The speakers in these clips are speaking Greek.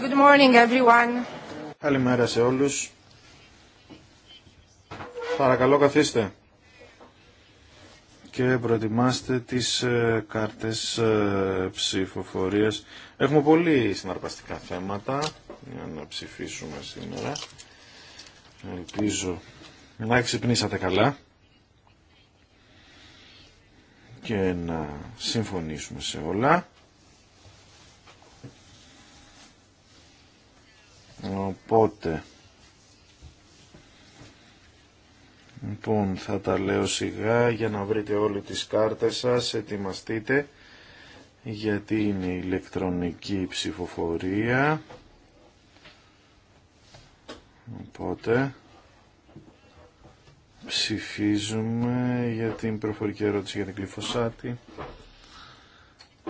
Good morning everyone. Καλημέρα σε όλους. Παρακαλώ καθίστε και προετοιμάστε τις ε, κάρτες ε, ψηφοφορίας. Έχουμε πολύ συναρπαστικά θέματα για να ψηφίσουμε σήμερα. Ελπίζω να ξυπνήσατε καλά και να συμφωνήσουμε σε όλα. Οπότε... Λοιπόν, θα τα λέω σιγά για να βρείτε όλοι τις κάρτες σας, ετοιμαστείτε, γιατί είναι ηλεκτρονική ψηφοφορία. Οπότε, ψηφίζουμε για την προφορική ερώτηση για την κλειφωσάτη.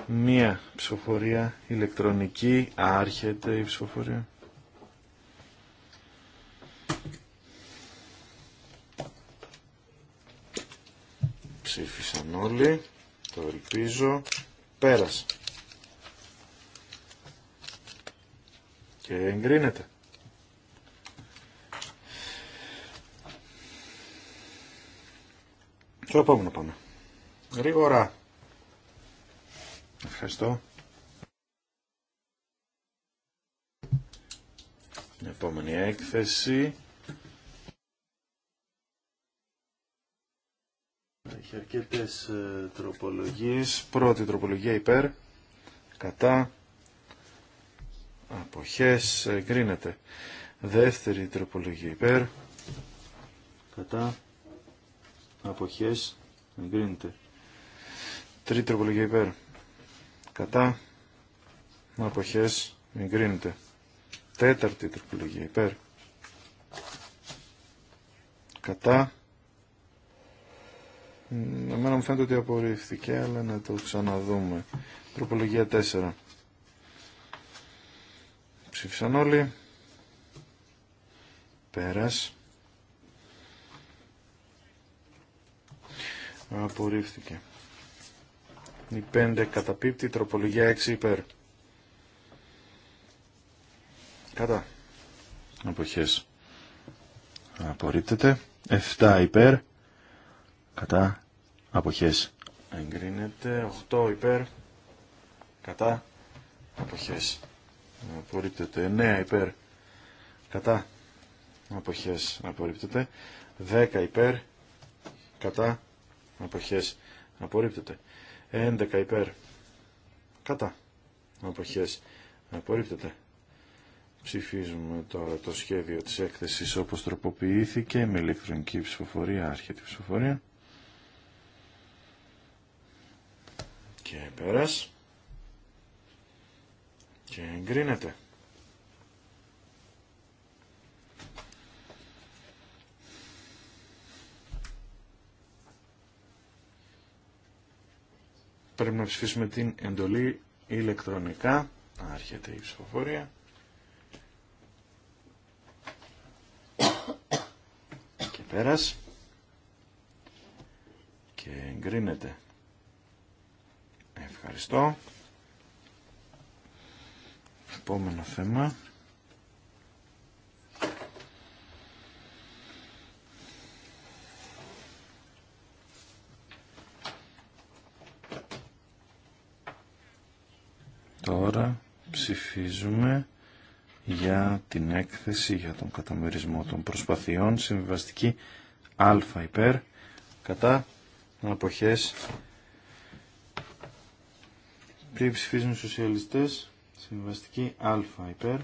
Μία ψηφοφορία ηλεκτρονική, άρχεται η ψηφοφορία. Ψήφισαν όλοι. Το ελπίζω. Πέρασε. Και εγκρίνεται. Στο επόμενο πάμε. Γρήγορα. Ευχαριστώ. Επόμενη έκθεση. Έχει αρκετέ ε, τροπολογίες. Πρώτη τροπολογία υπέρ, κατά, αποχέ, εγκρίνεται. Δεύτερη τροπολογία υπέρ, κατά, αποχές, εγκρίνεται. Τρίτη τροπολογία υπέρ, κατά, αποχές, εγκρίνεται. Τέταρτη τροπολογία υπέρ, κατά, Εμένα μου φαίνεται ότι απορρίφθηκε, αλλά να το ξαναδούμε. Τροπολογία 4. Ψήφισαν όλοι. Πέρας. Απορρίφθηκε. Η 5 καταπίπτει, τροπολογία 6 υπέρ. Κατά. Αποχές. Απορρίπτεται. 7 υπέρ κατά αποχές εγκρίνεται 8 υπέρ κατά αποχές απορρίπτεται 9 υπέρ κατά αποχές απορρίπτεται 10 υπέρ κατά αποχές απορρίπτεται 11 υπέρ κατά αποχές απορρίπτεται ψηφίζουμε τώρα το σχέδιο της έκθεσης όπως τροποποιήθηκε με ηλεκτρονική ψηφοφορία άρχεται ψηφοφορία και πέρας και εγκρίνεται. Πρέπει να ψηφίσουμε την εντολή ηλεκτρονικά. Άρχεται η ψηφοφορία. Και πέρας. Και εγκρίνεται. Ευχαριστώ. Επόμενο θέμα. Τώρα ψηφίζουμε για την έκθεση για τον καταμερισμό των προσπαθειών συμβιβαστική α υπέρ κατά αποχές πριν ψηφίζουν οι σοσιαλιστές, συμβαστική α υπέρ,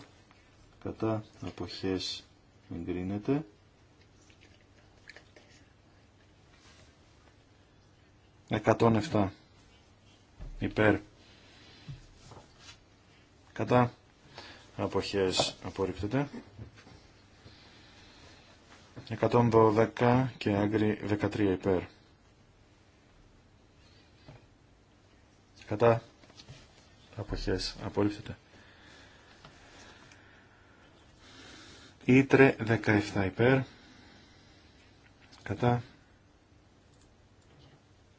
κατά αποχές εγκρίνεται. 107 υπέρ, κατά αποχές απορρίπτεται. δώδεκα και άγκρι δεκατρία υπέρ. Κατά αποχές απορρίπτεται. Ήτρε 17 υπέρ. Κατά.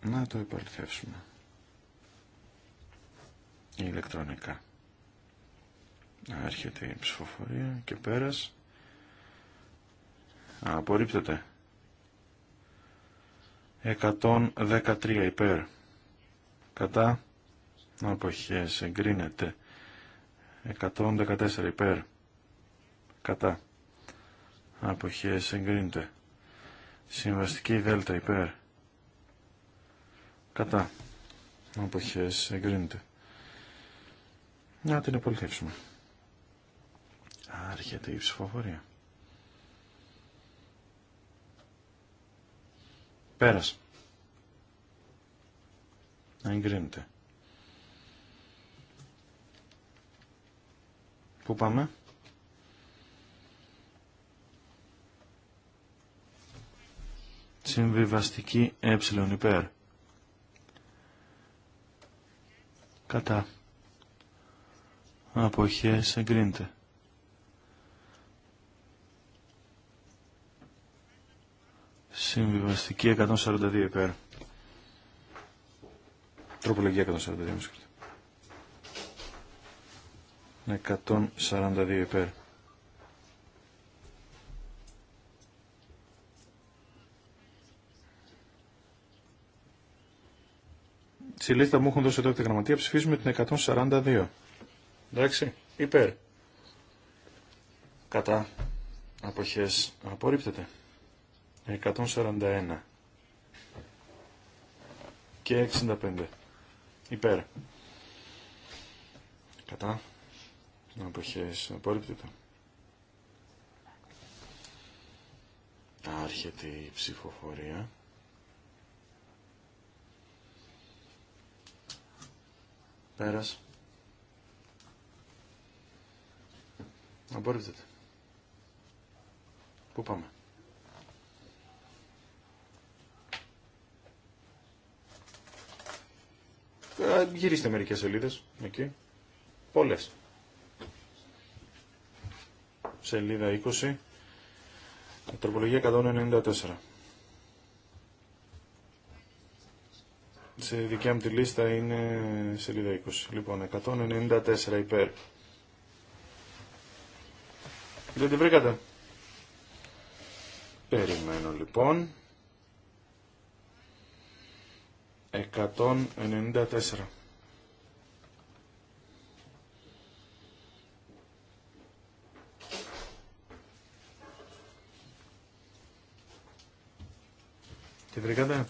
Να το Η Ηλεκτρονικά. Έρχεται η ψηφοφορία και πέρας. απορρίπτεται. 113 υπέρ. Κατά αποχές εγκρίνεται 114 υπέρ κατά αποχές εγκρίνεται συμβαστική δέλτα υπέρ κατά αποχές εγκρίνεται να την επολιτεύσουμε άρχεται η ψηφοφορία πέρας εγκρίνεται Πού πάμε. Συμβιβαστική ε υπέρ. Κατά. Αποχές εγκρίνεται. 142 υπέρ. Τροπολογία 142. 142 υπέρ. Στη λίστα μου έχουν δώσει εδώ τη γραμματεία ψηφίζουμε την 142. Εντάξει, υπέρ. Κατά. Αποχές. Απορρίπτεται. 141. Και 65. Υπέρ. Κατά αποχές απορρίπτεται. Άρχεται η ψηφοφορία. Πέρας. Απορρίπτεται. Πού πάμε. Ε, γυρίστε μερικές σελίδες. Εκεί. Πολλές σελίδα 20, τροπολογία 194. Σε δικιά μου τη λίστα είναι σελίδα 20. Λοιπόν, 194 υπέρ. Δεν τη βρήκατε. Περιμένω λοιπόν. 194. βρήκατε.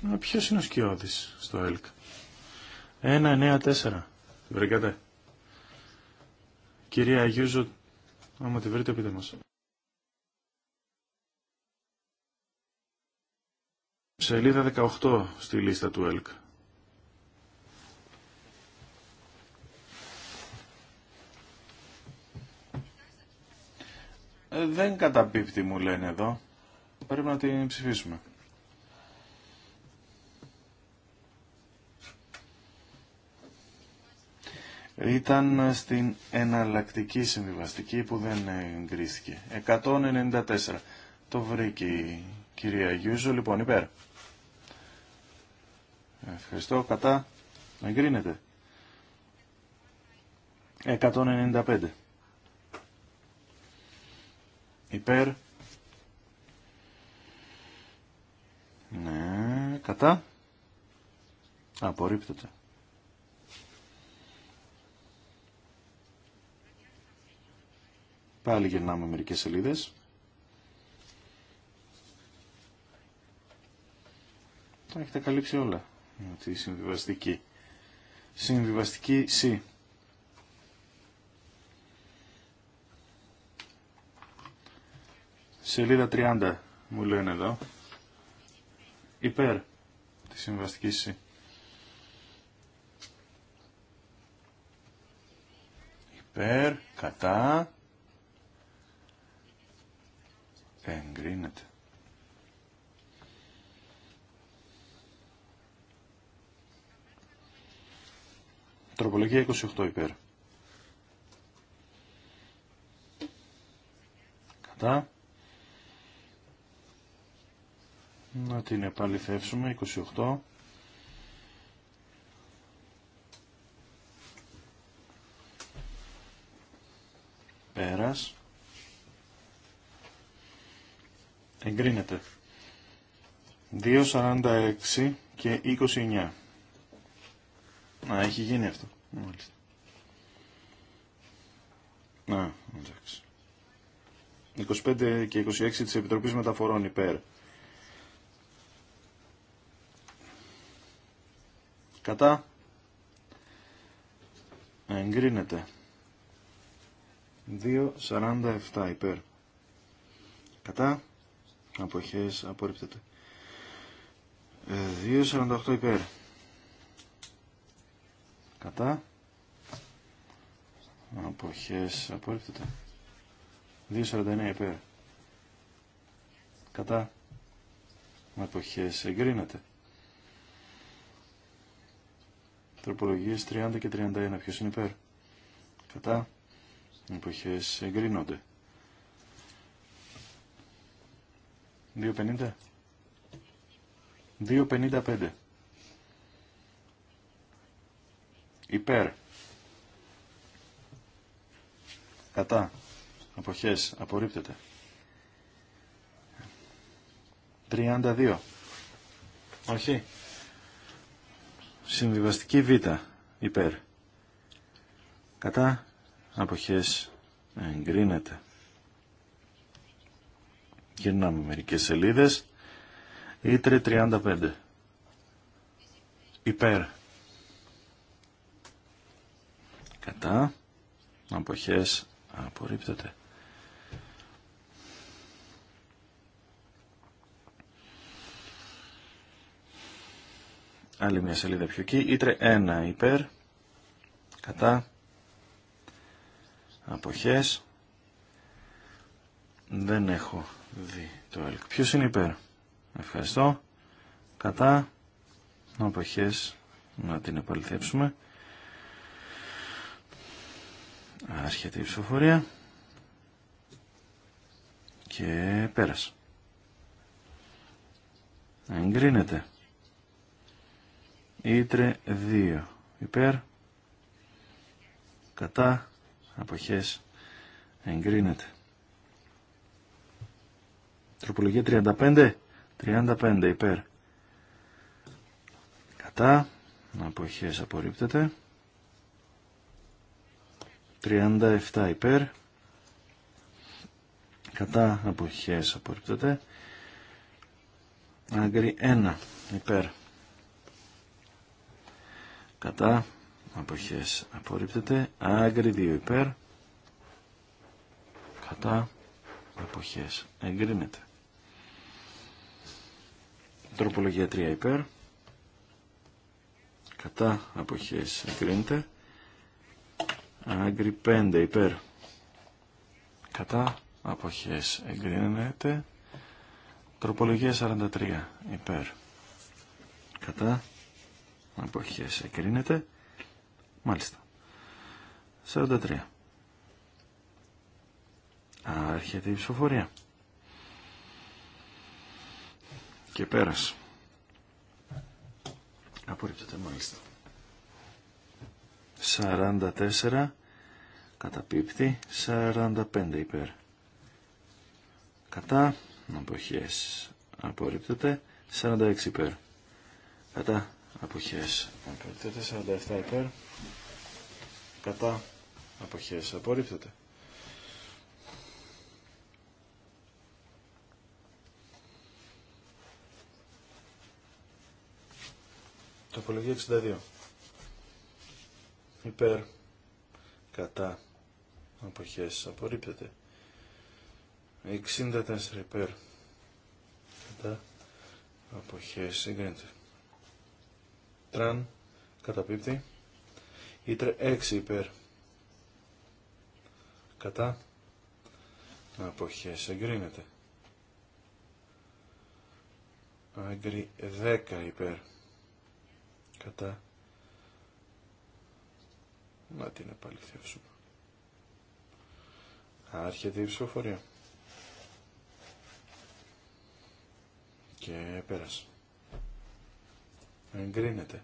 Ποιο ποιος είναι ο Σκιώδης στο ΕΛΚ. 1-9-4. βρήκατε. Κυρία Αγιούζο, άμα τη βρείτε πείτε μας. Σελίδα 18 στη λίστα του ΕΛΚ. Ε, δεν καταπίπτει μου λένε εδώ. Πρέπει να την ψηφίσουμε. Ήταν στην εναλλακτική συμβιβαστική που δεν εγκρίστηκε. 194. Το βρήκε η κυρία Γιούζο. Λοιπόν, υπέρ. Ευχαριστώ. Κατά. Εγκρίνεται. 195. Υπέρ. Ναι, κατά. Απορρίπτεται. Πάλι γυρνάμε μερικές σελίδες. Τα έχετε καλύψει όλα. Τη συμβιβαστική. Συμβιβαστική C. Σελίδα 30 μου λένε εδώ. Υπέρ τη συμβαστική C. Υπέρ, κατά. Εγκρίνεται. Τροπολογία 28 υπέρ. Κατά. Να την επαληθεύσουμε. 28. Πέρας. Εγκρίνεται. 2.46 και 29. να έχει γίνει αυτό. Μάλιστα. Να, εντάξει. 25 και 26 της Επιτροπής Μεταφορών υπέρ. Κατά. Εγκρίνεται. 2.47 υπέρ. Κατά. Αποχές απορρίπτεται. 2.48 ε, υπέρ. Κατά. Αποχές απορρίπτεται. 2.49 υπέρ. Κατά. Αποχές εγκρίνεται. Τροπολογίες 30 και 31. Ποιος είναι υπέρ. Κατά. Εποχές εγκρίνονται. 2.50. 2.55. Υπέρ. Κατά. Αποχές. Απορρίπτεται. 32. Όχι. Συμβιβαστική Β υπέρ. Κατά αποχές εγκρίνεται. Γυρνάμε μερικές σελίδες. Ήτρε 35. Υπέρ. Κατά αποχές απορρίπτεται. άλλη μια σελίδα πιο εκεί, ήτρε 1 υπέρ, κατά, αποχές, δεν έχω δει το ΕΛΚ. Ποιος είναι υπέρ, ευχαριστώ, κατά, αποχές, να την επαληθεύσουμε. Άρχεται η ψηφοφορία και πέρασε. Εγκρίνεται. Ήτρε 2. Υπέρ. Κατά. Αποχές. Εγκρίνεται. Τροπολογία 35. 35 υπέρ. Κατά. Αποχές απορρίπτεται. 37 υπέρ. Κατά. Αποχές απορρίπτεται. Άγκρι 1 υπέρ κατά αποχές απορρίπτεται άγκρι 2 υπέρ κατά αποχές εγκρίνεται τροπολογία 3 υπέρ κατά αποχές εγκρίνεται άγκρι 5 υπέρ κατά αποχές εγκρίνεται τροπολογία 43 υπέρ κατά Εποχές εκκρίνεται. Μάλιστα. 43. Άρχεται η ψηφοφορία. Και πέρας. Απορρίπτεται μάλιστα. 44 καταπίπτει 45 υπέρ. Κατά αποχές απορρίπτεται 46 υπέρ. Κατά αποχές απορρίπτεται 47 υπέρ κατά αποχές απορρίπτεται Τοπολογία 62 υπέρ κατά αποχές απορρίπτεται 64 υπέρ κατά αποχές συγκρίνεται. Τραν καταπίπτει. Ήτρε 6 υπέρ. Κατά. Αποχές εγκρίνεται. Άγκρι 10 υπέρ. Κατά. Να την επαληθεύσουμε. Άρχεται η ψηφοφορία. Και πέρασε. Εγκρίνεται.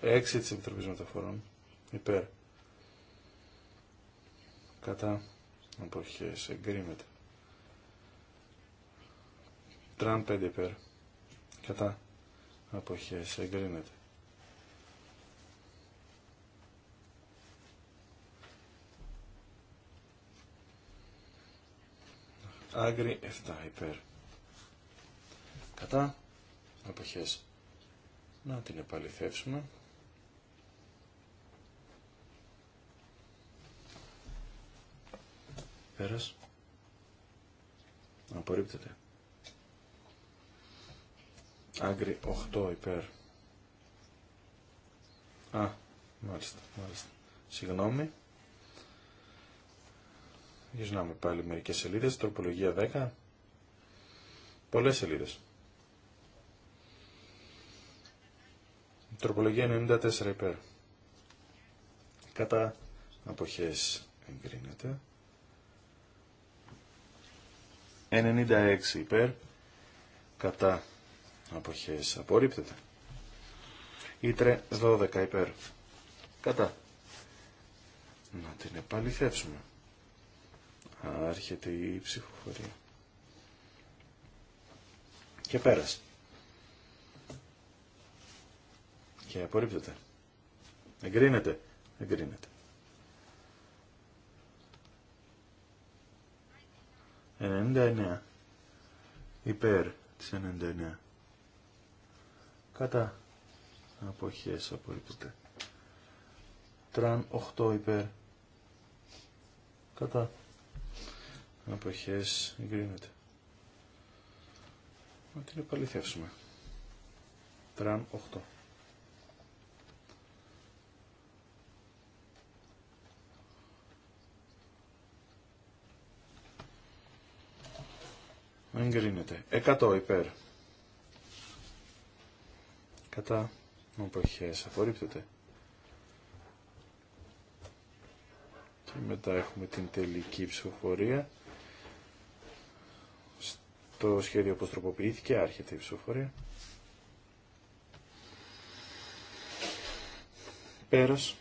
Έξι της Επιτροπής Μεταφορών. Υπέρ. Κατά. Αποχές. Εγκρίνεται. Τραν πέντε υπέρ. Κατά. Αποχές. Εγκρίνεται. Άγκρι 7 υπέρ. Κατά. Αποχές. Να την επαληθεύσουμε. Πέρας. Απορρίπτεται. Άγκρι 8 υπέρ. Α, μάλιστα, μάλιστα. Συγγνώμη γυρνάμε πάλι μερικές σελίδες, τροπολογία 10, πολλές σελίδες. Τροπολογία 94 υπέρ. Κατά αποχές εγκρίνεται. 96 υπέρ. Κατά αποχές απορρίπτεται. Ήτρε 12 υπέρ. Κατά. Να την επαληθεύσουμε. Άρχεται η ψηφοφορία. Και πέρασε. Και απορρίπτεται. Εγκρίνεται. Εγκρίνεται. 99. Υπέρ της 99. Κατά αποχές απορρίπτεται. Τραν 8 υπέρ. Κατά αποχές εγκρίνεται. Να την επαληθεύσουμε. Τραν 8. Εγκρίνεται. 100 υπέρ. Κατά εποχέ απορρίπτεται. Και μετά έχουμε την τελική ψηφοφορία το σχέδιο όπως τροποποιήθηκε, άρχεται η ψηφοφορία. Πέρας.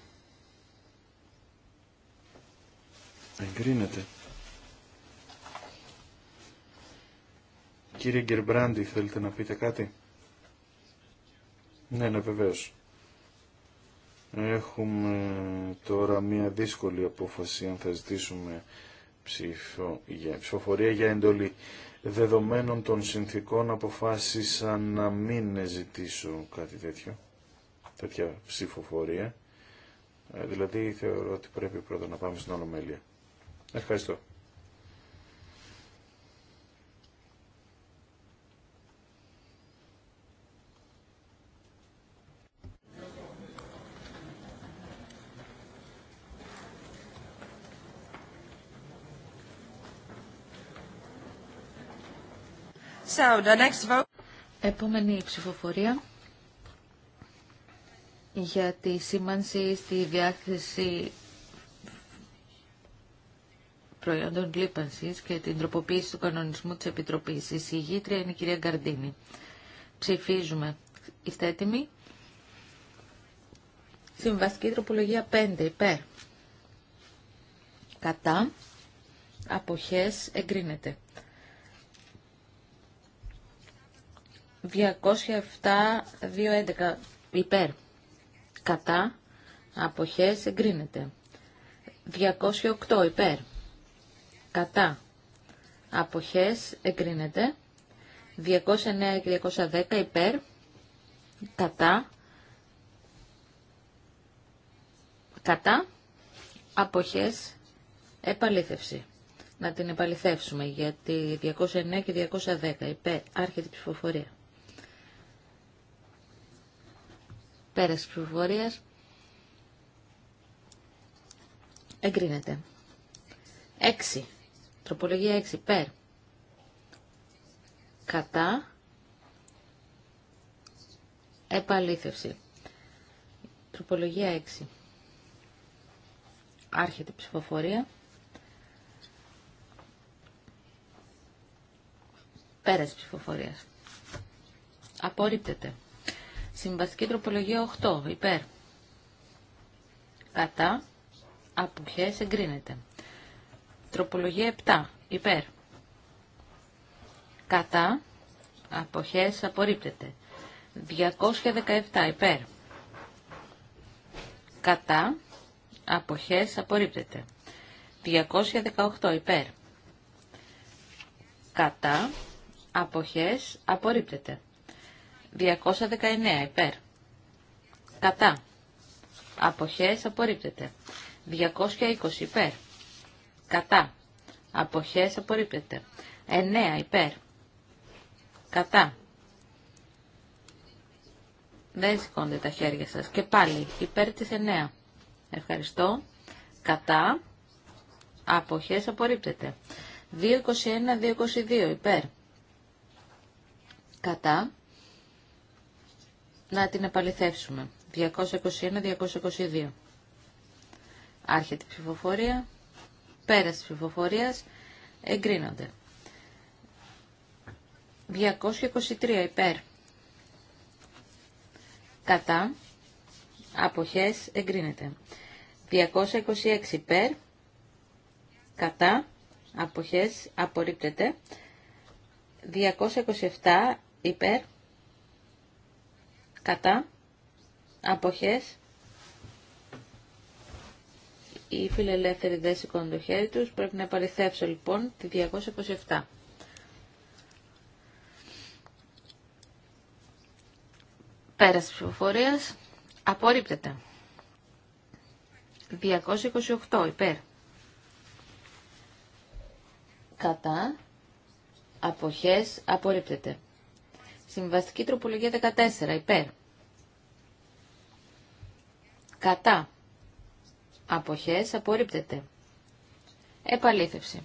Εγκρίνεται. Κύριε Γκερμπράντι, θέλετε να πείτε κάτι. Ναι, ναι, βεβαίως. Έχουμε τώρα μία δύσκολη απόφαση αν θα ζητήσουμε ψήφο, για ψηφοφορία για εντολή. Δεδομένων των συνθήκων αποφάσισα να μην ζητήσω κάτι τέτοιο, τέτοια ψηφοφορία. Ε, δηλαδή θεωρώ ότι πρέπει πρώτα να πάμε στην Ολομέλεια. Ευχαριστώ. next vote... Επόμενη ψηφοφορία για τη σήμανση στη διάθεση προϊόντων λίπανσης και την τροποποίηση του κανονισμού της Επιτροπής. Η συγγήτρια είναι η κυρία Γκαρντίνη. Ψηφίζουμε. Είστε έτοιμοι. Συμβαστική τροπολογία 5 υπέρ. Κατά. Αποχές εγκρίνεται. 207-211 υπέρ. Κατά. Αποχές εγκρίνεται. 208 υπέρ. Κατά. Αποχές εγκρίνεται. 209 και 210 υπέρ. Κατά. Κατά. Αποχές επαλήθευση. Να την επαληθεύσουμε γιατί 209 και 210 υπέρ. Άρχεται η ψηφοφορία. Πέρας της ψηφοφορίας. Εγκρίνεται. 6. Τροπολογία 6. Περ. Κατά. Επαλήθευση. Τροπολογία 6. Άρχεται η ψηφοφορία. Πέρας ψηφοφορίας. Απορρίπτεται. Συμβαστική τροπολογία 8. Υπέρ. Κατά. Αποχές εγκρίνεται. Τροπολογία 7. Υπέρ. Κατά. Αποχές απορρίπτεται. 217. Υπέρ. Κατά. Αποχές απορρίπτεται. 218. Υπέρ. Κατά. Αποχές απορρίπτεται. 219 υπέρ. Κατά. Αποχές απορρίπτεται. 220 υπέρ. Κατά. Αποχές απορρίπτεται. 9 υπέρ. Κατά. Δεν σηκώνετε τα χέρια σας. Και πάλι υπέρ της 9. Ευχαριστώ. Κατά. Αποχές απορρίπτεται. 221-222 υπέρ. Κατά να την επαληθεύσουμε. 221-222. Άρχεται η ψηφοφορία. Πέρας της ψηφοφορίας εγκρίνονται. 223 υπέρ. Κατά. Αποχές εγκρίνεται. 226 υπέρ. Κατά. Αποχές απορρίπτεται. 227 υπέρ κατά αποχές οι φιλελεύθεροι δεν σηκώνουν το χέρι τους πρέπει να παρηθεύσω λοιπόν τη 227 πέρας της ψηφοφορίας απορρίπτεται 228 υπέρ κατά αποχές απορρίπτεται Συμβαστική τροπολογία 14. Υπέρ. Κατά. Αποχές. Απορρίπτεται. Επαλήθευση.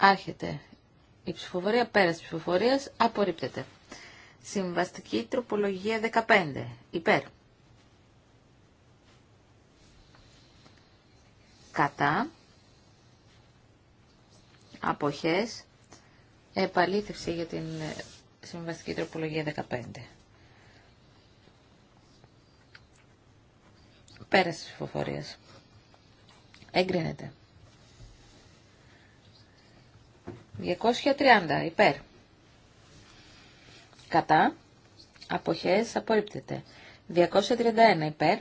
Άρχεται η ψηφοφορία, πέρας ψηφοφορίας, απορρίπτεται. Συμβαστική τροπολογία 15. Υπέρ. Κατά αποχές, επαλήθευση για την συμβαστική τροπολογία 15. Πέραση της Εγκρίνεται. 230 υπέρ. Κατά. Αποχές απορρίπτεται. 231 υπέρ.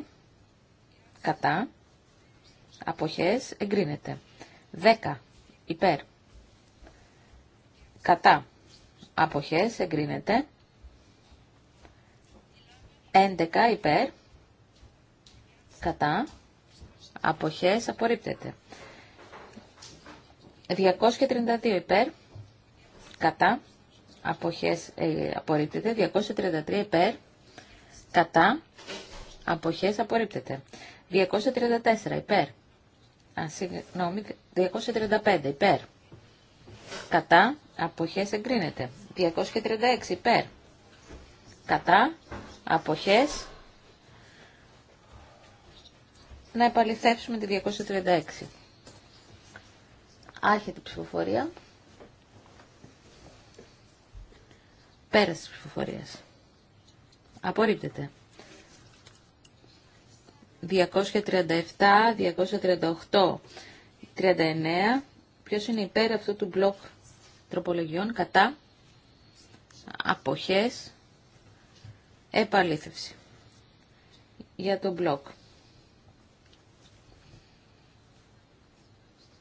Κατά. Αποχές εγκρίνεται. 10 υπέρ κατά αποχές εγκρίνεται 11 υπέρ κατά αποχές απορρίπτεται 232 υπέρ κατά αποχές ε, απορρίπτεται 233 υπέρ κατά αποχές απορρίπτεται 234 υπέρ Α, συγγνώμη, 235 υπέρ κατά, αποχές εγκρίνεται. 236 υπέρ, κατά, αποχές, να επαληθεύσουμε τη 236. Άρχεται η ψηφοφορία. Πέρας της ψηφοφορίας. Απορρίπτεται. 237, 238, 39. Ποιος είναι υπέρ αυτού του μπλοκ τροπολογιών κατά αποχές επαλήθευση για τον μπλοκ.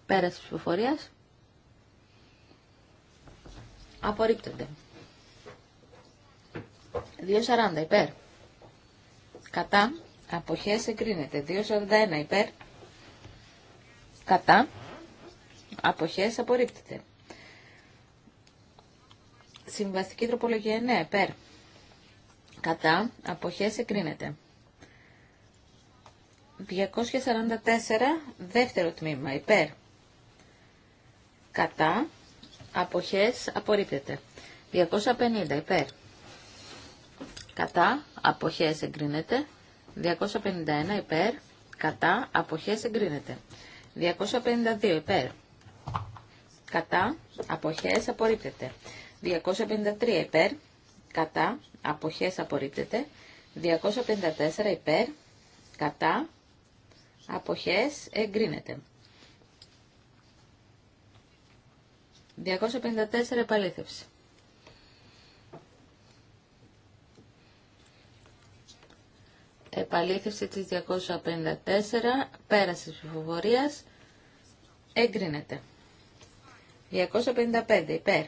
Πέρας της ψηφοφορίας απορρίπτονται. 2.40 υπέρ. Κατά. Αποχές εγκρίνεται. 2.41 υπέρ. Κατά. Αποχές απορρίπτεται. Συμβαστική τροπολογία 9. Ναι, πέρ. Κατά. Αποχές εκρίνεται. 244. Δεύτερο τμήμα. Υπέρ. Κατά. Αποχές απορρίπτεται. 250. Υπέρ. Κατά. Αποχές εγκρίνεται. 251. Υπέρ. Κατά. Αποχές εγκρίνεται. 252. Υπέρ. Κατά. Αποχές απορρίπτεται. 253 υπέρ, κατά, αποχές απορρίπτεται. 254 υπέρ, κατά, αποχές εγκρίνεται. 254 επαλήθευση. Επαλήθευση της 254, πέραση ψηφοφορίας, εγκρίνεται. 255 υπέρ,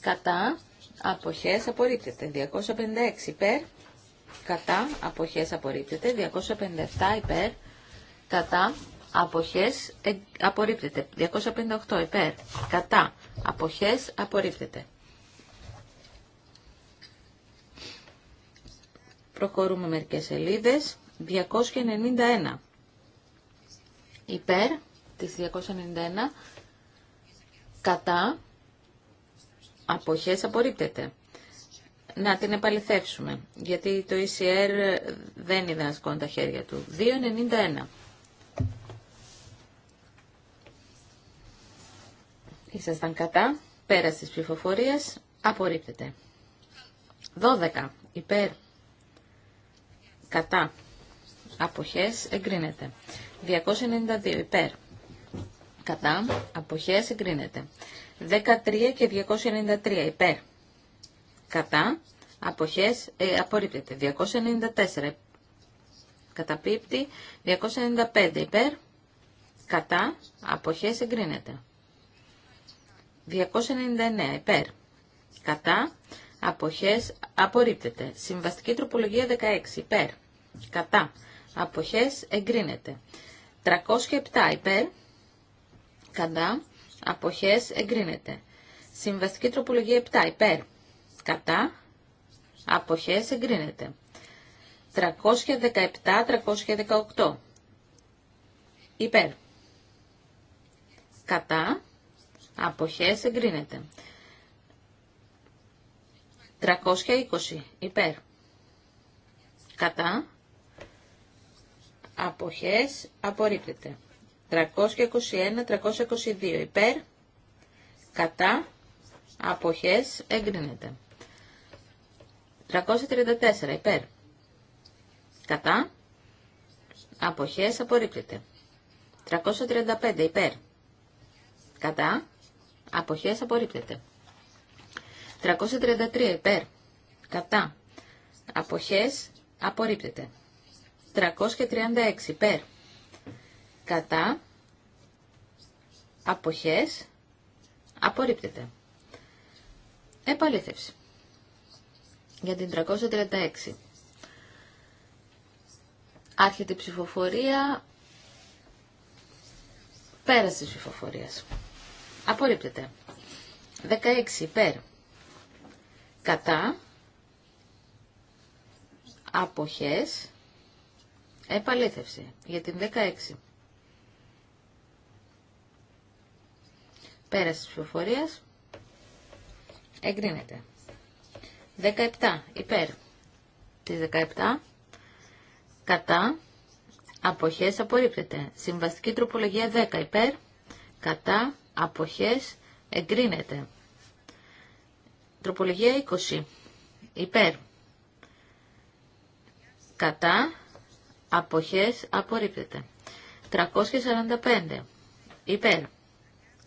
κατά, αποχές απορρίπτεται. 256 υπέρ, κατά, αποχές απορρίπτεται. 257 υπέρ, κατά, αποχές ε, απορρίπτεται. 258 υπέρ, κατά, αποχές απορρίπτεται. Προχωρούμε μερικές σελίδες. 291. Υπέρ της 291. Κατά. Αποχές απορρίπτεται. Να την επαληθεύσουμε, γιατί το ECR δεν είδε να σκόνει τα χέρια του. 2,91. Ήσασταν κατά, πέρα της ψηφοφορίες, απορρίπτεται. 12. Υπέρ, κατά, αποχές, εγκρίνεται. 292. Υπέρ, κατά, αποχές, εγκρίνεται. 13 και 293 υπέρ. Κατά. Αποχές ε, απορρίπτεται. 294 καταπίπτει. 295 υπέρ. Κατά. Αποχές εγκρίνεται. 299 υπέρ. Κατά. Αποχές απορρίπτεται. Συμβαστική τροπολογία 16 υπέρ. Κατά. Αποχές εγκρίνεται. 307 υπέρ. Κατά. Αποχές εγκρίνεται. Συμβαστική τροπολογία 7 υπέρ. Κατά. Αποχές εγκρίνεται. 317-318. Υπέρ. Κατά. Αποχές εγκρίνεται. 320. Υπέρ. Κατά. Αποχές απορρίπτεται. 321-322 υπέρ, κατά, αποχές, εγκρίνεται. 334 υπέρ, κατά, αποχές, απορρίπτεται. 335 υπέρ, κατά, αποχές, απορρίπτεται. 333 υπέρ, κατά, αποχές, απορρίπτεται. 336 υπέρ, κατά, αποχές, απορρίπτεται. Επαλήθευση. Για την 336. Άρχεται η ψηφοφορία, πέραση της ψηφοφορίας. Απορρίπτεται. 16 υπέρ. Κατά. Αποχές. Επαλήθευση. Για την 16. Πέραση της ψηφοφορίες, Εγκρίνεται. 17. Υπέρ. τις 17. Κατά. Αποχές απορρίπτεται. Συμβαστική τροπολογία 10. Υπέρ. Κατά. Αποχές εγκρίνεται. Τροπολογία 20. Υπέρ. Κατά. Αποχές απορρίπτεται. 345. Υπέρ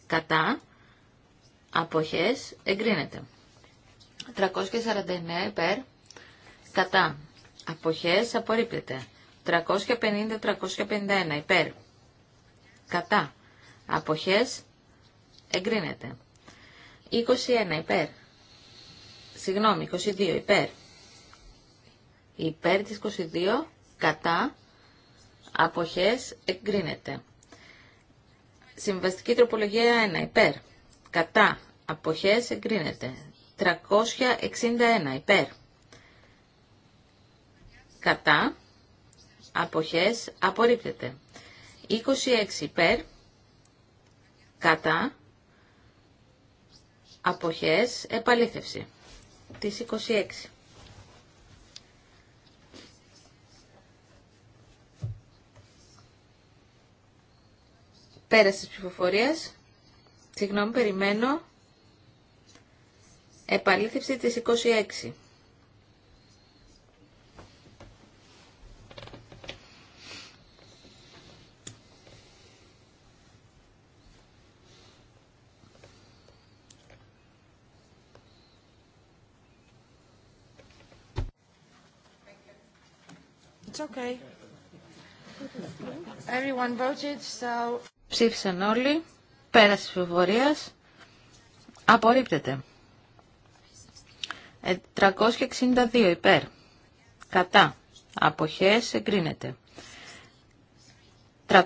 κατά, αποχές, εγκρίνεται. 349 υπέρ, κατά, αποχές, απορρίπτεται. 350-351 υπέρ, κατά, αποχές, εγκρίνεται. 21 υπέρ, συγγνώμη, 22 υπέρ, υπέρ της 22, κατά, αποχές, εγκρίνεται. Συμβαστική τροπολογία 1 υπέρ. Κατά. Αποχές εγκρίνεται. 361 υπέρ. Κατά. Αποχές απορρίπτεται. 26 υπέρ. Κατά. Αποχές επαλήθευση. Της 26. Πέραση της ψηφοφορίας. Συγγνώμη, περιμένω. Επαλήθευση της 26. It's okay. Everyone voted, so... Ψήφισαν όλοι. Πέραση της ψηφοφορίας. Απορρίπτεται. 362 ε, υπέρ. Κατά. Αποχές εγκρίνεται. 363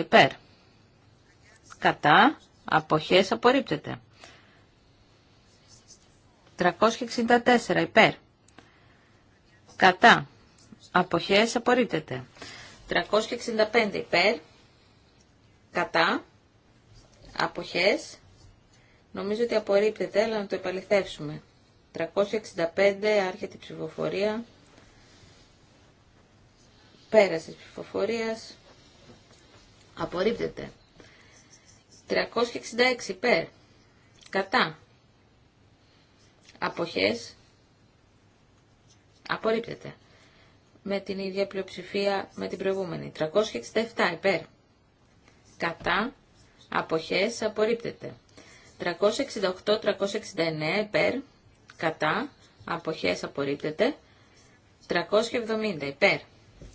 υπέρ. Κατά. Αποχές απορρίπτεται. 364 υπέρ. Κατά. Αποχές απορρίπτεται. 365 υπέρ. Κατά. Αποχές. Νομίζω ότι απορρίπτεται, αλλά να το επαληθεύσουμε. 365, άρχεται η ψηφοφορία. Πέρασε της ψηφοφορίας. Απορρίπτεται. 366 υπέρ. Κατά. Αποχές. Απορρίπτεται. Με την ίδια πλειοψηφία με την προηγούμενη. 367 υπέρ κατά, αποχές, απορρίπτεται. 368-369 υπέρ, κατά, αποχές, απορρίπτεται. 370 υπέρ,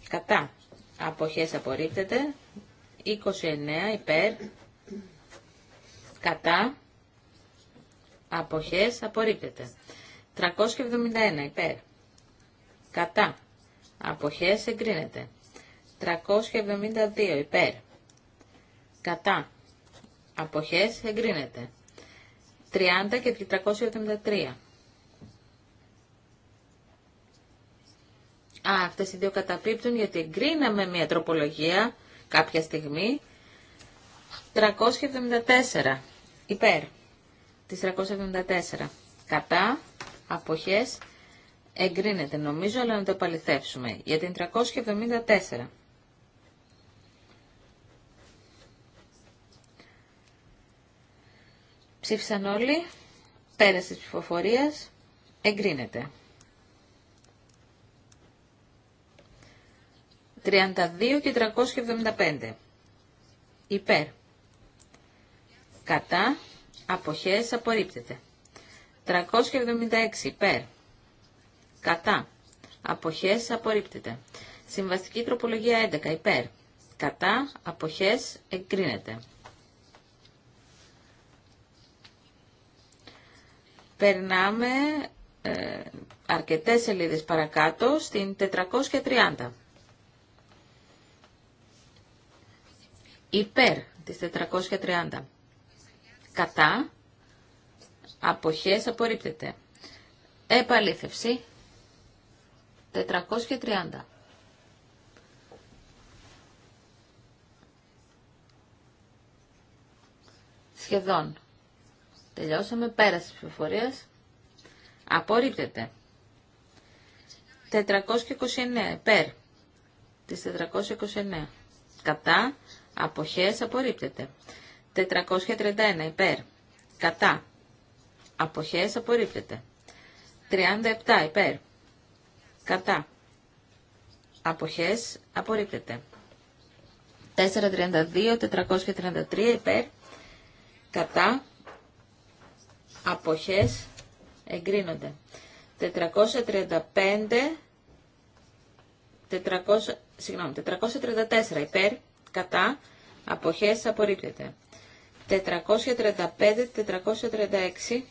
κατά, αποχές, απορρίπτεται. 29 υπέρ, κατά, αποχές, απορρίπτεται. 371 υπέρ, κατά, αποχές, εγκρίνεται. 372 υπέρ, κατά, αποχές, εγκρίνεται. 30 και 373. Α, αυτές οι δύο καταπίπτουν γιατί εγκρίναμε μια τροπολογία κάποια στιγμή. 374. Υπέρ. Της 374. Κατά. Αποχές. Εγκρίνεται νομίζω, αλλά να το επαληθεύσουμε. Για την 374. Ψήφισαν όλοι. Πέρασε τη ψηφοφορία Εγκρίνεται. 32 και 375. Υπέρ. Κατά. Αποχές απορρίπτεται. 376 υπέρ. Κατά. Αποχές απορρίπτεται. Συμβαστική τροπολογία 11 υπέρ. Κατά. Αποχές εγκρίνεται. Περνάμε ε, αρκετές σελίδες παρακάτω στην 430. Υπέρ της 430. Κατά. Αποχές απορρίπτεται. Επαλήθευση. 430. Σχεδόν Τελειώσαμε. Πέραση τη ψηφοφορία. Απορρίπτεται. 429. Περ. Τη 429. Κατά. Αποχές. Απορρίπτεται. 431. Υπέρ. Κατά. Αποχές. Απορρίπτεται. 37. Υπέρ. Κατά. Αποχές. Απορρίπτεται. 432. 433. Υπέρ. Κατά αποχές εγκρίνονται. 435, 400, συγγνώμη, 434 υπέρ, κατά, αποχές απορρίπτεται. 435, 436,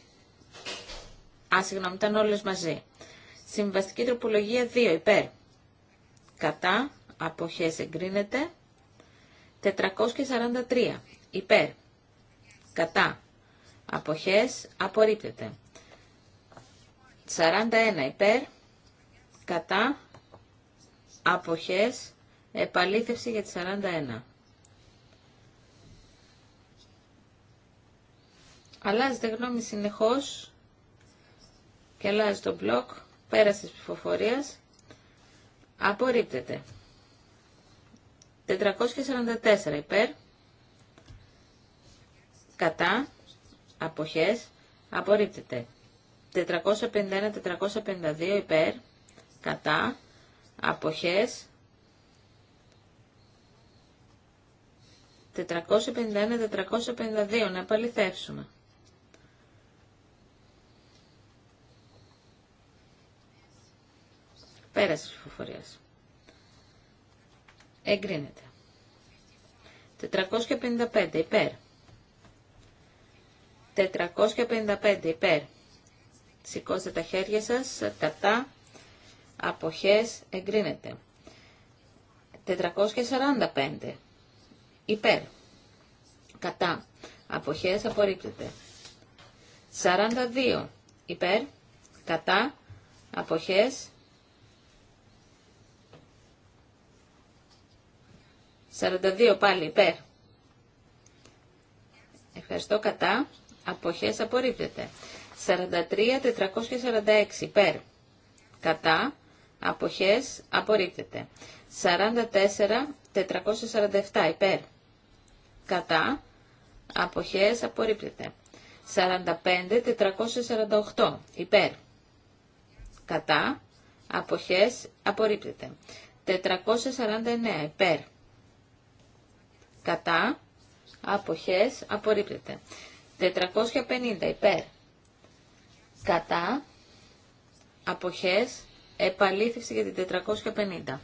α, συγγνώμη, ήταν όλες μαζί. Συμβαστική τροπολογία 2 υπέρ, κατά, αποχές εγκρίνεται. 443 υπέρ, κατά, Αποχές απορρίπτεται. 41 υπέρ, κατά, αποχές, επαλήθευση για τη 41. Αλλάζετε γνώμη συνεχώς και αλλάζει το μπλοκ πέρα της ψηφοφορίας. Απορρίπτεται. 444 υπέρ, κατά, αποχές, απορρίπτεται. 451-452 υπέρ, κατά, αποχές, 451-452 να επαληθεύσουμε. Πέραση της ψηφοφορίας. Εγκρίνεται. 455 υπέρ. 455 υπέρ. Σηκώστε τα χέρια σας. Κατά. Αποχές εγκρίνεται. 445 υπέρ. Κατά. Αποχές απορρίπτεται. 42 υπέρ. Κατά. Αποχές 42 πάλι υπέρ. Ευχαριστώ κατά αποχές απορρίπτεται. 43-446 υπέρ, κατά, αποχές απορρίπτεται. 44-447 υπέρ, κατά, αποχές απορρίπτεται. 45-448 υπέρ, κατά, αποχές απορρίπτεται. 449 υπέρ, κατά, αποχές απορρίπτεται. 450 υπέρ. Κατά. Αποχές. Επαλήθευση για την 450.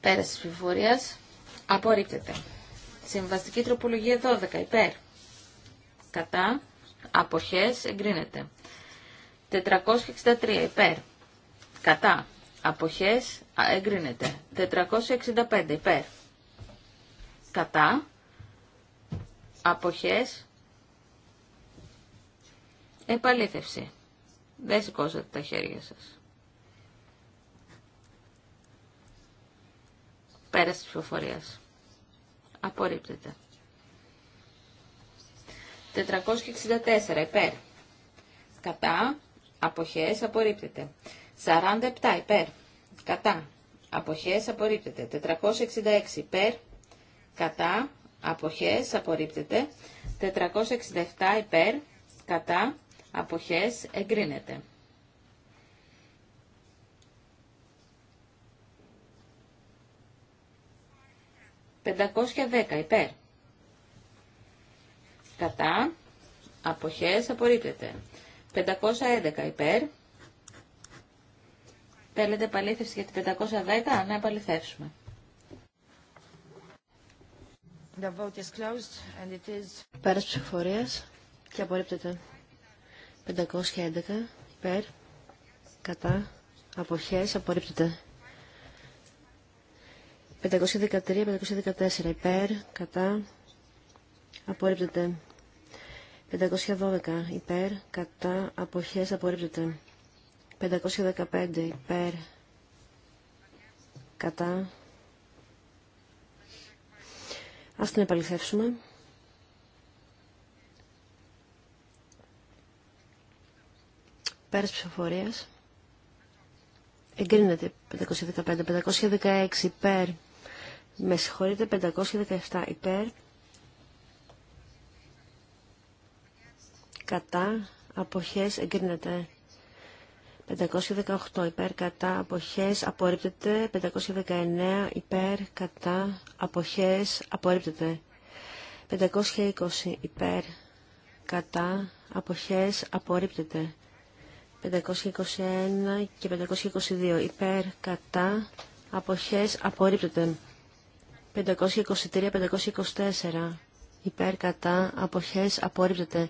Πέραση της ψηφοφορίας. Απορρίπτεται. Συμβαστική τροπολογία 12 υπέρ. Κατά. Αποχές. Εγκρίνεται. 463 υπέρ. Κατά. Αποχές. Εγκρίνεται. 465 υπέρ κατά, αποχές, επαλήθευση. Δεν σηκώσατε τα χέρια σας. Πέρας της ψηφοφορίας. Απορρίπτεται. 464 υπέρ. Κατά, αποχές, απορρίπτεται. 47 υπέρ. Κατά, αποχές, απορρίπτεται. 466 υπέρ κατά, αποχές, απορρίπτεται. 467 υπέρ, κατά, αποχές, εγκρίνεται. 510 υπέρ. Κατά. Αποχές απορρίπτεται. 511 υπέρ. Θέλετε επαλήθευση για την 510. Να επαληθεύσουμε. The vote is και απορρίπτεται. 511 υπέρ, κατά, αποχές, απορρίπτεται. 513-514 υπέρ, κατά, απορρίπτεται. 512 υπέρ, κατά, αποχές, απορρίπτεται. 515 υπέρ, κατά, Ας την επαληθεύσουμε. Πέρας ψηφοφορίας. Εγκρίνεται 515, 516 υπέρ. Με συγχωρείτε, 517 υπέρ. Κατά αποχές εγκρίνεται 518 υπέρ κατά αποχές απορρίπτεται. 519 υπέρ κατά αποχές απορρίπτεται. 520 υπέρ κατά αποχές απορρίπτεται. 521 και 522 υπέρ κατά αποχές απορρίπτεται. 523-524 υπέρ κατά αποχές απορρίπτεται.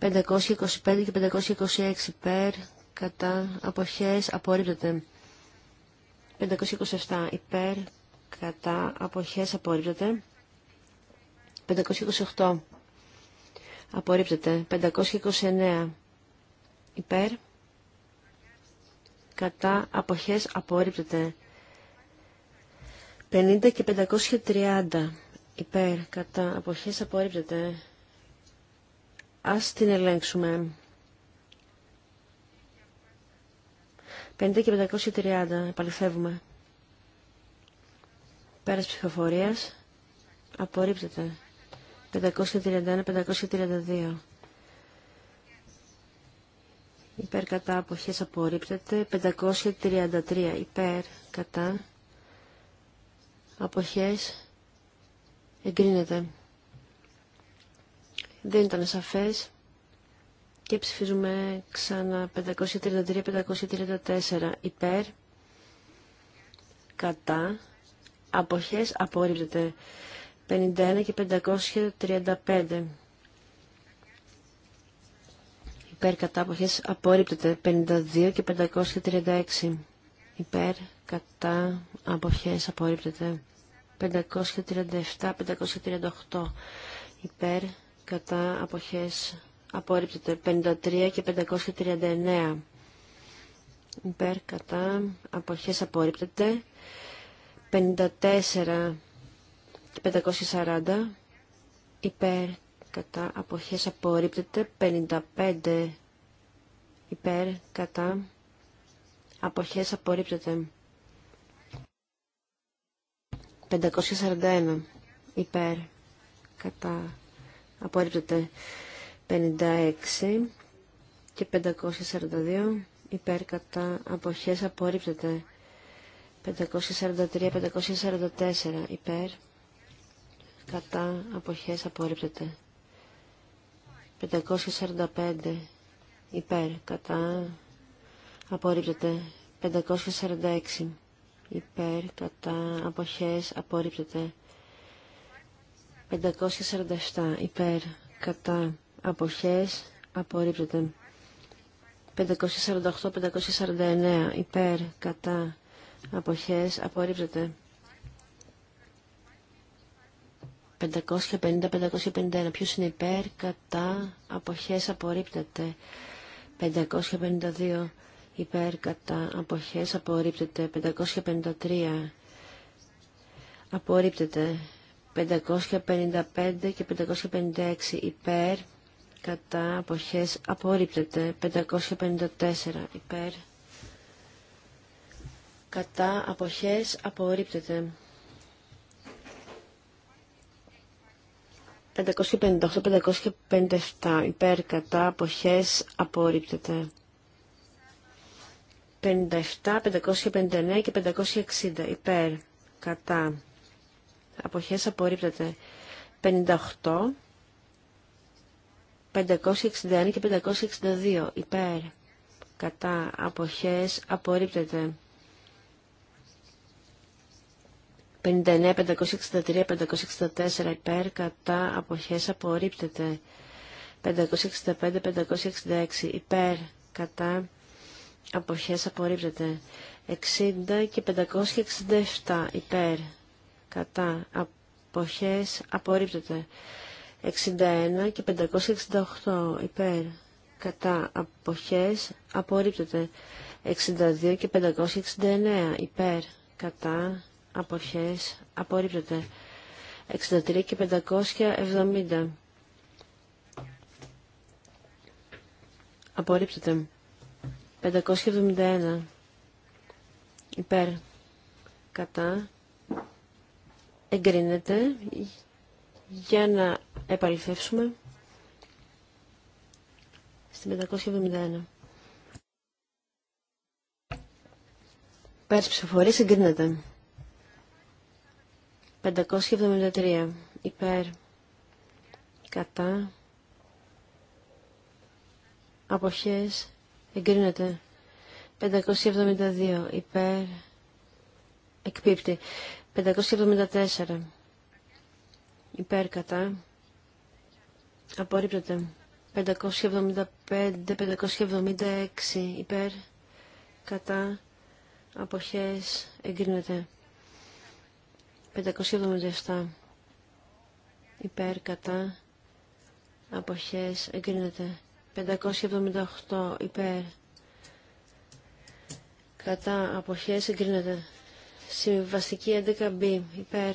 525 και 526 υπέρ κατά αποχές απορρίπτεται. 527 υπέρ κατά αποχές απορρίπτεται. 528 απορρίπτεται. 529 υπέρ κατά αποχές απορρίπτεται. 50 και 530 υπέρ κατά αποχές απορρίπτεται. Ας την ελέγξουμε. 50 και 530 επαληθεύουμε. Πέρας ψηφοφορίας. Απορρίπτεται. 531-532. Υπέρ κατά αποχές απορρίπτεται. 533 υπέρ κατά αποχές εγκρίνεται. Δεν ήταν σαφές. Και ψηφίζουμε ξανά 533-534 υπέρ, κατά, αποχές απορρίπτεται. 51 και 535 υπέρ, κατά, αποχές απορρίπτεται. 52 και 536 υπέρ, κατά, αποχές απορρίπτεται. 537-538 υπέρ, κατά, αποχές απορρίπτεται 53 και 539 υπέρ κατά αποχές απορρίπτεται 54 και 540 υπέρ κατά αποχές απορρίπτεται 55 υπέρ κατά αποχές απορρίπτεται 541 υπέρ κατά απορρίπτεται 56 και 542 υπέρ κατά αποχές απορρίπτεται 543-544 υπέρ κατά αποχές απορρίπτεται 545 υπέρ κατά απορρίπτεται 546 υπέρ κατά αποχές απορρίπτεται 547 υπέρ κατά αποχές απορρίπτεται 548-549 υπέρ κατά αποχές απορρίπτεται 550-551 ποιος είναι υπέρ κατά αποχές απορρίπτεται 552 υπέρ κατά αποχές απορρίπτεται 553 απορρίπτεται 555 και 556 υπέρ κατά αποχές απορρίπτεται 554 υπέρ κατά αποχές απορρίπτεται 558-557 υπέρ κατά αποχές απορρίπτεται 57, 559 και 560 υπέρ κατά αποχές απορρίπτεται 58 561 και 562 υπέρ κατά αποχές απορρίπτεται 59, 563, 564 υπέρ κατά αποχές απορρίπτεται 565, 566 υπέρ κατά αποχές απορρίπτεται 60 και 567 υπέρ κατά αποχές απορρίπτεται 61 και 568 υπέρ κατά αποχές απορρίπτεται 62 και 569 υπέρ κατά αποχές απορρίπτεται 63 και 570 απορρίπτεται 571 υπέρ κατά εγκρίνεται για να επαληθεύσουμε στην 571. Πέρας ψηφοφορία εγκρίνεται. 573. Υπέρ. Κατά. Αποχές. Εγκρίνεται. 572. Υπέρ. Εκπίπτει. 574 υπέρ κατά απορρίπτεται 575 576 υπέρ κατά αποχές εγκρίνεται 577 υπέρ κατά αποχές εγκρίνεται 578 υπέρ κατά αποχές εγκρίνεται συμβαστική 11b υπέρ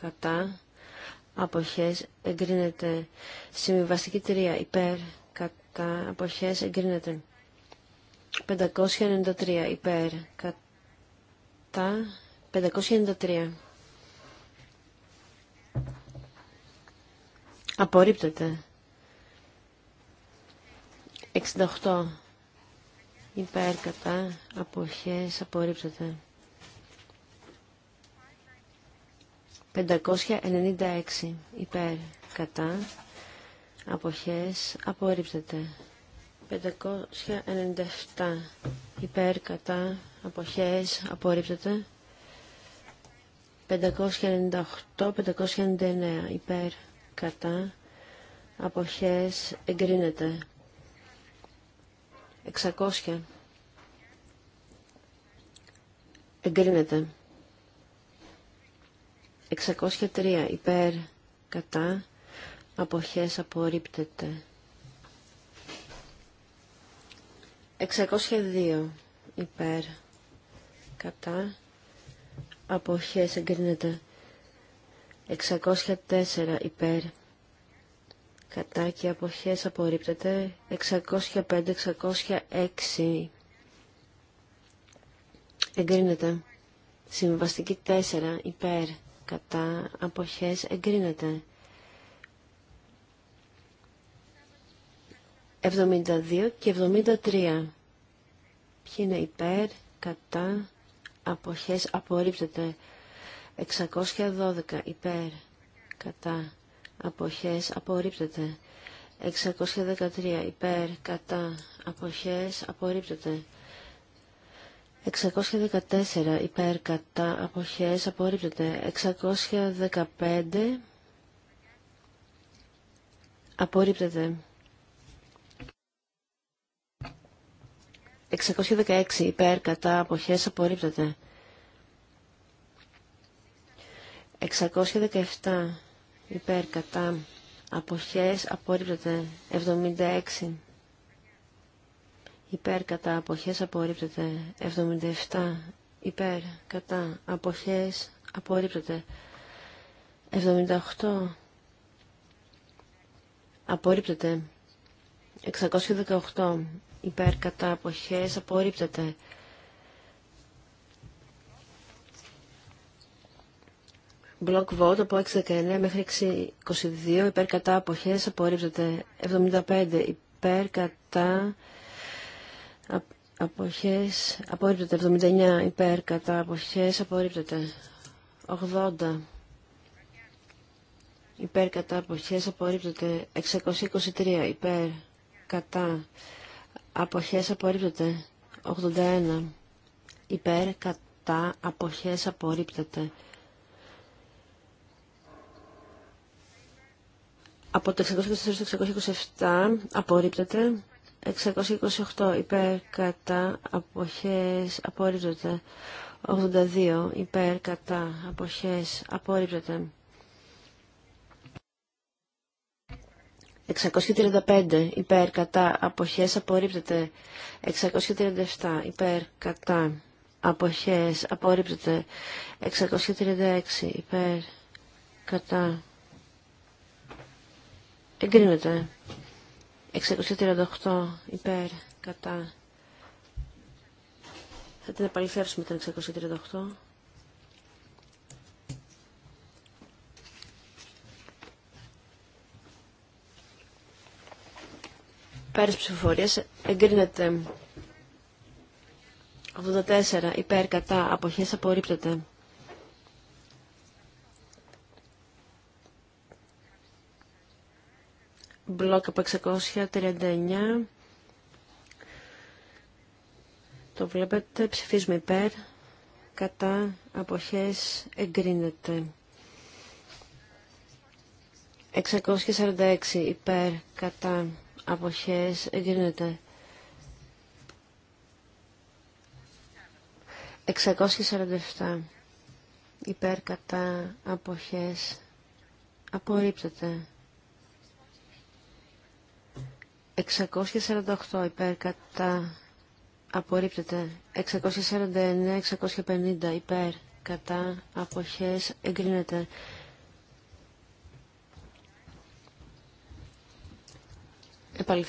κατά αποχές εγκρίνεται. Συμβιβαστική τρία, υπέρ κατά αποχές εγκρίνεται. 593 υπέρ κατά 593. Απορρίπτεται. 68 υπέρ κατά αποχές απορρίπτεται. 596 υπέρ κατά αποχές απορρίπτεται 597 υπέρ κατά αποχές απορρίπτεται 598 599 υπέρ κατά αποχές εγκρίνεται 600 εγκρίνεται 603 υπέρ κατά αποχές απορρίπτεται 602 υπέρ κατά αποχές εγκρίνεται 604 υπέρ κατά και αποχές απορρίπτεται 605-606 εγκρίνεται συμβαστική 4 υπέρ κατά αποχές εγκρίνεται. 72 και 73. Ποιοι είναι υπέρ, κατά, αποχές, απορρίπτεται. 612 υπέρ, κατά, αποχές, απορρίπτεται. 613 υπέρ, κατά, αποχές, απορρίπτεται. 614 υπέρ κατά αποχές απορρίπτεται. 615 απορρίπτεται. 616 υπέρ κατά αποχές απορρίπτεται. 617 υπέρ κατά αποχές απορρίπτεται. 76 υπέρ κατά αποχές απορρίπτεται 77 υπέρ κατά αποχές απορρίπτεται 78 απορρίπτεται 618 υπέρ κατά αποχές απορρίπτεται 619 μέχρι 22 υπέρ κατά αποχές απορρίπτεται 75 υπέρ κατά Αποχές απορρίπτεται 79 υπέρ κατά αποχές απορρίπτεται 80 υπέρ κατά αποχές απορρίπτεται 623 υπέρ κατά αποχές απορρίπτεται 81 υπέρ κατά αποχές απορρίπτεται από το 624 στο 627 απορρίπτεται 628 υπέρ κατά αποχές απορρίπτεται. 82 υπέρ κατά αποχές απορρίπτεται. 635 υπέρ κατά αποχές απορρίπτεται. 637 υπέρ κατά αποχές απορρίπτεται. 636 υπέρ κατά εγκρίνεται. 638 υπέρ κατά. Θα την επαληθεύσουμε την 638. Πέρας ψηφοφορίες εγκρίνεται 84 υπέρ κατά αποχές απορρίπτεται. μπλοκ από 639. Το βλέπετε, ψηφίζουμε υπέρ, κατά, αποχές, εγκρίνεται. 646 υπέρ, κατά, αποχές, εγκρίνεται. 647 υπέρ, κατά, αποχές, απορρίπτεται. 648 υπέρ κατά απορρίπτεται. 649, 650 υπέρ κατά αποχές εγκρίνεται. 649-650.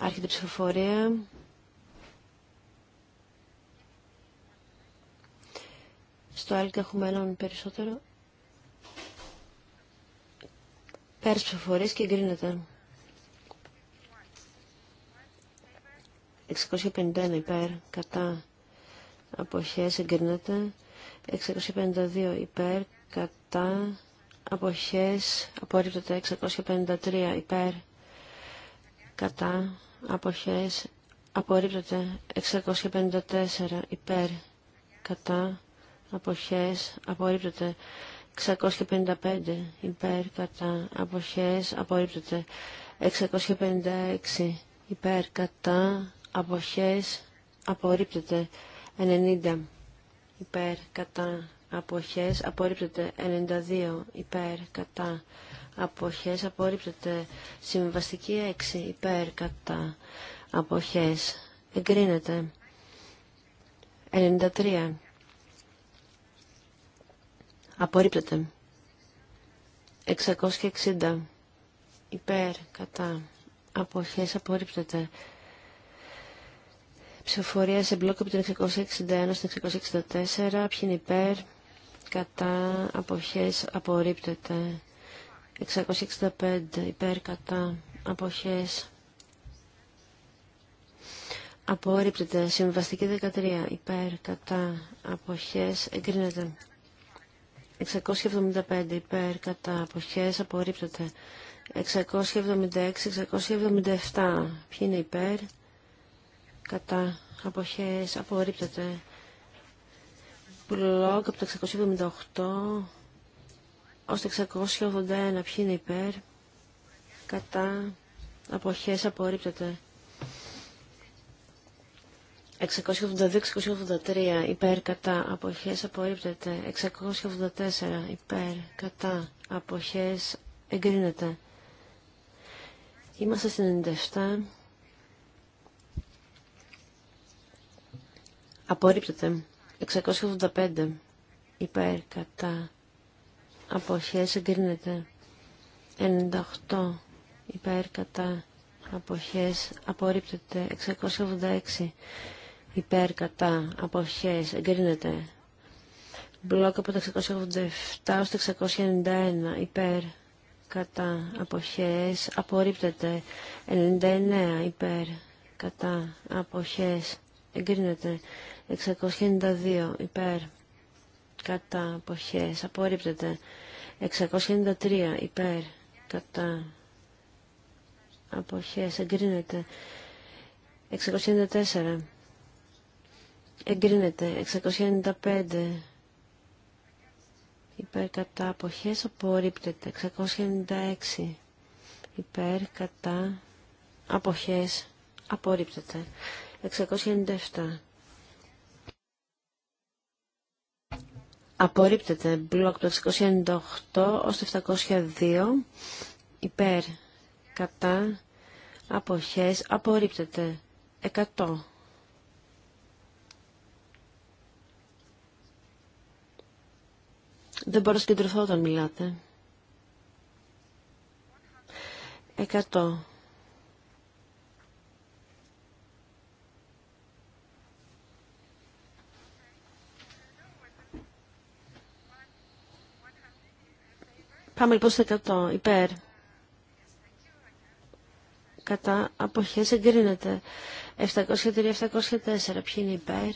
Άρχεται η ψηφοφορία. Στο άλλο έχουμε έναν περισσότερο. Πέρας ψηφοφορίες και εγκρίνεται. 651 υπέρ, κατά αποχές εγκρίνεται. 652 υπέρ, κατά αποχές απορρίπτεται. 653 υπέρ, κατά αποχές απορρίπτεται. 654 υπέρ, κατά αποχές απορρίπτεται. 655 υπέρ κατά αποχές απορρίπτεται 656 υπέρ κατά αποχές απορρίπτεται 90 υπέρ κατά αποχές απορρίπτεται 92 υπέρ κατά αποχές απορρίπτεται συμβαστική 6 υπέρ κατά αποχές εγκρίνεται 93 Απορρίπτεται. 660. Υπέρ, κατά. Αποχές απορρίπτεται. Ψηφοφορία σε μπλοκ από την 661 στην 664. Ποιοι είναι υπέρ, κατά. Αποχές απορρίπτεται. 665. Υπέρ, κατά. Αποχές Απορρίπτεται. Συμβαστική 13. Υπέρ, κατά, αποχές, εγκρίνεται. 675 υπέρ κατά αποχές απορρίπτεται. 676, 677 ποιοι είναι υπέρ κατά αποχές απορρίπτεται. blog από το 678 ως το 681 ποιοι είναι υπέρ κατά αποχές απορρίπτεται. 682-683 υπέρ κατά αποχές απορρίπτεται. 684 υπέρ κατά αποχές εγκρίνεται. Είμαστε στην 97. Απορρίπτεται. 685 υπέρ κατά αποχές εγκρίνεται. 98 υπέρ κατά αποχές απορρίπτεται. 686 υπέρ κατά αποχές εγκρίνεται μπλοκ από τα 687 ως τα 691 υπέρ κατά αποχές απορρίπτεται 99 υπέρ κατά αποχές εγκρίνεται 692 υπέρ κατά αποχές απορρίπτεται 693 υπέρ κατά αποχές εγκρίνεται 694 Εγκρίνεται. 695 υπέρ κατά αποχές απορρίπτεται. 696 υπέρ κατά αποχές απορρίπτεται. 697 Απορρίπτεται μπλοκ το 698 ως το 702 υπέρ κατά αποχές απορρίπτεται 100 Δεν μπορώ να συγκεντρωθώ όταν μιλάτε. Εκατό. Πάμε λοιπόν στο 100. Υπέρ. Κατά αποχές εγκρίνεται. 703-704. Ποιοι είναι υπέρ.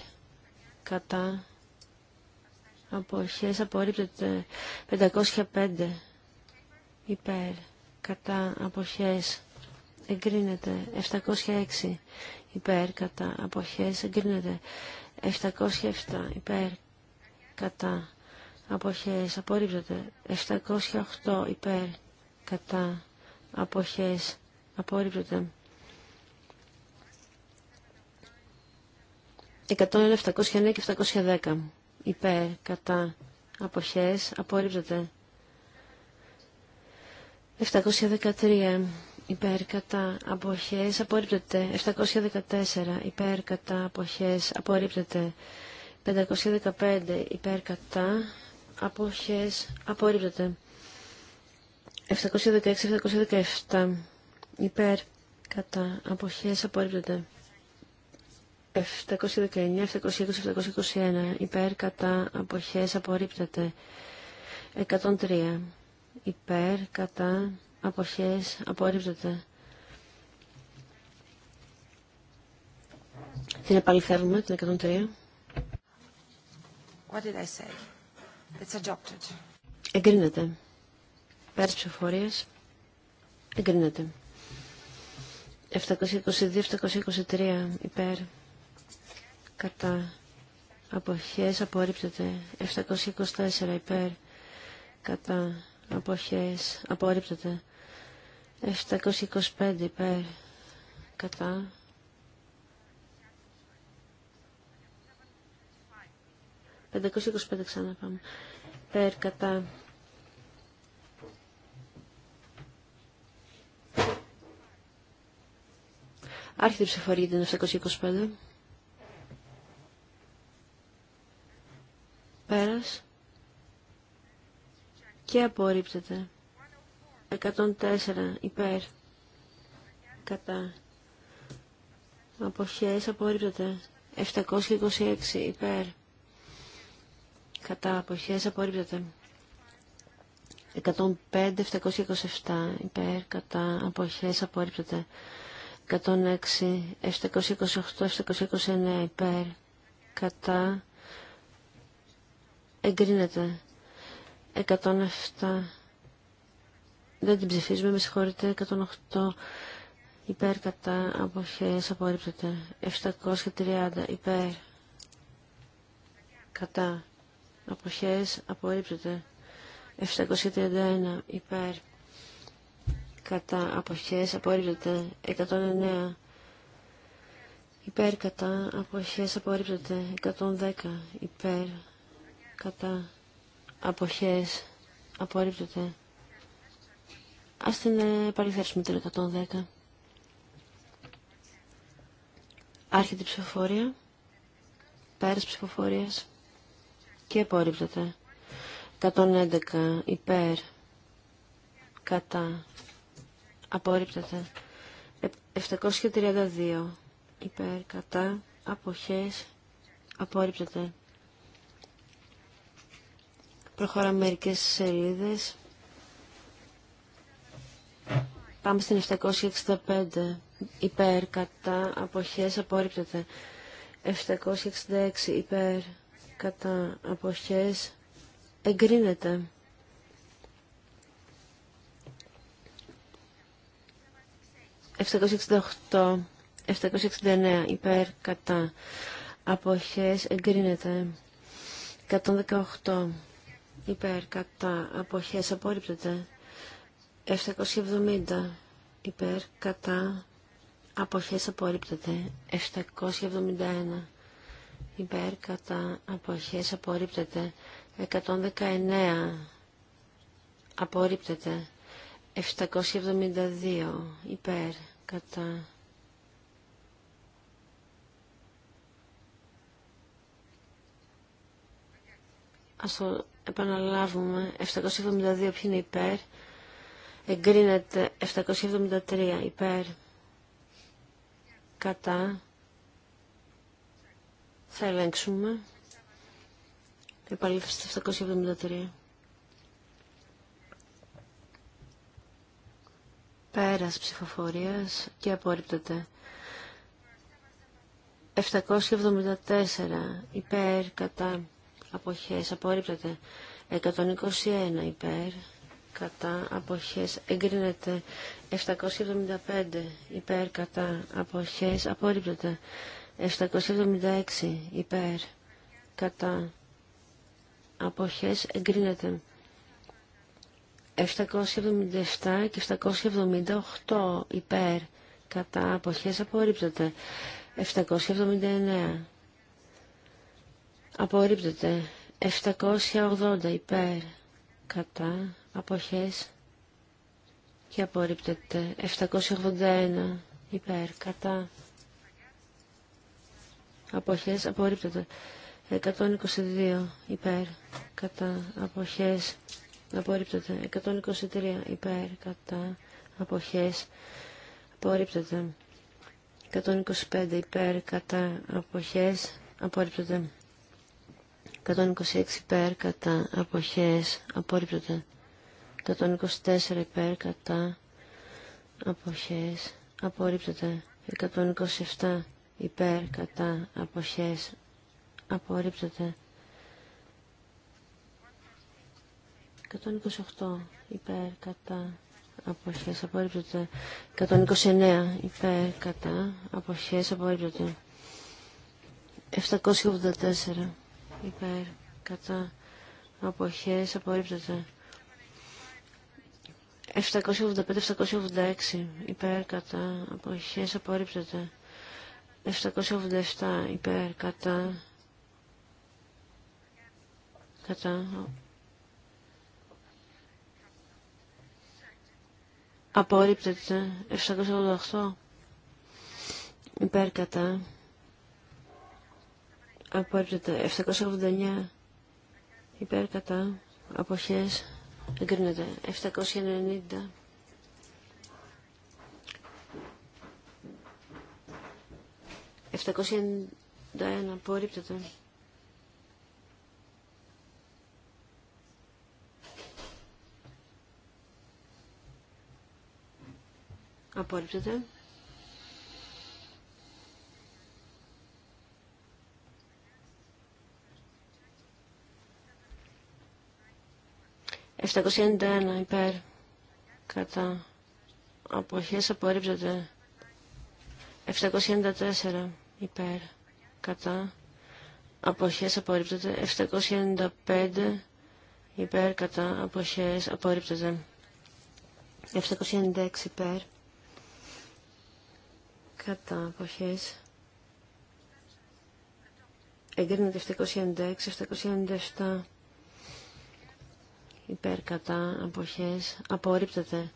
Κατά αποχές απορρίπτεται 505 υπέρ κατά αποχές εγκρίνεται 706 υπέρ κατά αποχές εγκρίνεται 707 υπέρ κατά αποχές απορρίπτεται 708 υπέρ κατά αποχές απορρίπτεται 101. 709 και 710 υπέρ κατά αποχές απορρίπτεται. 713 υπέρ κατά αποχές απορρίπτεται. 714 υπέρ κατά αποχές απορρίπτεται. 515 υπέρ κατά αποχές απορρίπτεται. 716-717 υπέρ κατά αποχές απορρίπτεται. 719, 720, 721 υπέρ κατά αποχές απορρίπτεται 103 υπέρ κατά αποχές απορρίπτεται Την επαληθεύουμε την 103 What did I say? It's adopted. εγκρινεται Πέρας ψηφοφορίας εγκρίνεται 722-723 υπέρ κατά αποχές απορρίπτεται 724 υπέρ κατά αποχές απορρίπτεται 725 υπέρ κατά «525 ξανά πάμε. Υπέρ κατά Άρχεται η ψηφορία την 725. Πέρας. Και απορρίπτεται. 104 υπέρ. Κατά. Αποχές απορρίπτεται. 726 υπέρ. Κατά. Αποχές απορρίπτεται. 105, 727 υπέρ, κατά, αποχές, απορρίπτεται. 106, 728, 729 υπέρ, κατά, εγκρίνεται 107 δεν την ψηφίζουμε με συγχωρείτε 108 υπέρ κατά αποχές απορρίπτεται 730 υπέρ κατά αποχές απορρίπτεται 731 υπέρ κατά αποχές απορρίπτεται 109 υπέρ κατά αποχές απορρίπτεται 110 υπέρ κατά αποχές απορρίπτεται. Ας την ε, επαληθεύσουμε την 110. Άρχεται η ψηφοφορία, πέρας ψηφοφορίας και απορρίπτεται. 111 υπέρ, κατά, απορρίπτεται. 732 υπέρ, κατά, αποχές, απορρίπτεται. Προχωράμε μερικές σελίδες. Πάμε στην 765. Υπέρ, κατά, αποχές, απορρίπτεται. 766. Υπέρ, κατά, αποχές, εγκρίνεται. ...768, 769 υπέρ κατά αποχές εγκρίνεται 118 υπέρ κατά αποχές απορρίπτεται 770 υπέρ κατά αποχές απορρίπτεται 771 υπέρ κατά αποχές απορρίπτεται 119 απορρίπτεται 772 υπέρ κατά Ας επαναλάβουμε 772 ποιοι είναι υπέρ εγκρίνεται 773 υπέρ κατά θα ελέγξουμε επαλήθευση 773 πέρας ψηφοφορίας και απορρίπτεται 774 υπέρ κατά αποχές απορρίπτεται 121 υπέρ κατά αποχές εγκρίνεται 775 υπέρ κατά αποχές απορρίπτεται 776 υπέρ κατά αποχές εγκρίνεται 777 και 778 υπέρ κατά αποχές απορρίπτεται 779 Απορρίπτεται. 780 υπέρ. Κατά. Αποχές. Και απορρίπτεται. 781 υπέρ. Κατά. Αποχές. Απορρίπτεται. 122 υπέρ. Κατά. Αποχές. Απορρίπτεται. 123 υπέρ. Κατά. Αποχές. Απορρίπτεται. 125 υπέρ. Κατά. Αποχές. Απορρίπτεται. 126 υπέρ κατά αποχές απορρίπτεται 124 υπέρ κατά αποχές απορρίπτεται 127 υπέρ κατά αποχές απορρίπτεται 128 υπέρ κατά αποχές απορρίπτεται 129 υπέρ κατά αποχές απορρίπτεται 784 υπέρ κατά αποχές απορρίπτεται 785-786 υπέρ κατά αποχές απορρίπτεται 787 υπέρ κατά κατά απορρίπτεται 788 υπέρ κατά Απόρριπτεται. 789 υπέρ κατά αποχές εγκρίνεται. 790 791 απορρίπτεται. απορρίπτεται. 791 υπέρ κατά αποχές απορρίπτεται 794 υπέρ κατά αποχές απορρίπτεται 795 υπέρ κατά αποχές απορρίπτεται 796 υπέρ κατά αποχές εγκρίνεται 796 797 υπέρ κατά αποχές απορρίπτεται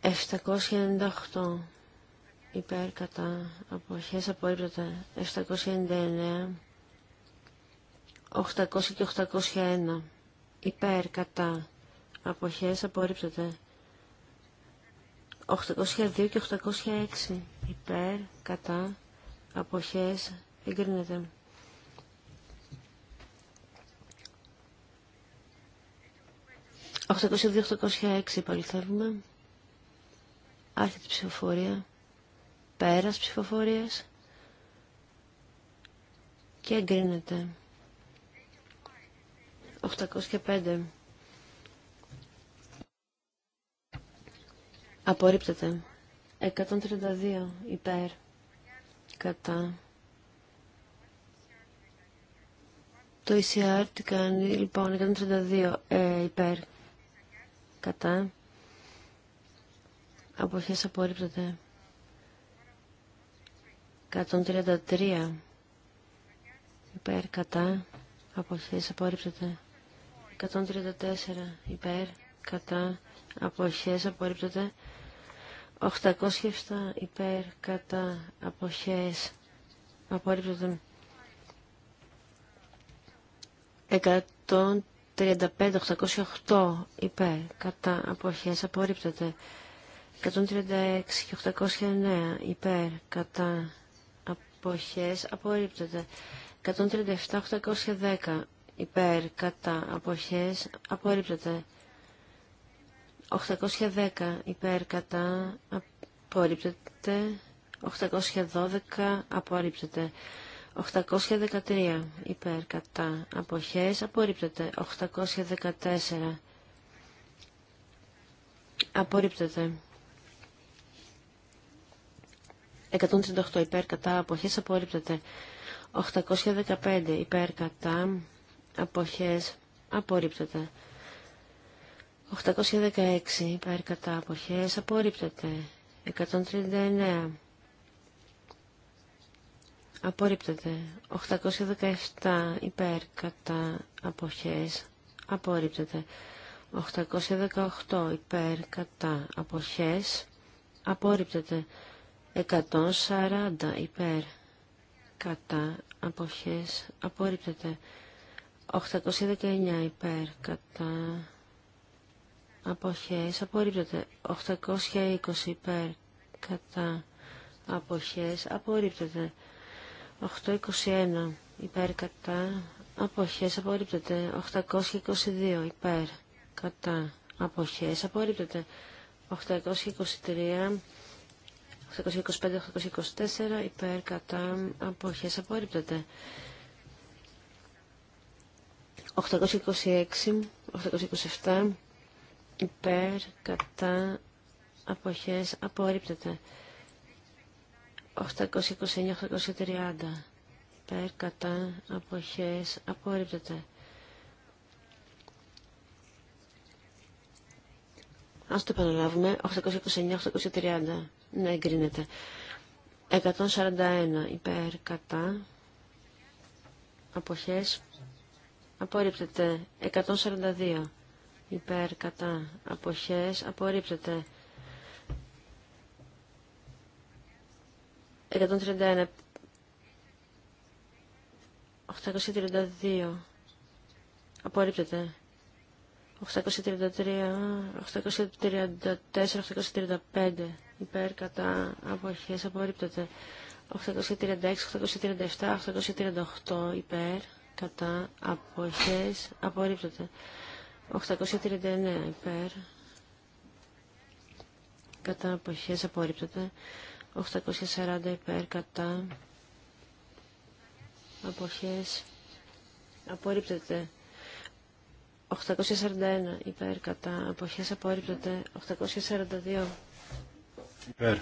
798 υπέρ κατά αποχές απορρίπτεται 799 800 και 801 υπέρ κατά αποχές απορρίπτεται 802 και 806 υπέρ κατά αποχές εγκρίνεται 802-806 υπαλληθεύουμε. Άρχεται ψηφοφορία. Πέρας ψηφοφορίας. Και εγκρίνεται. 805. Απορρίπτεται. 132 υπέρ. Κατά. Το ECR τι κάνει, λοιπόν, 132 ε, υπέρ κατά αποχές απορρίπτονται 133 υπέρ κατά αποχές απορρίπτεται 134 υπέρ κατά αποχές απορρίπτεται 807 υπέρ κατά αποχές απορρίπτεται 35-808 υπέρ κατά αποχές απορρίπτεται 136 809 υπέρ κατά αποχές απορρίπτεται 137-810 υπέρ κατά αποχές απορρίπτεται 810 υπέρ κατά απορρίπτεται 812 απορρίπτεται 813 υπέρ κατά αποχές απορρίπτεται 814 απορρίπτεται 138 υπέρ κατά αποχές απορρίπτεται 815 υπέρ κατά αποχές απορρίπτεται 816 υπέρ κατά αποχές απορρίπτεται 139 απορρίπτεται. 817 υπέρ κατά αποχές απορρίπτεται. 818 υπέρ κατά αποχές απορρίπτεται. 140 υπέρ κατά αποχές απορρίπτεται. 819 υπέρ κατά αποχές απορρίπτεται. 820 υπέρ κατά αποχές απορρίπτεται. 821 υπέρ κατά αποχές απορρίπτεται 822 υπέρ κατά αποχές απορρίπτεται 823 825-824 υπέρ κατά αποχές απορρίπτεται 826-827 υπέρ κατά αποχές απορρίπτεται 829-830 υπέρ κατά αποχές απορρίπτεται. Ας το επαναλάβουμε. 829-830. Ναι, εγκρίνεται. 141 υπέρ κατά αποχές απορρίπτεται. 142 υπέρ κατά αποχές απορρίπτεται. 131. 832. Απορρίπτεται. 833, 834, 835 υπέρ κατά αποχές απορρίπτεται. 836, 837, 838 υπέρ κατά αποχές απορρίπτεται. 839 υπέρ κατά αποχές απορρίπτεται. 840 υπέρ κατά αποχές απορρίπτεται 841 υπέρ κατά αποχές απορρίπτεται 842 υπέρ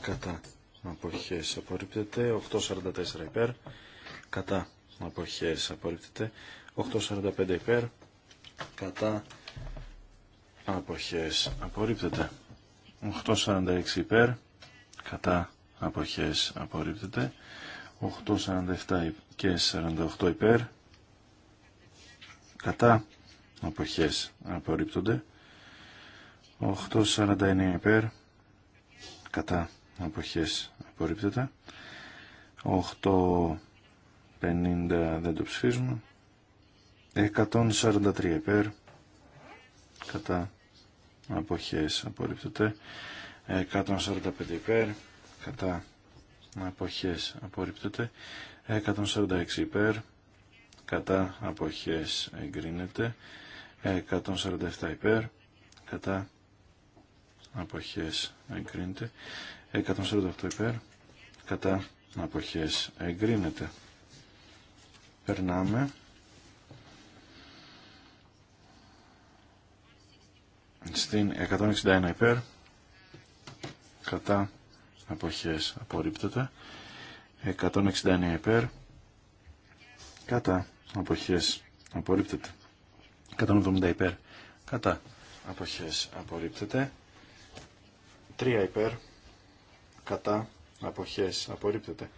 κατά αποχές απορρίπτεται 844 υπέρ κατά αποχές απορρίπτεται 845 υπέρ κατά αποχές απορρίπτεται 846 υπέρ κατά αποχές απορρίπτεται 847 και 48 υπέρ κατά αποχές απορρίπτονται 849 υπέρ κατά αποχές απορρίπτεται 850 δεν το ψηφίζουμε 143 υπέρ κατά αποχές απορρίπτεται 145 υπέρ, κατά αποχές απορρίπτεται, 146 υπέρ, κατά αποχές εγκρίνεται, 147 υπέρ, κατά αποχές εγκρίνεται, 148 υπέρ, κατά αποχές εγκρίνεται. Περνάμε. στην 161 υπέρ, κατά αποχές απορρίπτεται 169 υπέρ κατά αποχές απορρίπτεται 170 υπέρ κατά αποχές απορρίπτεται 3 υπέρ κατά αποχές απορρίπτεται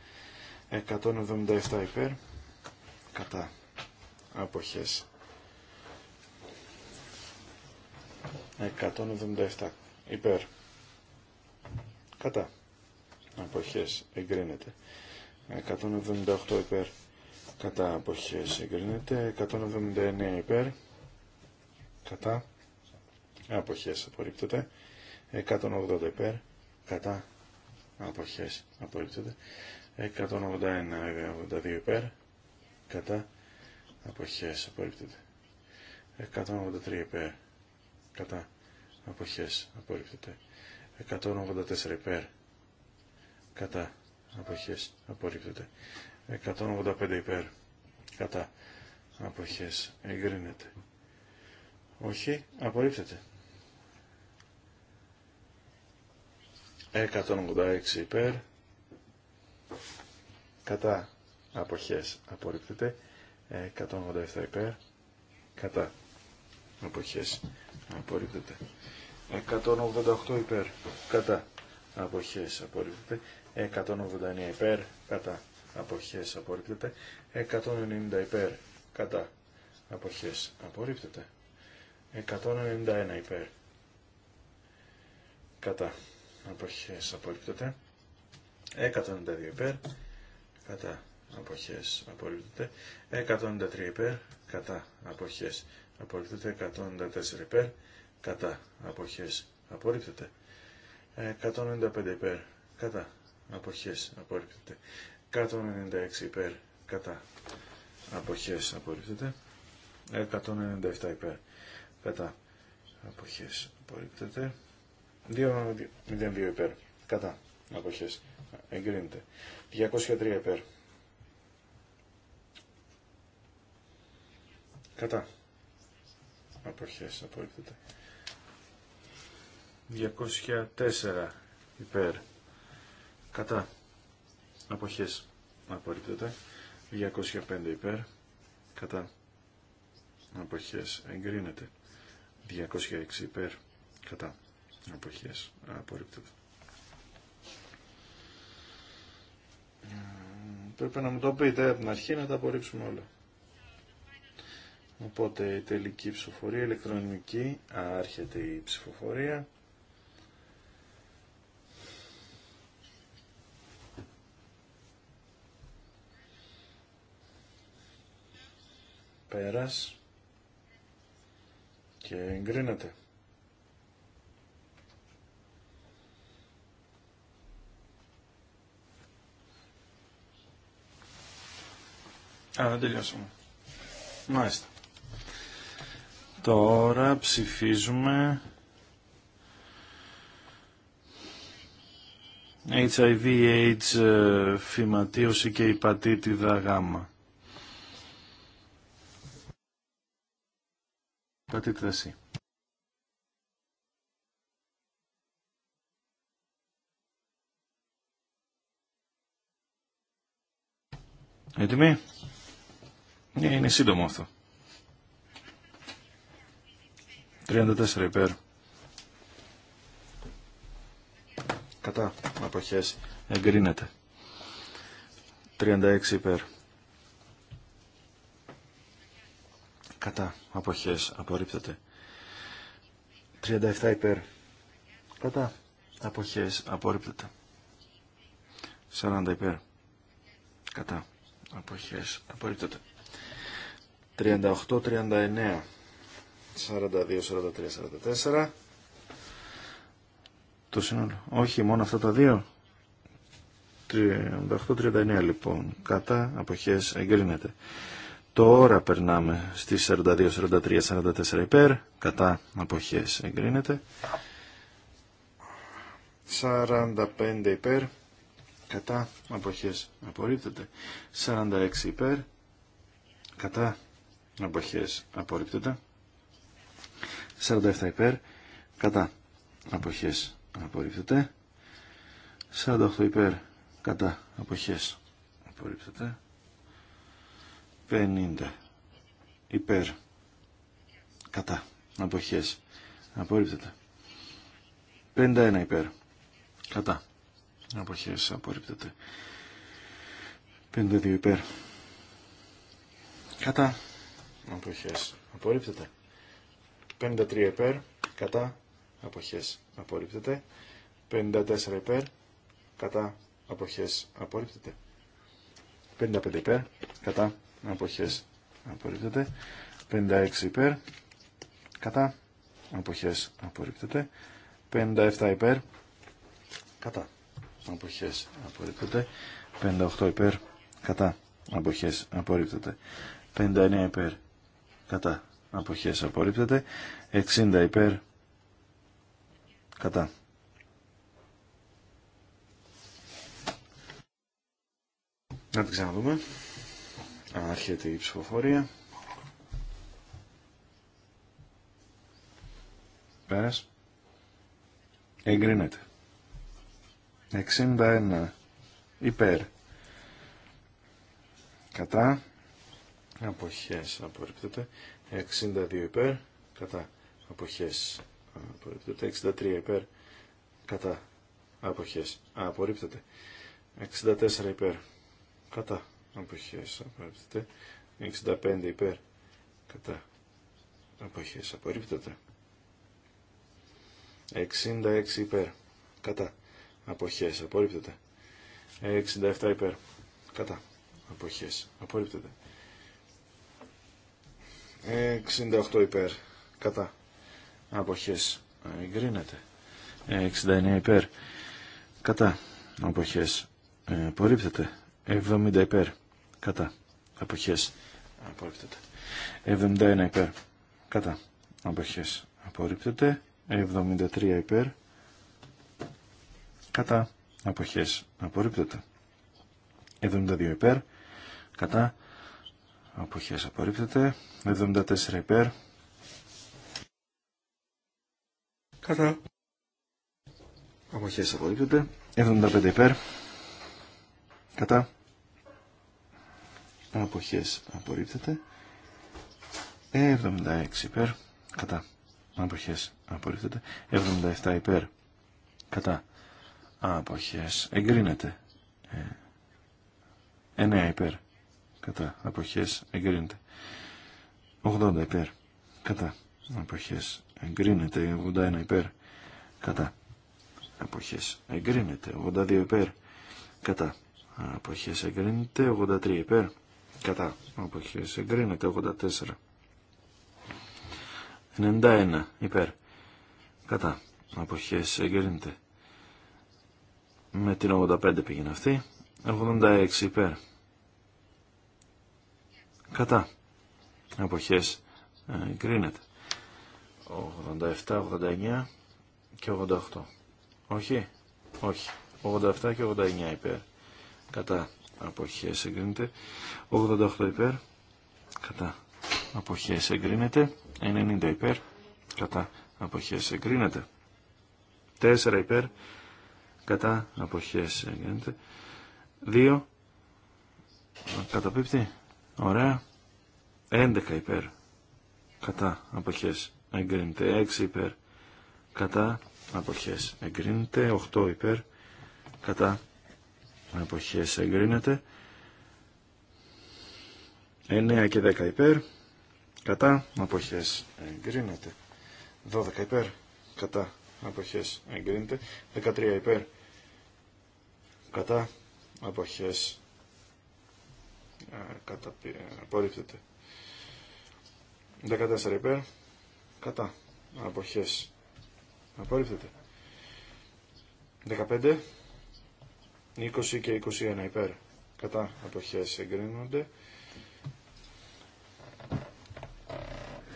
177 υπέρ κατά αποχές 177 υπέρ κατά αποχές εγκρίνεται 178 υπέρ κατά αποχές εγκρίνεται 179 υπέρ κατά αποχές απορρίπτεται 180 υπέρ κατά αποχές απορρίπτεται 181-82 υπέρ κατά αποχές απορρίπτεται 183 υπέρ κατά αποχές απορρίπτεται 184 υπέρ κατά αποχές απορρίπτεται 185 υπέρ κατά αποχές εγκρίνεται όχι απορρίπτεται 186 υπέρ κατά αποχές απορρίπτεται 187 υπέρ κατά αποχές απορρίπτεται 188 υπέρ κατά αποχές απορρίπτεται 189 υπέρ κατά αποχές απορρίπτεται 190 υπέρ κατά αποχές απορρίπτεται 191 υπέρ κατά αποχές απορρίπτεται 192 υπέρ κατά αποχές απορρίπτεται 193 υπέρ κατά αποχές απορρίπτεται 194 υπέρ κατά αποχές απορρίπτεται 195 υπέρ κατά αποχές απορρίπτεται 196 υπέρ κατά αποχές απορρίπτεται 197 υπέρ κατά αποχές απορρίπτεται 202 υπέρ κατά αποχές εγκρίνεται 203 υπέρ κατά αποχές απορρίπτεται 204 υπέρ κατά αποχές απορρίπτεται 205 υπέρ κατά αποχές εγκρίνεται 206 υπέρ κατά αποχές απορρίπτεται Πρέπει να μου το πείτε από την αρχή να τα απορρίψουμε όλα. Οπότε η τελική ψηφοφορία ηλεκτρονική, άρχεται η ψηφοφορία. πέρας και εγκρίνεται. Α, δεν τελειώσαμε. Μάλιστα. Τώρα ψηφίζουμε HIV, AIDS, ε, φυματίωση και υπατήτηδα γάμα. πατήτε C. Έτοιμοι. Ναι, είναι σύντομο αυτό. 34 υπέρ. Κατά αποχές εγκρίνεται. 36 υπέρ. κατά αποχές απορρίπτεται 37 υπέρ κατά αποχές απορρίπτεται 40 υπέρ κατά αποχές απορρίπτεται 38, 39 42, 43, 44 το σύνολο όχι μόνο αυτά τα δύο 38-39 λοιπόν κατά αποχές εγκρίνεται Τώρα περνάμε στις 42, 43, 44 υπέρ, κατά αποχές εγκρίνεται. 45 υπέρ, κατά αποχές απορρίπτεται. 46 υπέρ, κατά αποχές απορρίπτεται. 47 υπέρ, κατά αποχές απορρίπτεται. 48 υπέρ, κατά αποχές απορρίπτεται. 50 υπέρ κατά αποχές απορρίπτεται 51 υπέρ κατά αποχές απορρίπτεται 52 υπέρ κατά αποχές απορρίπτεται 53 υπέρ κατά αποχές απορρίπτεται 54 υπέρ κατά αποχές απορρίπτεται 55 υπέρ κατά αποχές απορρίπτεται 56 υπέρ κατά αποχές απορρίπτεται 57 υπέρ κατά αποχές απορρίπτεται 58 υπέρ κατά αποχές απορρίπτεται 59 υπέρ κατά αποχές απορρίπτεται 60 υπέρ κατά να την ξαναδούμε Άρχεται η ψηφοφορία. Πέρας. Εγκρίνεται. 61. Υπέρ. Κατά. Αποχές απορρίπτεται. 62 υπέρ. Κατά. Αποχές απορρίπτεται. 63 υπέρ. Κατά. Αποχές απορρίπτεται. 64 υπέρ. Κατά αποχές απορρίπτεται 65 υπέρ κατά αποχές απορρίπτεται 66 υπέρ κατά αποχές απορρίπτεται 67 υπέρ κατά αποχές απορρίπτεται 68 υπέρ κατά αποχές εγκρίνεται 69 υπέρ κατά αποχές απορρίπτεται 70 υπέρ κατά αποχές απορρίπτεται 71 υπέρ κατά αποχές απορρίπτεται 73 υπέρ κατά αποχές απορρίπτεται 72 υπέρ κατά αποχές απορρίπτεται 74 υπέρ κατά αποχές απορρίπτεται 75 υπέρ κατά αποχές απορρίπτεται 76 υπέρ κατά αποχές απορρίπτεται 77 υπέρ κατά αποχές εγκρίνεται 9 ε, υπέρ κατά αποχές εγκρίνεται 80 υπέρ κατά αποχές εγκρίνεται 81 υπέρ κατά αποχές εγκρίνεται 82 υπέρ κατά αποχές εγκρίνεται 83 υπέρ κατά αποχές εγκρίνεται 84 91 υπέρ κατά αποχές εγκρίνεται με την 85 πήγαινε αυτή 86 υπέρ κατά αποχές εγκρίνεται 87, 89 και 88 όχι, όχι 87 και 89 υπέρ κατά αποχές εγκρίνεται 88 υπέρ κατά αποχές εγκρίνεται 90 υπέρ κατά αποχές εγκρίνεται 4 υπέρ κατά αποχές εγκρίνεται 2 καταπίπτει ωραία 11 υπέρ κατά αποχές εγκρίνεται 6 υπέρ κατά αποχές εγκρίνεται 8 υπέρ κατά αποχές εγκρίνεται 9 και 10 υπέρ κατά αποχές εγκρίνεται 12 υπέρ κατά αποχές εγκρίνεται 13 υπέρ κατά αποχές ε, κατά, ε, απορρίπτεται 14 υπέρ κατά αποχές απορρίπτεται 15 20 και 21 υπέρ κατά αποχές εγκρίνονται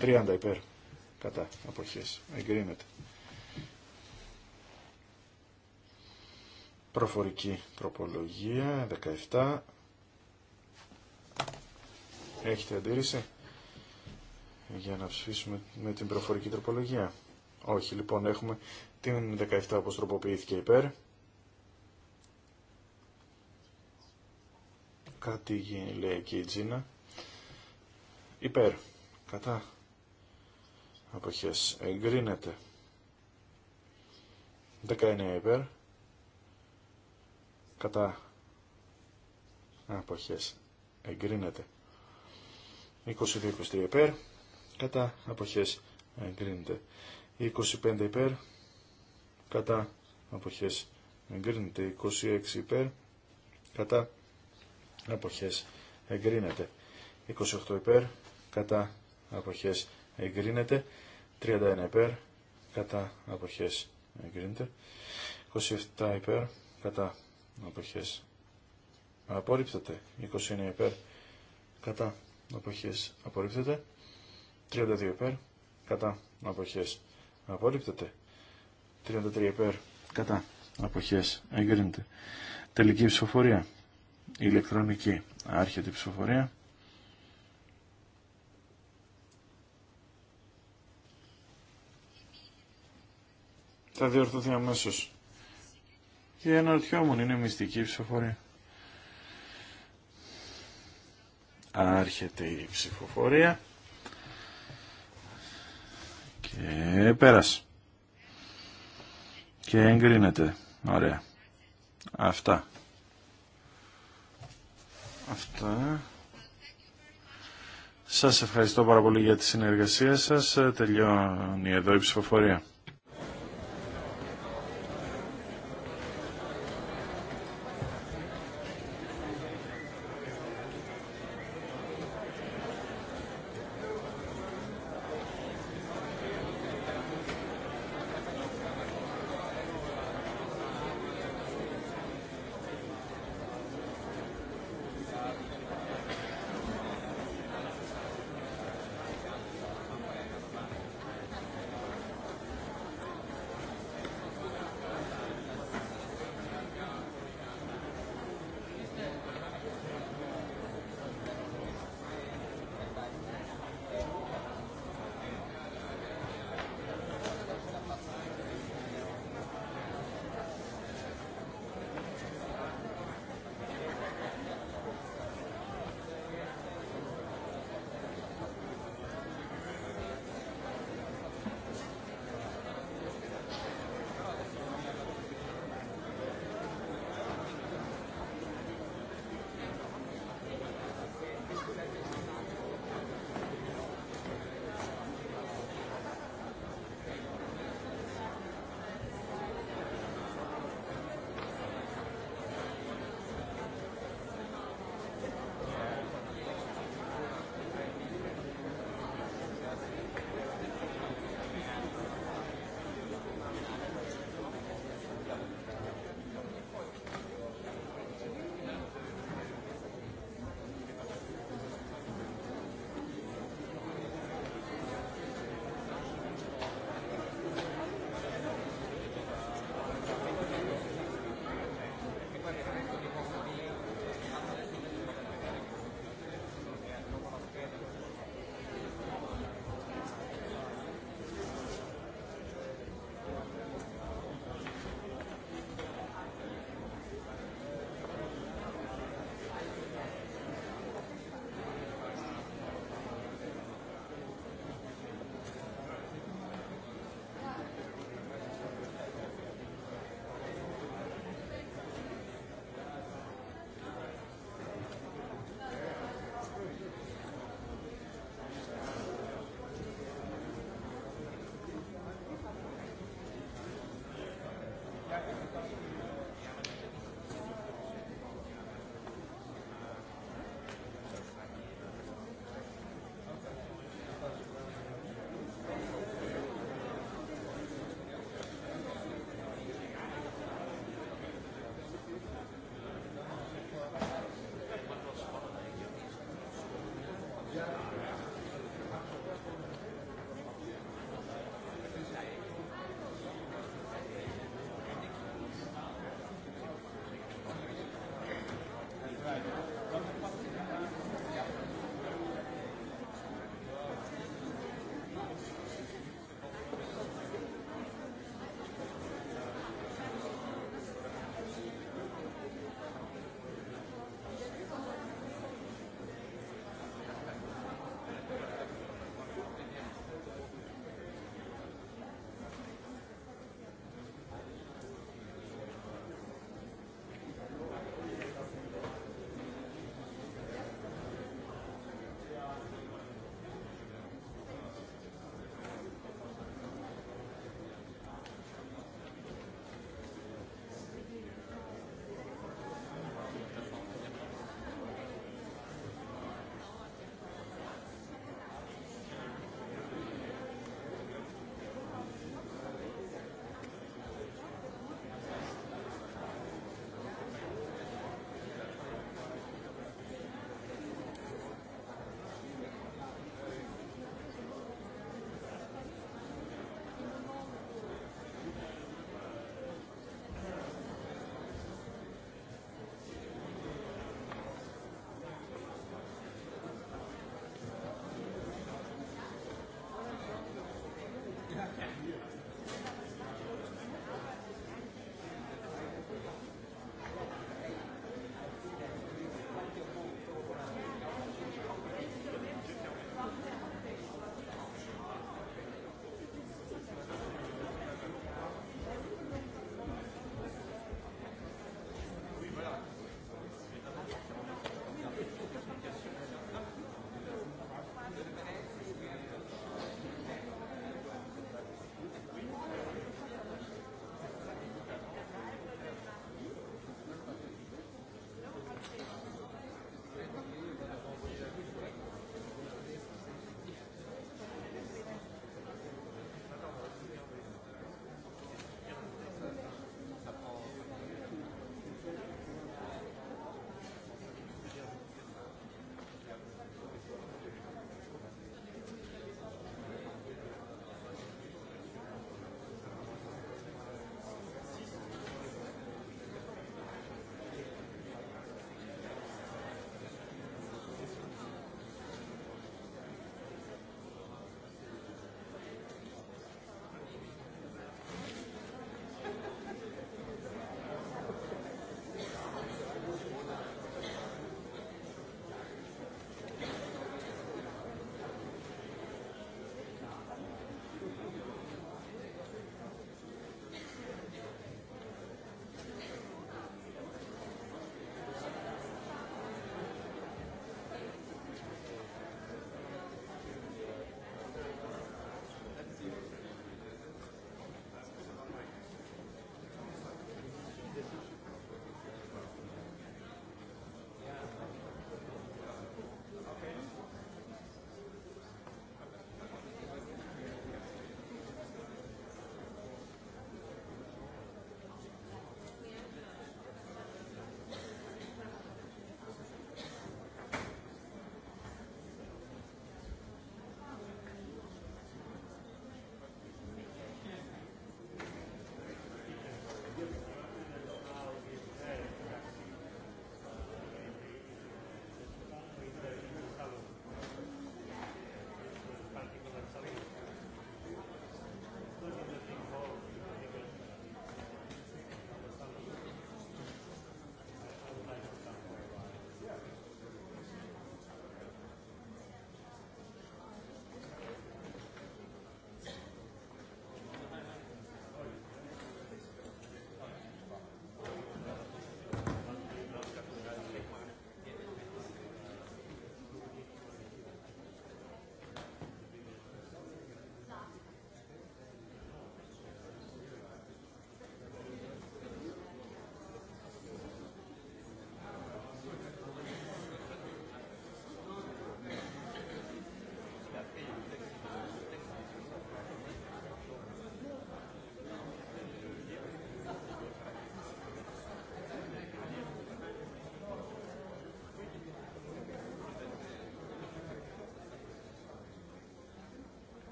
30 υπέρ κατά αποχές εγκρίνεται προφορική τροπολογία 17 έχετε αντίρρηση για να ψηφίσουμε με την προφορική τροπολογία όχι λοιπόν έχουμε την 17 όπως τροποποιήθηκε υπέρ Κάτι λέει η Τζίνα. Υπέρ. Κατά. Αποχές. Εγκρίνεται. 19 υπέρ. Κατά. Αποχές. Εγκρίνεται. 22-23 υπέρ. Κατά. Αποχές. Εγκρίνεται. 25 υπέρ. Κατά. Αποχές. Εγκρίνεται. 26 υπέρ. Κατά αποχές εγκρίνεται. 28 υπέρ, κατά αποχές εγκρίνεται. 31 υπέρ, κατά αποχές εγκρίνεται. 27 υπέρ, κατά αποχές απορρίπτεται. 29 υπέρ, κατά αποχές απορρίπτεται. 32 υπέρ, κατά αποχές απορρίπτεται. 33 υπέρ, κατά αποχές εγκρίνεται. Τελική ψηφοφορία ηλεκτρονική. Άρχεται η ψηφοφορία. Θα διορθωθεί αμέσω. Και αναρωτιόμουν, είναι μυστική ψηφοφορία. Άρχεται η ψηφοφορία. Και πέρασε. Και εγκρίνεται. Ωραία. Αυτά αυτά. Σας ευχαριστώ πάρα πολύ για τη συνεργασία σας. Τελειώνει εδώ η ψηφοφορία.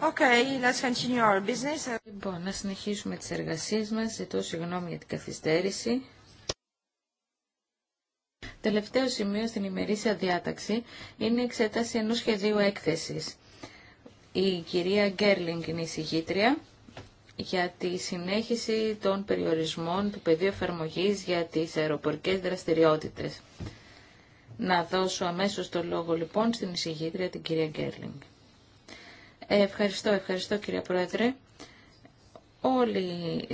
Okay, business. Λοιπόν, να συνεχίσουμε τις εργασίες μας. Ζητώ συγγνώμη για την καθυστέρηση. Τελευταίο σημείο στην ημερήσια διάταξη είναι η εξέταση ενός σχεδίου έκθεσης. Η κυρία Γκέρλινγκ είναι η συγγήτρια για τη συνέχιση των περιορισμών του πεδίου εφαρμογή για τις αεροπορικές δραστηριότητες. Να δώσω αμέσως το λόγο λοιπόν στην εισηγήτρια την κυρία Γκέρλινγκ. Ευχαριστώ, ευχαριστώ κύριε Πρόεδρε. Όλοι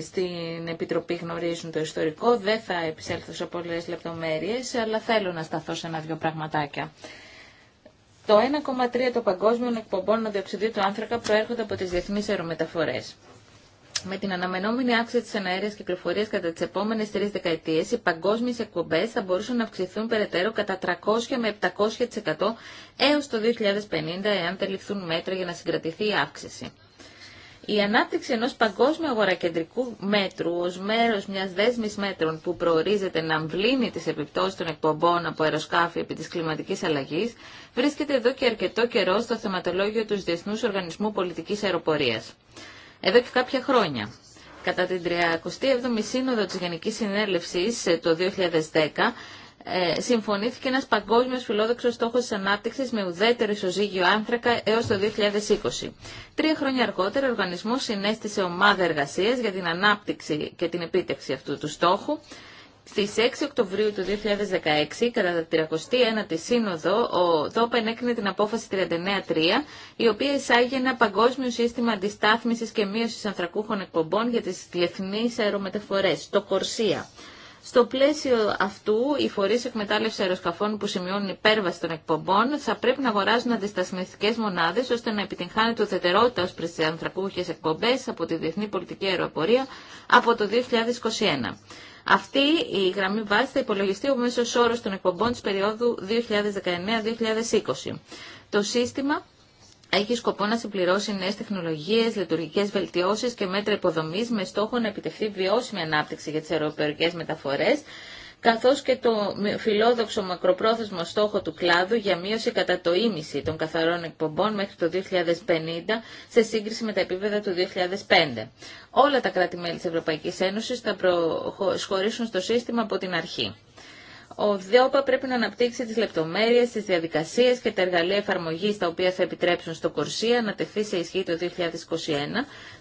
στην Επιτροπή γνωρίζουν το ιστορικό, δεν θα επισέλθω σε πολλές λεπτομέρειες, αλλά θέλω να σταθώ σε ένα-δυο πραγματάκια. Το 1,3 των παγκόσμιων εκπομπών διοξιδίου του άνθρακα προέρχονται από τις διεθνείς αερομεταφορές. Με την αναμενόμενη αύξηση τη και κυκλοφορία κατά τι επόμενε τρει δεκαετίε, οι παγκόσμιε εκπομπέ θα μπορούσαν να αυξηθούν περαιτέρω κατά 300 με 700% έω το 2050, εάν τεληφθούν μέτρα για να συγκρατηθεί η αύξηση. Η ανάπτυξη ενό παγκόσμιου αγορακεντρικού μέτρου ω μέρο μια δέσμης μέτρων που προορίζεται να αμβλύνει τι επιπτώσει των εκπομπών από αεροσκάφη επί τη κλιματική αλλαγή, βρίσκεται εδώ και αρκετό καιρό στο θεματολόγιο του Διεθνού Οργανισμού Πολιτική αεροπορία εδώ και κάποια χρόνια. Κατά την 37η Σύνοδο της Γενικής Συνέλευσης ε, το 2010, ε, συμφωνήθηκε ένας παγκόσμιος φιλόδοξος στόχος της ανάπτυξης με ουδέτερο ισοζύγιο άνθρακα έως το 2020. Τρία χρόνια αργότερα ο οργανισμός συνέστησε ομάδα εργασίας για την ανάπτυξη και την επίτευξη αυτού του στόχου στις 6 Οκτωβρίου του 2016, κατά τα 31 η Σύνοδο, ο ΔΟΠ ενέκρινε την απόφαση 39 39-3, η οποία εισάγει ένα παγκόσμιο σύστημα αντιστάθμισης και μείωσης ανθρακούχων εκπομπών για τις διεθνείς αερομεταφορές, το Κορσία. Στο πλαίσιο αυτού, οι φορεί εκμετάλλευση αεροσκαφών που σημειώνουν υπέρβαση των εκπομπών θα πρέπει να αγοράζουν αντιστασμιστικέ μονάδε ώστε να το θετερότητα ω προ τι ανθρακούχε εκπομπέ από τη Διεθνή Πολιτική Αεροπορία από το 2021. Αυτή η γραμμή βάση θα υπολογιστεί ο μέσο όρο των εκπομπών τη περίοδου 2019-2020. Το σύστημα έχει σκοπό να συμπληρώσει νέε τεχνολογίε, λειτουργικέ βελτιώσει και μέτρα υποδομή με στόχο να επιτευχθεί βιώσιμη ανάπτυξη για τι αεροπορικέ μεταφορέ καθώς και το φιλόδοξο μακροπρόθεσμο στόχο του κλάδου για μείωση κατά το ίμιση των καθαρών εκπομπών μέχρι το 2050 σε σύγκριση με τα επίπεδα του 2005. Όλα τα κράτη-μέλη της Ευρωπαϊκής Ένωσης θα προσχωρήσουν στο σύστημα από την αρχή. Ο ΔΕΟΠΑ πρέπει να αναπτύξει τις λεπτομέρειες, τις διαδικασίες και τα εργαλεία εφαρμογή τα οποία θα επιτρέψουν στο Κορσία να τεθεί σε ισχύ το 2021,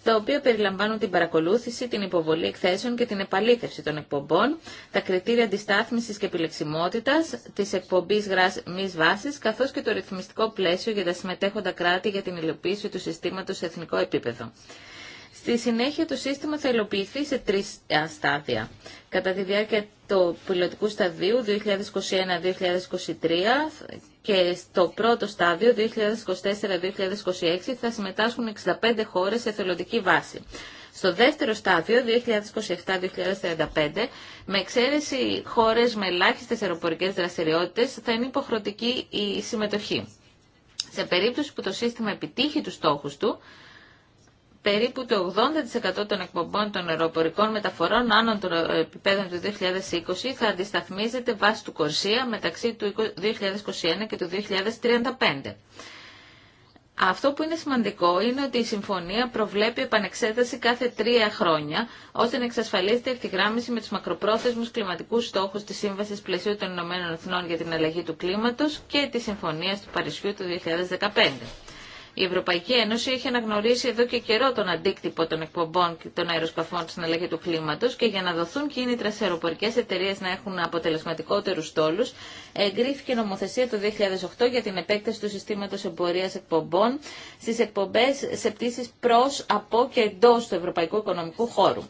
τα οποία περιλαμβάνουν την παρακολούθηση, την υποβολή εκθέσεων και την επαλήθευση των εκπομπών, τα κριτήρια αντιστάθμιση και επιλεξιμότητας, τη εκπομπής γραμμή βάση, καθώ και το ρυθμιστικό πλαίσιο για τα συμμετέχοντα κράτη για την υλοποίηση του συστήματο σε εθνικό επίπεδο. Στη συνέχεια το σύστημα θα υλοποιηθεί σε τρεις ε, στάδια. Κατά τη διάρκεια του πιλωτικού σταδίου 2021-2023 και στο πρώτο στάδιο 2024-2026 θα συμμετάσχουν 65 χώρες σε θελοντική βάση. Στο δεύτερο στάδιο, 2027-2035, με εξαίρεση χώρες με ελάχιστε αεροπορικές δραστηριότητες, θα είναι υποχρεωτική η συμμετοχή. Σε περίπτωση που το σύστημα επιτύχει τους στόχους του, περίπου το 80% των εκπομπών των αεροπορικών μεταφορών άνω των επιπέδων του 2020 θα αντισταθμίζεται βάσει του Κορσία μεταξύ του 2021 και του 2035. Αυτό που είναι σημαντικό είναι ότι η συμφωνία προβλέπει επανεξέταση κάθε τρία χρόνια, ώστε να εξασφαλίζεται η ευθυγράμμιση με τους μακροπρόθεσμους κλιματικούς στόχους της Σύμβασης Πλαισίου των Ηνωμένων Εθνών για την Αλλαγή του Κλίματος και τη Συμφωνία του Παρισιού του 2015. Η Ευρωπαϊκή Ένωση έχει αναγνωρίσει εδώ και καιρό τον αντίκτυπο των εκπομπών των αεροσκαφών στην αλλαγή του κλίματο και για να δοθούν κίνητρα σε αεροπορικέ εταιρείε να έχουν αποτελεσματικότερου στόλου, εγκρίθηκε νομοθεσία το 2008 για την επέκταση του συστήματο εμπορία εκπομπών στι εκπομπέ σε πτήσει προ, από και εντό του Ευρωπαϊκού Οικονομικού Χώρου.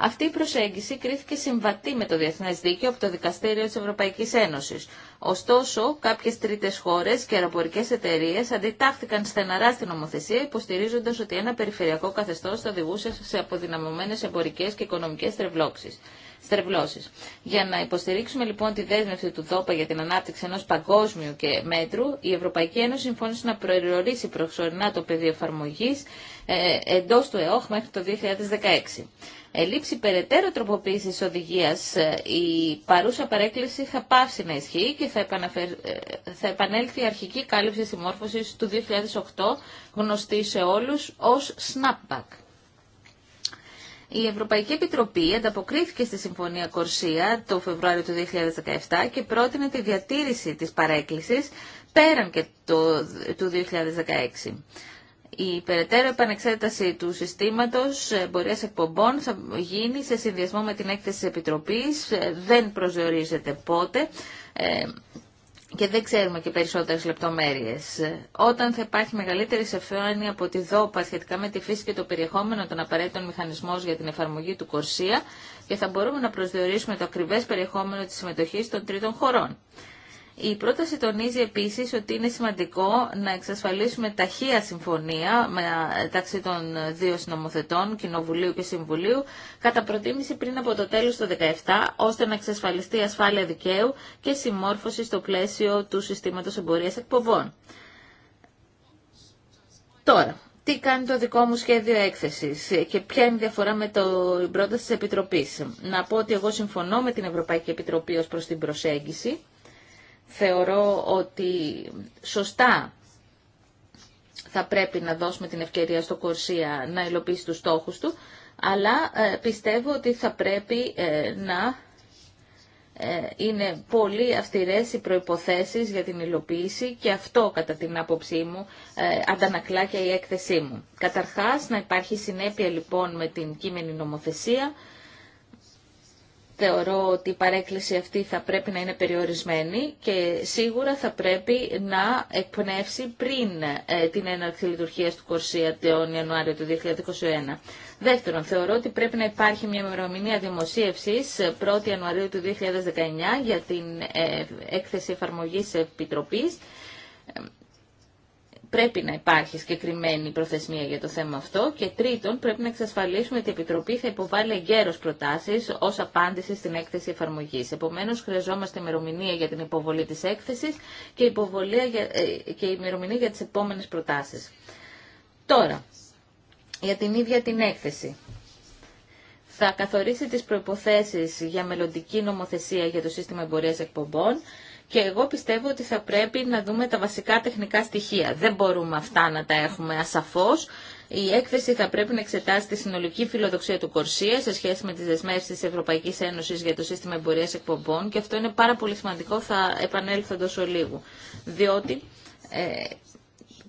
Αυτή η προσέγγιση κρίθηκε συμβατή με το Διεθνές Δίκαιο από το Δικαστήριο της Ευρωπαϊκής Ένωσης. Ωστόσο, κάποιες τρίτες χώρες και αεροπορικέ εταιρείες αντιτάχθηκαν στεναρά στην νομοθεσία υποστηρίζοντας ότι ένα περιφερειακό καθεστώς θα οδηγούσε σε αποδυναμωμένες εμπορικές και οικονομικές τρευλώξεις. Στρεβλώσεις. Για να υποστηρίξουμε λοιπόν τη δέσμευση του ΔΟΠΑ για την ανάπτυξη ενό παγκόσμιου και μέτρου, η Ευρωπαϊκή Ένωση συμφώνησε να προερορίσει προσωρινά το πεδίο εφαρμογή ε, εντό του ΕΟΧ μέχρι το 2016. Ελήψη περαιτέρω τροποποίηση οδηγία ε, η παρούσα παρέκκληση θα πάψει να ισχύει και θα, ε, επανέλθει η αρχική κάλυψη συμμόρφωση του 2008 γνωστή σε όλου ω snapback. Η Ευρωπαϊκή Επιτροπή ανταποκρίθηκε στη Συμφωνία Κορσία το Φεβρουάριο του 2017 και πρότεινε τη διατήρηση της παρέκκλησης πέραν και του 2016. Η περαιτέρω επανεξέταση του συστήματος ε, εμπορίας εκπομπών θα γίνει σε συνδυασμό με την έκθεση της Επιτροπής, ε, δεν προσδιορίζεται πότε ε, και δεν ξέρουμε και περισσότερες λεπτομέρειες. Όταν θα υπάρχει μεγαλύτερη σεφαιώνη από τη ΔΟΠΑ σχετικά με τη φύση και το περιεχόμενο των απαραίτητων μηχανισμών για την εφαρμογή του Κορσία και θα μπορούμε να προσδιορίσουμε το ακριβές περιεχόμενο της συμμετοχής των τρίτων χωρών. Η πρόταση τονίζει επίσης ότι είναι σημαντικό να εξασφαλίσουμε ταχεία συμφωνία μεταξύ των δύο συνομοθετών, Κοινοβουλίου και Συμβουλίου, κατά προτίμηση πριν από το τέλος του 2017, ώστε να εξασφαλιστεί ασφάλεια δικαίου και συμμόρφωση στο πλαίσιο του συστήματος εμπορίας εκπομπών. Τώρα, τι κάνει το δικό μου σχέδιο έκθεσης και ποια είναι η διαφορά με το πρόταση της Επιτροπής. Να πω ότι εγώ συμφωνώ με την Ευρωπαϊκή Επιτροπή ως προς την προσέγγιση θεωρώ ότι σωστά θα πρέπει να δώσουμε την ευκαιρία στο Κορσία να υλοποιήσει τους στόχους του, αλλά ε, πιστεύω ότι θα πρέπει ε, να ε, είναι πολύ αυστηρές οι προϋποθέσεις για την υλοποίηση και αυτό κατά την άποψή μου αντανακλά και η έκθεσή μου. Καταρχάς να υπάρχει συνέπεια λοιπόν με την κείμενη νομοθεσία Θεωρώ ότι η παρέκκληση αυτή θα πρέπει να είναι περιορισμένη και σίγουρα θα πρέπει να εκπνεύσει πριν ε, την έναρξη λειτουργία του Κορσία τον Ιανουάριο του 2021. Δεύτερον, θεωρώ ότι πρέπει να υπάρχει μια ημερομηνία δημοσίευση 1η ε, Ιανουαρίου του 2019 για την ε, έκθεση εφαρμογή επιτροπή πρέπει να υπάρχει συγκεκριμένη προθεσμία για το θέμα αυτό και τρίτον πρέπει να εξασφαλίσουμε ότι η Επιτροπή θα υποβάλει εγκαίρως προτάσεις ως απάντηση στην έκθεση εφαρμογής. Επομένως χρειαζόμαστε ημερομηνία για την υποβολή της έκθεσης και, υποβολή για, ε, και ημερομηνία για τις επόμενες προτάσεις. Τώρα, για την ίδια την έκθεση θα καθορίσει τις προϋποθέσεις για μελλοντική νομοθεσία για το σύστημα εμπορίας εκπομπών και εγώ πιστεύω ότι θα πρέπει να δούμε τα βασικά τεχνικά στοιχεία. Δεν μπορούμε αυτά να τα έχουμε ασαφώς. Η έκθεση θα πρέπει να εξετάσει τη συνολική φιλοδοξία του Κορσία σε σχέση με τι δεσμεύσει τη Ευρωπαϊκή Ένωση για το σύστημα εμπορία εκπομπών και αυτό είναι πάρα πολύ σημαντικό, θα επανέλθω τόσο λίγο. Διότι ε,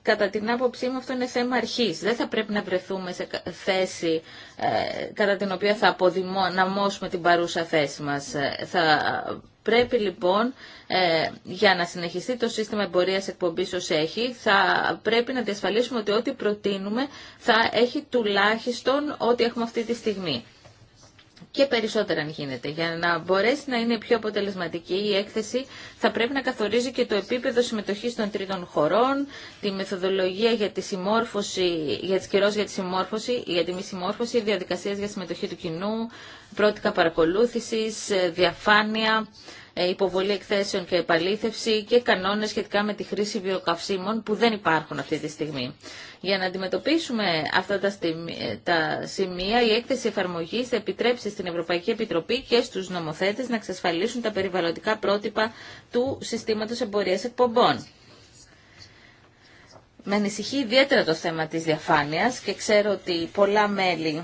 κατά την άποψή μου αυτό είναι θέμα αρχή. Δεν θα πρέπει να βρεθούμε σε θέση ε, κατά την οποία θα αποδημώσουμε την παρούσα θέση μας. Ε, θα Πρέπει λοιπόν ε, για να συνεχιστεί το σύστημα εμπορίας εκπομπής ως έχει, θα πρέπει να διασφαλίσουμε ότι ό,τι προτείνουμε θα έχει τουλάχιστον ό,τι έχουμε αυτή τη στιγμή και περισσότερα αν γίνεται. Για να μπορέσει να είναι πιο αποτελεσματική η έκθεση θα πρέπει να καθορίζει και το επίπεδο συμμετοχής των τρίτων χωρών, τη μεθοδολογία για τη συμμόρφωση, για τις καιρός για τη συμμόρφωση, για τη μη συμμόρφωση, διαδικασίες για συμμετοχή του κοινού, πρότυπα παρακολούθησης, ε, διαφάνεια, ε, υποβολή εκθέσεων και επαλήθευση και κανόνες σχετικά με τη χρήση βιοκαυσίμων που δεν υπάρχουν αυτή τη στιγμή. Για να αντιμετωπίσουμε αυτά τα ε, σημεία, η έκθεση εφαρμογή θα επιτρέψει στην Ευρωπαϊκή Επιτροπή και στου νομοθέτε να εξασφαλίσουν τα περιβαλλοντικά πρότυπα του συστήματο εμπορία εκπομπών. Με ανησυχεί ιδιαίτερα το θέμα της διαφάνειας και ξέρω ότι πολλά μέλη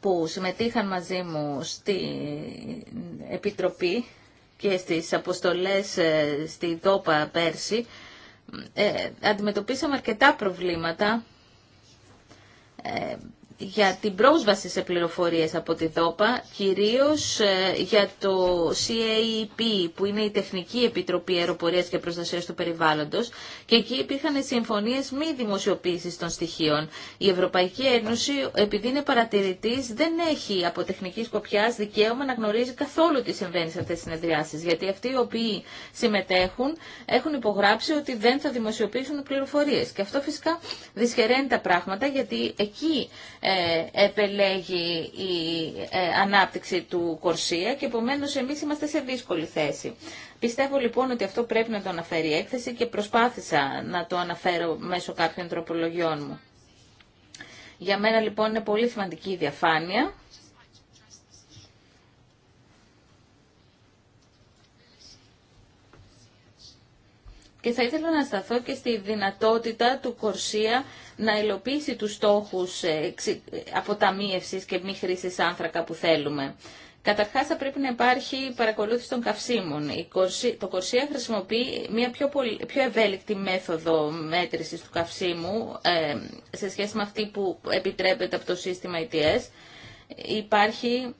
που συμμετείχαν μαζί μου στην Επιτροπή και στις αποστολές ε, στη ΔΟΠΑ πέρσι, ε, αντιμετωπίσαμε αρκετά προβλήματα ε, για την πρόσβαση σε πληροφορίες από τη ΔΟΠΑ, κυρίως ε, για το CAEP, που είναι η Τεχνική Επιτροπή Αεροπορίας και Προστασίας του Περιβάλλοντος, και εκεί υπήρχαν συμφωνίες μη δημοσιοποίησης των στοιχείων. Η Ευρωπαϊκή Ένωση, επειδή είναι παρατηρητής, δεν έχει από τεχνική σκοπιά δικαίωμα να γνωρίζει καθόλου τι συμβαίνει σε αυτές τις συνεδριάσεις, γιατί αυτοί οι οποίοι συμμετέχουν έχουν υπογράψει ότι δεν θα δημοσιοποιήσουν πληροφορίες. Και αυτό φυσικά δυσχεραίνει τα πράγματα, γιατί εκεί ε, επελέγει η ε, ανάπτυξη του Κορσία και επομένως εμείς είμαστε σε δύσκολη θέση. Πιστεύω λοιπόν ότι αυτό πρέπει να το αναφέρει η έκθεση και προσπάθησα να το αναφέρω μέσω κάποιων τροπολογιών μου. Για μένα λοιπόν είναι πολύ σημαντική η διαφάνεια Και θα ήθελα να σταθώ και στη δυνατότητα του Κορσία να υλοποιήσει τους στόχους ε, αποταμίευσης και μη χρήσης άνθρακα που θέλουμε. Καταρχά, θα πρέπει να υπάρχει παρακολούθηση των καυσίμων. Το Κορσία χρησιμοποιεί μια πιο, ευέλικτη μέθοδο μέτρησης του καυσίμου ε, σε σχέση με αυτή που επιτρέπεται από το σύστημα ETS. Ε υπάρχει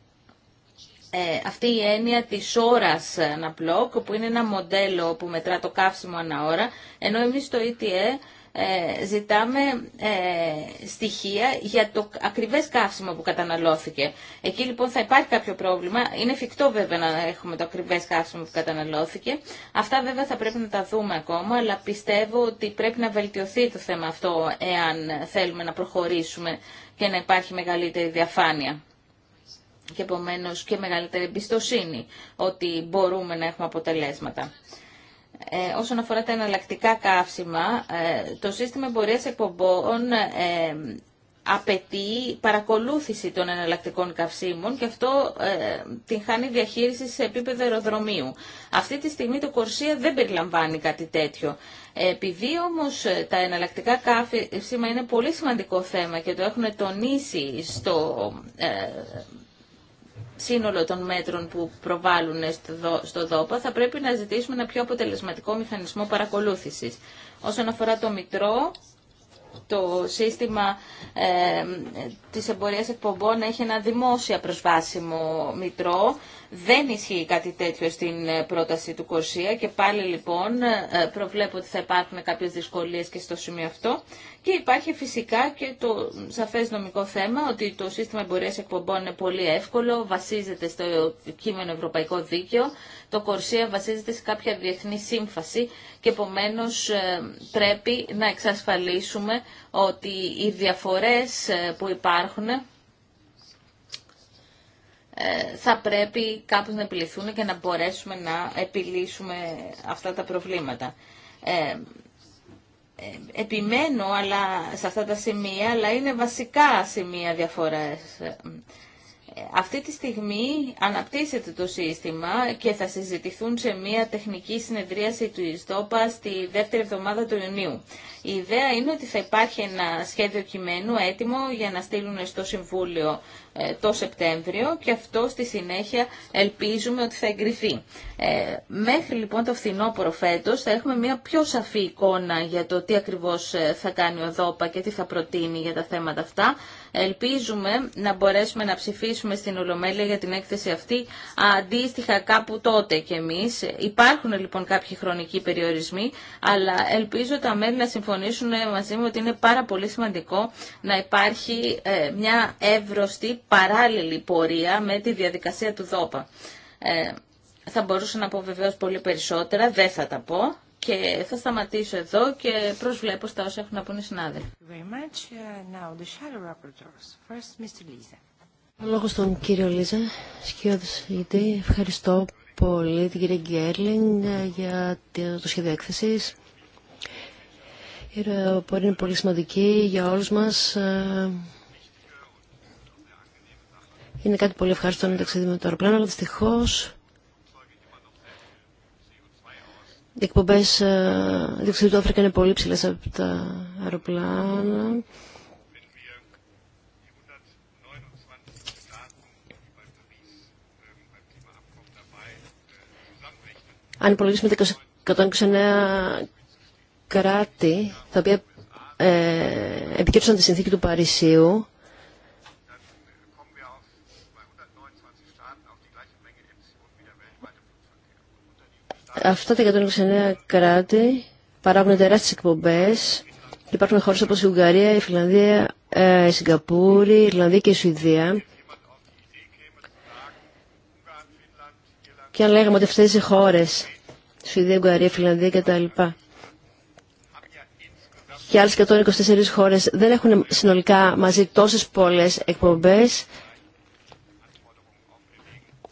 ε, αυτή η έννοια της ώρας αναπλόκ, ε, που είναι ένα μοντέλο που μετρά το καύσιμο ανά ώρα, ενώ εμείς στο ETA ε, ζητάμε ε, στοιχεία για το ακριβές καύσιμο που καταναλώθηκε. Εκεί λοιπόν θα υπάρχει κάποιο πρόβλημα. Είναι εφικτό βέβαια να έχουμε το ακριβές καύσιμο που καταναλώθηκε. Αυτά βέβαια θα πρέπει να τα δούμε ακόμα, αλλά πιστεύω ότι πρέπει να βελτιωθεί το θέμα αυτό εάν θέλουμε να προχωρήσουμε και να υπάρχει μεγαλύτερη διαφάνεια και επομένω και μεγαλύτερη εμπιστοσύνη ότι μπορούμε να έχουμε αποτελέσματα. Ε, όσον αφορά τα εναλλακτικά καύσιμα, ε, το σύστημα εμπορίας εκπομπών ε, απαιτεί παρακολούθηση των εναλλακτικών καυσίμων και αυτό ε, την χάνει διαχείριση σε επίπεδο αεροδρομίου. Αυτή τη στιγμή το Κορσία δεν περιλαμβάνει κάτι τέτοιο. Επειδή όμως ε, τα εναλλακτικά καύσιμα είναι πολύ σημαντικό θέμα και το έχουν τονίσει στο ε, σύνολο των μέτρων που προβάλλουν στο ΔΟΠΑ, θα πρέπει να ζητήσουμε ένα πιο αποτελεσματικό μηχανισμό παρακολούθησης. Όσον αφορά το Μητρό, το σύστημα ε, της εμπορίας εκπομπών έχει ένα δημόσια προσβάσιμο μητρό δεν ισχύει κάτι τέτοιο στην ε, πρόταση του Κορσία και πάλι λοιπόν ε, προβλέπω ότι θα υπάρχουν κάποιες δυσκολίες και στο σημείο αυτό και υπάρχει φυσικά και το σαφές νομικό θέμα ότι το σύστημα εμπορίας εκπομπών είναι πολύ εύκολο, βασίζεται στο κείμενο ευρωπαϊκό δίκαιο, το Κορσία βασίζεται σε κάποια διεθνή σύμφαση και επομένως ε, πρέπει να εξασφαλίσουμε ότι οι διαφορές που υπάρχουν ε, θα πρέπει κάπως να επιληθούν και να μπορέσουμε να επιλύσουμε αυτά τα προβλήματα. Ε, ε επιμένω αλλά, σε αυτά τα σημεία, αλλά είναι βασικά σημεία διαφοράς αυτή τη στιγμή αναπτύσσεται το σύστημα και θα συζητηθούν σε μια τεχνική συνεδρίαση του ΙΣΤΟΠΑ στη δεύτερη εβδομάδα του Ιουνίου. Η ιδέα είναι ότι θα υπάρχει ένα σχέδιο κειμένου έτοιμο για να στείλουν στο Συμβούλιο ε, το Σεπτέμβριο και αυτό στη συνέχεια ελπίζουμε ότι θα εγκριθεί. Ε, μέχρι λοιπόν το φθινόπωρο φέτος θα έχουμε μια πιο σαφή εικόνα για το τι ακριβώς ε, θα κάνει ο ΔΟΠΑ και τι θα προτείνει για τα θέματα αυτά Ελπίζουμε να μπορέσουμε να ψηφίσουμε στην Ολομέλεια για την έκθεση αυτή αντίστοιχα κάπου τότε κι εμείς. Υπάρχουν λοιπόν κάποιοι χρονικοί περιορισμοί, αλλά ελπίζω τα μέλη να συμφωνήσουν μαζί μου ότι είναι πάρα πολύ σημαντικό να υπάρχει ε, μια εύρωστη παράλληλη πορεία με τη διαδικασία του ΔΟΠΑ. Ε, θα μπορούσα να πω βεβαίως πολύ περισσότερα, δεν θα τα πω. Και θα σταματήσω εδώ και προσβλέπω στα όσα έχουν να πούνε οι συνάδελφοι. Uh, Λόγω στον κύριο Λίζα, σκιώδη ευχαριστώ πολύ την κυρία Γκέρλινγκ ε, για το σχέδιο έκθεση. Η είναι πολύ σημαντική για όλους μας. Ε, είναι κάτι πολύ ευχάριστο να ταξιδεύουμε με το αεροπλάνο, αλλά δυστυχώς Οι εκπομπέ, ε, διοξιδίου του Αφρικα είναι πολύ ψηλέ από τα αεροπλάνα. Αν υπολογίσουμε τα 129 κράτη, τα οποία ε, επικέψαν τη συνθήκη του Παρισίου, Αυτά τα 129 κράτη παράγουν τεράστιες εκπομπές υπάρχουν χώρες όπως η Ουγγαρία, η Φιλανδία, ε, η Σιγκαπούρη, η Ιρλανδία και η Σουηδία. Και αν λέγαμε ότι αυτές οι χώρες, Σουηδία, Ουγγαρία, Φιλανδία κτλ. Και άλλες 124 χώρες δεν έχουν συνολικά μαζί τόσες πολλές εκπομπές.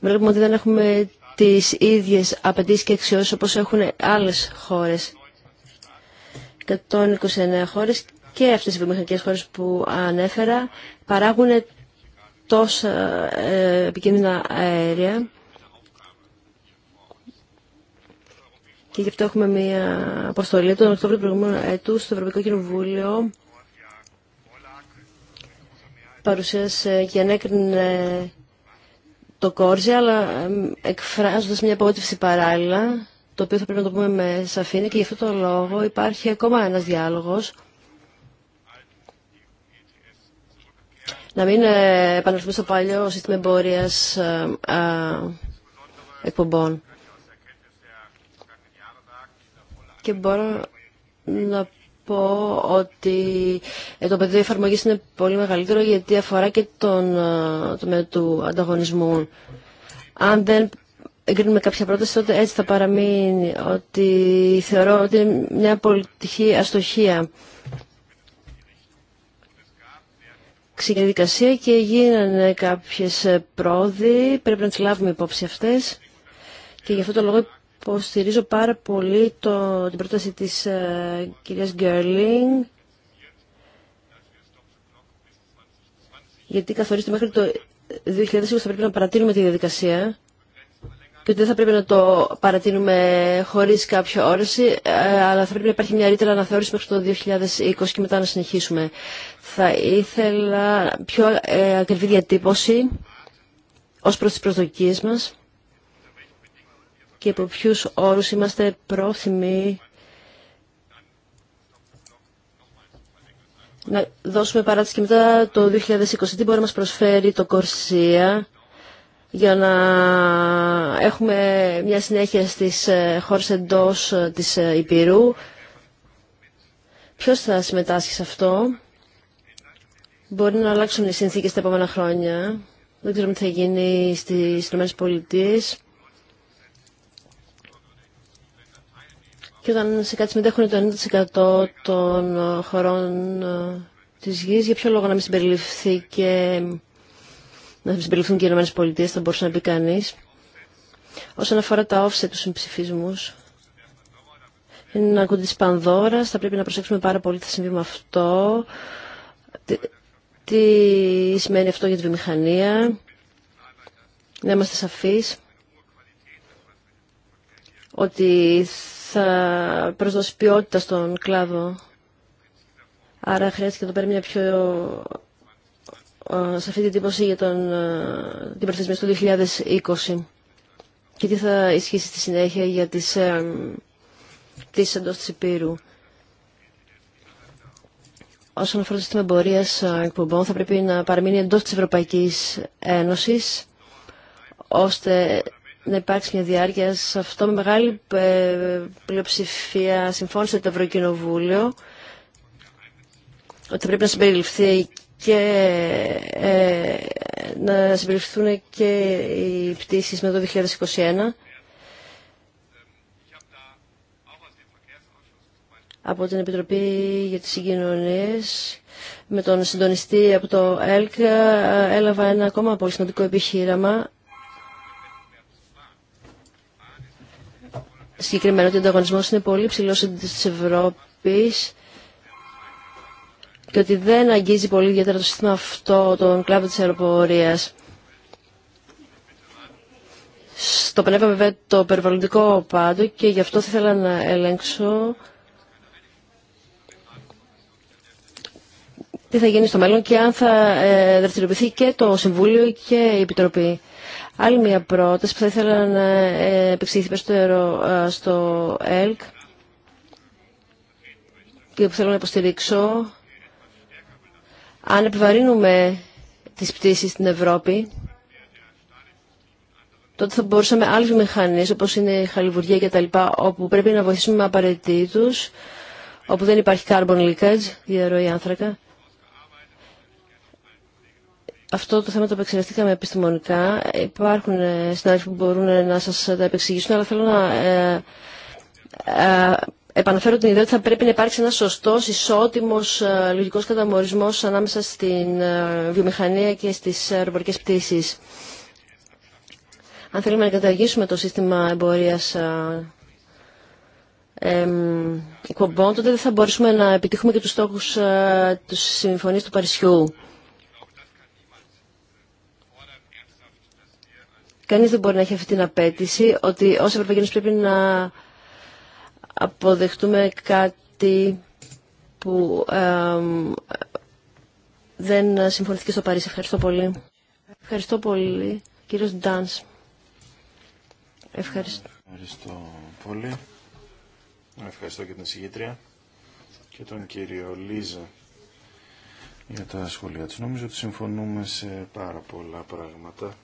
Βλέπουμε ότι δεν έχουμε τις ίδιες απαιτήσεις και αξιώσεις όπως έχουν άλλες χώρες. 129 χώρες και αυτές οι βιομηχανικές χώρες που ανέφερα παράγουν τόσα ε, επικίνδυνα αέρια και γι' αυτό έχουμε μια αποστολή τον Οκτώβριο προηγούμενου έτου στο Ευρωπαϊκό Κοινοβούλιο παρουσίασε και ανέκρινε το κόρζι, αλλά εκφράζοντας μια απογοήτευση παράλληλα, το οποίο θα πρέπει να το πούμε με σαφήνεια και γι' αυτό το λόγο υπάρχει ακόμα ένας διάλογος να μην ε, επαναρθούμε στο παλιό σύστημα εμπόρια ε, εκπομπών. Και μπορώ να πω ότι ε, το πεδίο εφαρμογής είναι πολύ μεγαλύτερο γιατί αφορά και τον ε, τομέα του ανταγωνισμού. Αν δεν εγκρίνουμε κάποια πρόταση, τότε έτσι θα παραμείνει ότι θεωρώ ότι είναι μια πολιτική αστοχία. Ξεκινήθηκε και γίνανε κάποιες πρόοδοι, πρέπει να τις λάβουμε υπόψη αυτές και γι' αυτό το λόγο υποστηρίζω πάρα πολύ το, την πρόταση της ε, κυρίας Γκέρλινγκ γιατί καθορίζεται μέχρι το 2020 θα πρέπει να παρατείνουμε τη διαδικασία και ότι δεν θα πρέπει να το παρατείνουμε χωρίς κάποια όρεση, ε, αλλά θα πρέπει να υπάρχει μια ρήτρα αναθεώρηση μέχρι το 2020 και μετά να συνεχίσουμε. Θα ήθελα πιο ε, ακριβή διατύπωση ως προς τις προσδοκίες μας και από ποιους όρους είμαστε πρόθυμοι να δώσουμε παράτηση και μετά το 2020. Τι μπορεί να μας προσφέρει το Κορσία για να έχουμε μια συνέχεια στις ε, χώρες εντός ε, της ε, Υπηρού. Ποιος θα συμμετάσχει σε αυτό. Μπορεί να αλλάξουν οι συνθήκες τα επόμενα χρόνια. Δεν ξέρουμε τι θα γίνει στις ΗΠΑ. και όταν σε κάτι συμμετέχουν το 90% των χωρών ε, της γης, για ποιο λόγο να μην συμπεριληφθεί και να συμπεριληφθούν και οι ΗΠΑ, θα μπορούσε να πει κανεί. Όσον αφορά τα offset του συμψηφισμού, είναι ένα κουτί Πανδόρα, θα πρέπει να προσέξουμε πάρα πολύ τι θα συμβεί με αυτό, τι, τι σημαίνει αυτό για τη βιομηχανία, να είμαστε σαφείς ότι θα προσδώσει ποιότητα στον κλάδο. Άρα χρειάζεται να το παίρνει μια πιο ε, την τύπωση για τον, ε, την προθεσμία του 2020 και τι θα ισχύσει στη συνέχεια για τις ε, τις τη εντός της Υπήρου. Όσον αφορά το σύστημα εμπορία εκπομπών, θα πρέπει να παραμείνει εντός της Ευρωπαϊκής Ένωσης, ώστε να υπάρξει μια διάρκεια σε αυτό με μεγάλη ε, πλειοψηφία συμφώνησε το Ευρωκοινοβούλιο ότι πρέπει να συμπεριληφθεί και ε, να συμπεριληφθούν και οι πτήσεις με το 2021 από την Επιτροπή για τις Συγκοινωνίες με τον συντονιστή από το ΕΛΚ ε, έλαβα ένα ακόμα πολύ σημαντικό επιχείρημα συγκεκριμένα ότι ο ανταγωνισμό είναι πολύ ψηλό τη Ευρώπη και ότι δεν αγγίζει πολύ ιδιαίτερα το σύστημα αυτό, των κλάδων τη αεροπορία. Στο πνεύμα βέβαια το περιβαλλοντικό πάντο και γι' αυτό θα ήθελα να ελέγξω τι θα γίνει στο μέλλον και αν θα ε, δραστηριοποιηθεί και το Συμβούλιο και η Επιτροπή. Άλλη μια πρόταση που θα ήθελα να ε, επεξηγηθεί ε, στο ΕΛΚ και που θέλω να υποστηρίξω. Αν επιβαρύνουμε τις πτήσεις στην Ευρώπη, τότε θα μπορούσαμε άλλες μηχανίες, όπως είναι η χαλιβουργία και τα λοιπά, όπου πρέπει να βοηθήσουμε με απαραίτητους, όπου δεν υπάρχει carbon leakage, διαρροή άνθρακα, αυτό το θέμα το επεξεργαστήκαμε επιστημονικά. Υπάρχουν ε, συνάδελφοι που μπορούν ε, να σας τα επεξηγήσουν, αλλά θέλω να ε, επαναφέρω την ιδέα ότι θα πρέπει να υπάρξει ένας σωστός, ισότιμος, λογικός καταμορισμός ανάμεσα στην βιομηχανία και στις αεροπορικές πτήσεις. Αν θέλουμε να καταργήσουμε το σύστημα εμπορίας εκπομπών, τότε δεν θα μπορέσουμε να επιτύχουμε και τους στόχους της Συμφωνίας του Παρισιού. κανείς δεν μπορεί να έχει αυτή την απέτηση ότι ως Ευρωπαϊκή πρέπει να αποδεχτούμε κάτι που δεν συμφωνηθήκε στο Παρίσι. Ευχαριστώ πολύ. Ευχαριστώ πολύ, κύριος Ντάνς. Ευχαριστώ. Ευχαριστώ πολύ. Ευχαριστώ και την συγγήτρια και τον κύριο Λίζα για τα σχολεία της. Νομίζω ότι συμφωνούμε σε πάρα πολλά πράγματα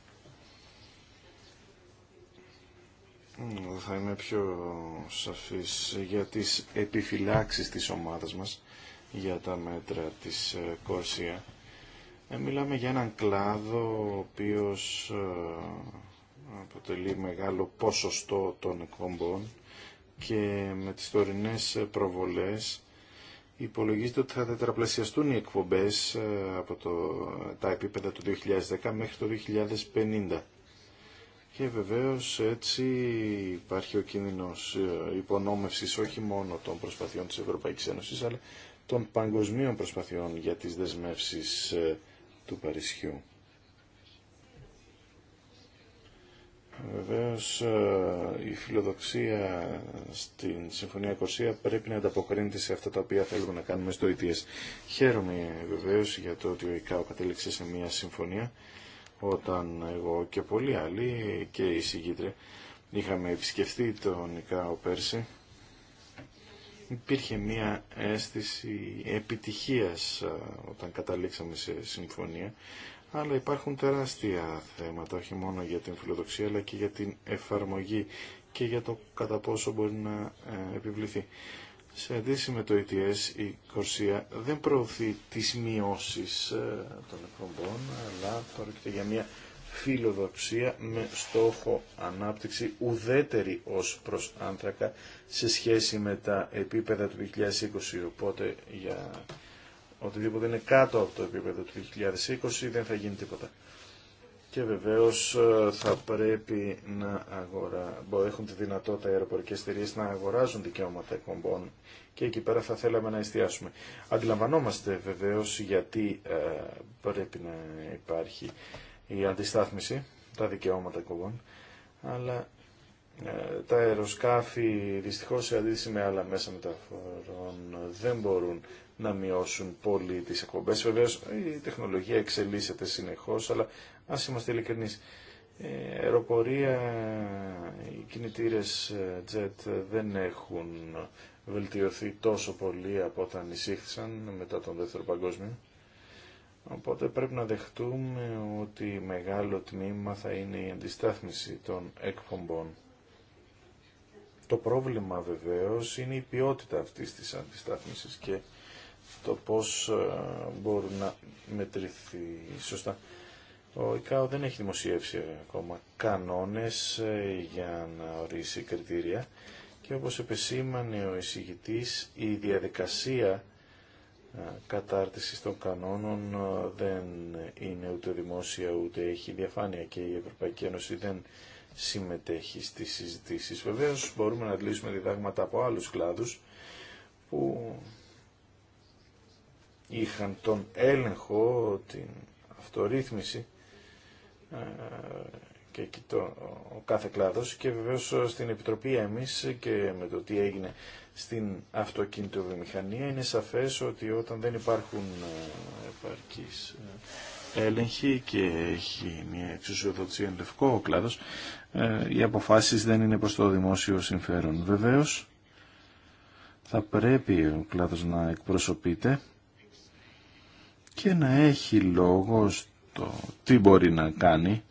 θα είμαι πιο σαφής για τις επιφυλάξεις της ομάδας μας για τα μέτρα της ε, Κόρσια. Ε, μιλάμε για έναν κλάδο ο οποίος ε, αποτελεί μεγάλο ποσοστό των εκπομπών και με τις τωρινές προβολές υπολογίζεται ότι θα τετραπλασιαστούν οι εκπομπές από το, τα επίπεδα του 2010 μέχρι το 2050 και βεβαίως έτσι υπάρχει ο κίνδυνος ε, υπονόμευσης όχι μόνο των προσπαθειών της Ευρωπαϊκής Ένωσης αλλά των παγκοσμίων προσπαθειών για τις δεσμεύσεις ε, του Παρισιού. Βεβαίως ε, η φιλοδοξία στην Συμφωνία Κορσία πρέπει να ανταποκρίνεται σε αυτά τα οποία θέλουμε να κάνουμε στο ETS. Χαίρομαι βεβαίως για το ότι ο ΙΚΑΟ κατέληξε σε μια συμφωνία όταν εγώ και πολλοί άλλοι και η συγκήτρια είχαμε επισκεφτεί τον Νικάο πέρσι υπήρχε μία αίσθηση επιτυχίας όταν καταλήξαμε σε συμφωνία αλλά υπάρχουν τεράστια θέματα όχι μόνο για την φιλοδοξία αλλά και για την εφαρμογή και για το κατά πόσο μπορεί να ε, επιβληθεί σε αντίθεση με το ETS, ε η Κορσία δεν προωθεί τις μειώσεις ε, των εκπομπών, αλλά πρόκειται για μια φιλοδοξία με στόχο ανάπτυξη ουδέτερη ως προς άνθρακα σε σχέση με τα επίπεδα του 2020. Οπότε για οτιδήποτε είναι κάτω από το επίπεδο του 2020 δεν θα γίνει τίποτα. Και βεβαίως ε, θα πρέπει να αγορά... έχουν τη δυνατότητα οι αεροπορικές εταιρείε να αγοράζουν δικαιώματα εκπομπών και εκεί πέρα θα θέλαμε να εστιάσουμε. Αντιλαμβανόμαστε βεβαίως γιατί ε, πρέπει να υπάρχει η αντιστάθμιση, τα δικαιώματα εκπομπών, αλλά ε, τα αεροσκάφη δυστυχώ σε αντίθεση με άλλα μέσα μεταφορών δεν μπορούν να μειώσουν πολύ τις εκπομπές. Βεβαίως η τεχνολογία εξελίσσεται συνεχώς, αλλά Ας είμαστε ειλικρινείς. Η ε, αεροπορία, οι κινητήρες jet ε, δεν έχουν βελτιωθεί τόσο πολύ από όταν εισήχθησαν μετά τον Δεύτερο Παγκόσμιο. Οπότε πρέπει να δεχτούμε ότι μεγάλο τμήμα θα είναι η αντιστάθμιση των εκπομπών. Το πρόβλημα βεβαίως είναι η ποιότητα αυτής της αντιστάθμισης και το πώς ε, μπορούν να μετρηθεί σωστά. Ο ΙΚΑΟ δεν έχει δημοσιεύσει ακόμα κανόνες ε, για να ορίσει κριτήρια και όπως επεσήμανε ο εισηγητής η διαδικασία ε, κατάρτισης των κανόνων ε, δεν είναι ούτε δημόσια ούτε έχει διαφάνεια και η Ευρωπαϊκή Ένωση δεν συμμετέχει στις συζητήσεις. Βεβαίως μπορούμε να λύσουμε διδάγματα από άλλους κλάδους που είχαν τον έλεγχο, την αυτορύθμιση ε, και εκεί ο κάθε κλάδος και βεβαίως στην Επιτροπή εμείς και με το τι έγινε στην αυτοκινητοβιομηχανία είναι σαφές ότι όταν δεν υπάρχουν ε, επαρκείς ε, έλεγχοι και έχει μια εξουσιοδότηση εν λευκό ο κλάδος οι αποφάσεις δεν είναι προς το δημόσιο συμφέρον. Βεβαίως θα πρέπει ο κλάδος να εκπροσωπείται και να έχει λόγο τι μπορεί να κάνει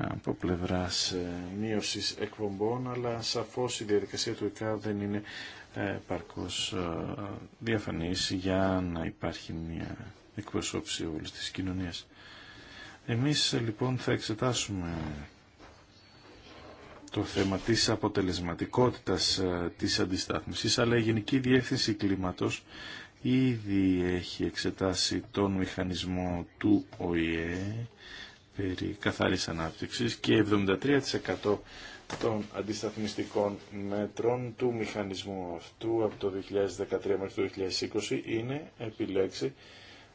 ε, από πλευράς ε, μείωσης εκπομπών, αλλά σαφώς η διαδικασία του ΕΚΑ δεν είναι ε, παρκώς διαφανής για να υπάρχει μια εκπροσώπηση όλης της κοινωνίας. Εμείς λοιπόν θα εξετάσουμε το θέμα της αποτελεσματικότητας της αντιστάθμισης, αλλά η Γενική Διεύθυνση Κλίματος ήδη έχει εξετάσει τον μηχανισμό του ΟΗΕ περί καθαρής ανάπτυξης και 73% των αντισταθμιστικών μέτρων του μηχανισμού αυτού από το 2013 μέχρι το 2020 είναι επιλέξει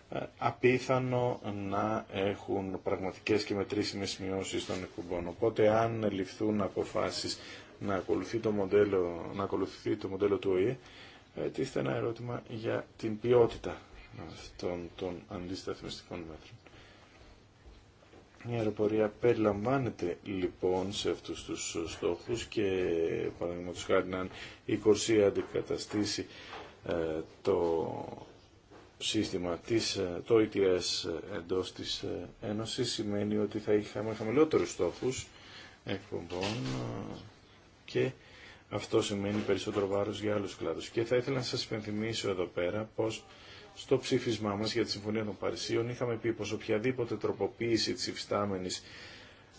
ε, απίθανο να έχουν πραγματικές και μετρήσιμες μειώσεις των εκπομπών. Οπότε αν ληφθούν αποφάσεις να ακολουθεί το μοντέλο, να ακολουθεί το μοντέλο του ΟΗΕ, ε, τίθεται ένα ερώτημα για την ποιότητα αυτών των αντισταθμιστικών μέτρων. Η αεροπορία περιλαμβάνεται λοιπόν σε αυτούς τους στόχους και παραδείγματο χάρη αν η Κορσία αντικαταστήσει ε, το σύστημα της, ε, το ETS εντός της Ένωσης σημαίνει ότι θα είχαμε χαμηλότερους στόχους εκπομπών και αυτό σημαίνει περισσότερο βάρος για άλλους κλάδους. Και θα ήθελα να σας υπενθυμίσω εδώ πέρα πως στο ψήφισμά μας για τη Συμφωνία των Παρισίων είχαμε πει πως οποιαδήποτε τροποποίηση της υφιστάμενης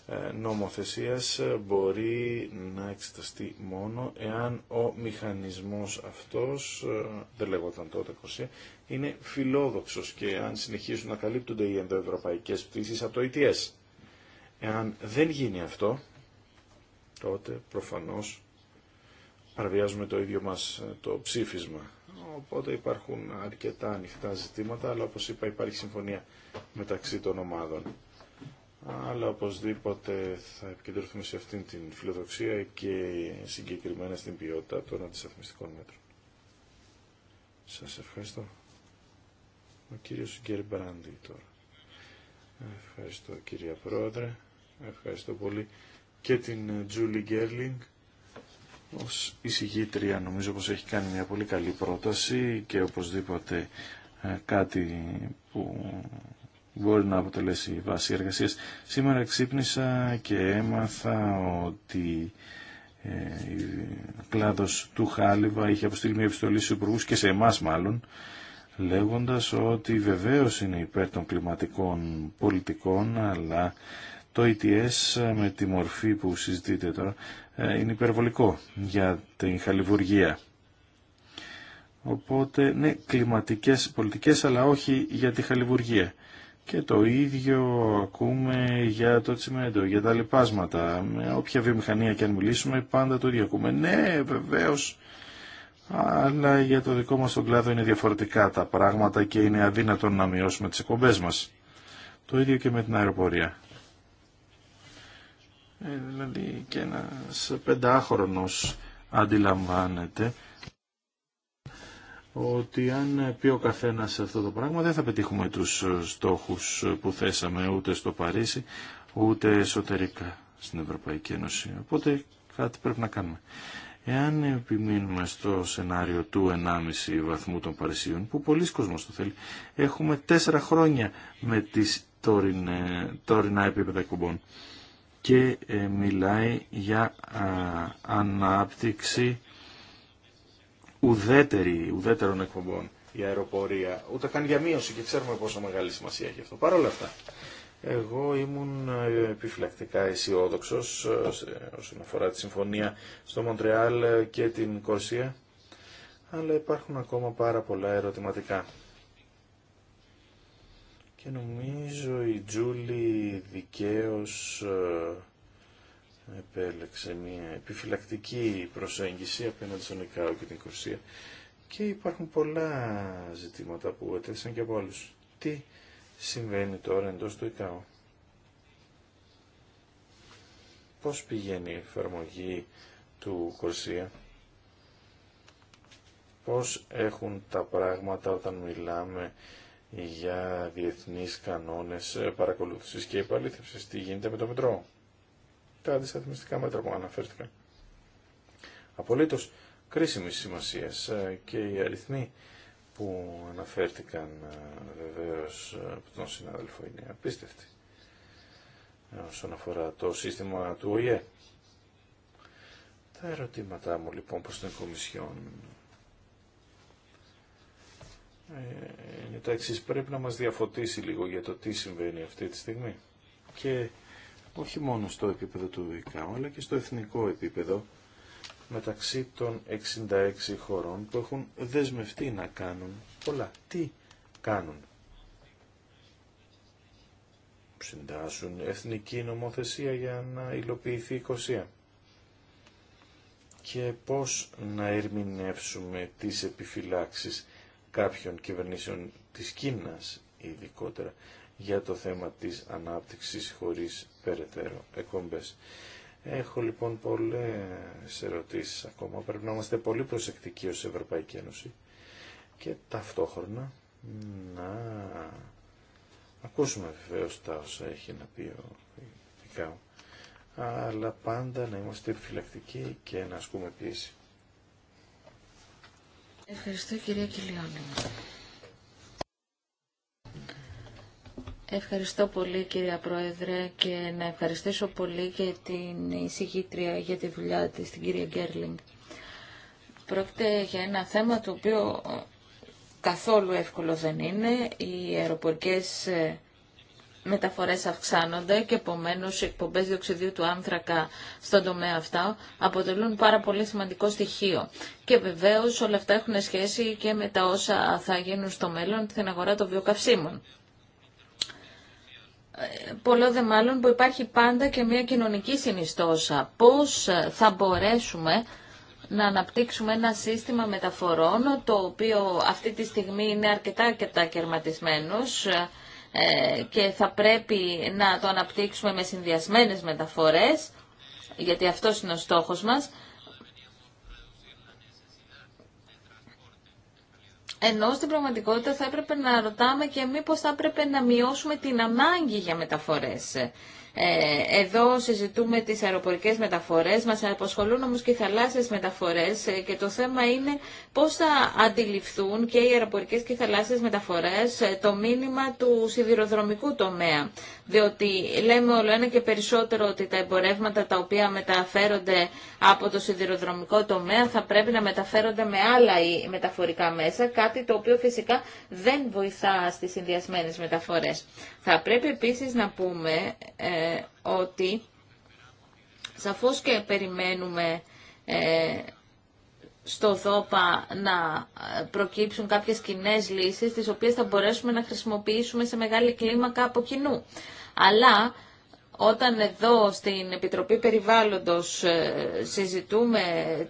ε, νομοθεσίας ε, μπορεί να εξεταστεί μόνο εάν ο μηχανισμός αυτός, ε, δεν λέγονταν τότε κοσέ, είναι φιλόδοξος και αν συνεχίσουν να καλύπτονται οι ενδοευρωπαϊκές πτήσεις από το ETS. Εάν δεν γίνει αυτό, τότε προφανώς παραβιάζουμε το ίδιο μας ε, το ψήφισμα. Οπότε υπάρχουν αρκετά ανοιχτά ζητήματα, αλλά όπως είπα υπάρχει συμφωνία μεταξύ των ομάδων. Αλλά οπωσδήποτε θα επικεντρωθούμε σε αυτήν την φιλοδοξία και συγκεκριμένα στην ποιότητα των αντισταθμιστικών μέτρων. Σας ευχαριστώ. Ο κύριος Γκερμπράντι τώρα. Ευχαριστώ κυρία Πρόεδρε. Ευχαριστώ πολύ και την Τζούλι Γκέρλινγκ ως εισηγήτρια νομίζω πως έχει κάνει μια πολύ καλή πρόταση και οπωσδήποτε ε, κάτι που μπορεί να αποτελέσει βάση εργασίας. Σήμερα ξύπνησα και έμαθα ότι ο ε, κλάδος του Χάλιβα είχε αποστείλει μια επιστολή στους υπουργούς και σε εμάς μάλλον λέγοντας ότι βεβαίως είναι υπέρ των κλιματικών πολιτικών αλλά το ETS ε με τη μορφή που συζητείτε τώρα ε, είναι υπερβολικό για την χαλιβουργία. Οπότε, ναι, κλιματικές πολιτικές, αλλά όχι για τη χαλιβουργία. Και το ίδιο ακούμε για το τσιμέντο, για τα λιπάσματα. Με όποια βιομηχανία και αν μιλήσουμε, πάντα το ίδιο ακούμε. Ναι, βεβαίως, αλλά για το δικό μας τον κλάδο είναι διαφορετικά τα πράγματα και είναι αδύνατο να μειώσουμε τις εκπομπές μας. Το ίδιο και με την αεροπορία δηλαδή και ένας πεντάχρονος αντιλαμβάνεται ότι αν πει ο σε αυτό το πράγμα δεν θα πετύχουμε τους στόχους που θέσαμε ούτε στο Παρίσι ούτε εσωτερικά στην Ευρωπαϊκή Ένωση. Οπότε κάτι πρέπει να κάνουμε. Εάν επιμείνουμε στο σενάριο του 1,5 βαθμού των Παρισίων, που πολλοί κόσμος το θέλει, έχουμε τέσσερα χρόνια με τις τωρινά επίπεδα κουμπών και ε, μιλάει για ανάπτυξη ουδέτερη, ουδέτερων εκπομπών η αεροπορία, ούτε καν για μείωση και ξέρουμε πόσο μεγάλη σημασία έχει αυτό. Παρ' όλα αυτά, εγώ ήμουν ε, επιφυλακτικά αισιόδοξο ε, όσον αφορά τη συμφωνία στο Μοντρεάλ και την Κορσία, αλλά υπάρχουν ακόμα πάρα πολλά ερωτηματικά. Και νομίζω η Τζούλη δικαίως ε, επέλεξε μια επιφυλακτική προσέγγιση απέναντι στον ΙΚΑΟ και την Κορσία. Και υπάρχουν πολλά ζητήματα που έτρεψαν και από άλλους. Τι συμβαίνει τώρα εντός του ΙΚΑΟ. Πώς πηγαίνει η εφαρμογή του Κορσία. Πώς έχουν τα πράγματα όταν μιλάμε για διεθνείς κανόνες παρακολούθησης και επαλήθευσης. Τι γίνεται με το Μετρό. Τα αντισταθμιστικά μέτρα που αναφέρθηκαν. Απολύτως κρίσιμη σημασία ε, και οι αριθμοί που αναφέρθηκαν ε, βεβαίως ε, από τον συνάδελφο είναι απίστευτοι όσον αφορά το σύστημα του ΟΗΕ. Τα ερωτήματά μου λοιπόν προς την Κομισιόν εντάξει Πρέπει να μας διαφωτίσει λίγο για το τι συμβαίνει αυτή τη στιγμή. Και όχι μόνο στο επίπεδο του ΙΚΑΟ, αλλά και στο εθνικό επίπεδο μεταξύ των 66 χωρών που έχουν δεσμευτεί να κάνουν πολλά. Τι κάνουν. Συντάσσουν εθνική νομοθεσία για να υλοποιηθεί η κοσία. Και πώς να ερμηνεύσουμε τις επιφυλάξεις κάποιων κυβερνήσεων της Κίνας ειδικότερα για το θέμα της ανάπτυξης χωρίς περαιτέρω εκπομπές. Έχω λοιπόν πολλές ερωτήσεις ακόμα. Πρέπει να είμαστε πολύ προσεκτικοί ως Ευρωπαϊκή Ένωση και ταυτόχρονα να ακούσουμε βεβαίω τα όσα έχει να πει ο αλλά πάντα να είμαστε επιφυλακτικοί και να ασκούμε πίεση. Ευχαριστώ κυρία Κιλιώνη. Ευχαριστώ πολύ κυρία Πρόεδρε και να ευχαριστήσω πολύ και την εισηγήτρια για τη δουλειά της, την κυρία Γκέρλινγκ. Πρόκειται για ένα θέμα το οποίο καθόλου εύκολο δεν είναι. Οι αεροπορικές ε, μεταφορές αυξάνονται και επομένω οι εκπομπές διοξιδίου του άνθρακα στον τομέα αυτά αποτελούν πάρα πολύ σημαντικό στοιχείο. Και βεβαίως όλα αυτά έχουν σχέση και με τα όσα θα γίνουν στο μέλλον στην αγορά των βιοκαυσίμων. Πολλό δε μάλλον που υπάρχει πάντα και μια κοινωνική συνιστόσα. Πώς θα μπορέσουμε να αναπτύξουμε ένα σύστημα μεταφορών το οποίο αυτή τη στιγμή είναι αρκετά και τα κερματισμένος ε, και θα πρέπει να το αναπτύξουμε με συνδυασμένες μεταφορές, γιατί αυτός είναι ο στόχος μας, Ενώ στην πραγματικότητα θα έπρεπε να ρωτάμε και μήπως θα έπρεπε να μειώσουμε την ανάγκη για μεταφορές. Ε, εδώ συζητούμε τις αεροπορικές μεταφορές, μας απασχολούν όμως και οι θαλάσσιες μεταφορές ε, και το θέμα είναι πώς θα αντιληφθούν και οι αεροπορικές και οι θαλάσσιες μεταφορές ε, το μήνυμα του σιδηροδρομικού τομέα. Διότι λέμε όλο ένα και περισσότερο ότι τα εμπορεύματα τα οποία μεταφέρονται από το σιδηροδρομικό τομέα θα πρέπει να μεταφέρονται με άλλα μεταφορικά μέσα, κάτι το οποίο φυσικά δεν βοηθά στις συνδυασμένες μεταφορές. Θα πρέπει επίσης να πούμε ε, ότι σαφώς και περιμένουμε ε, στο ΔΟΠΑ να προκύψουν κάποιες κοινέ λύσεις, τις οποίες θα μπορέσουμε να χρησιμοποιήσουμε σε μεγάλη κλίμακα από κοινού. Αλλά όταν εδώ στην Επιτροπή Περιβάλλοντος ε, συζητούμε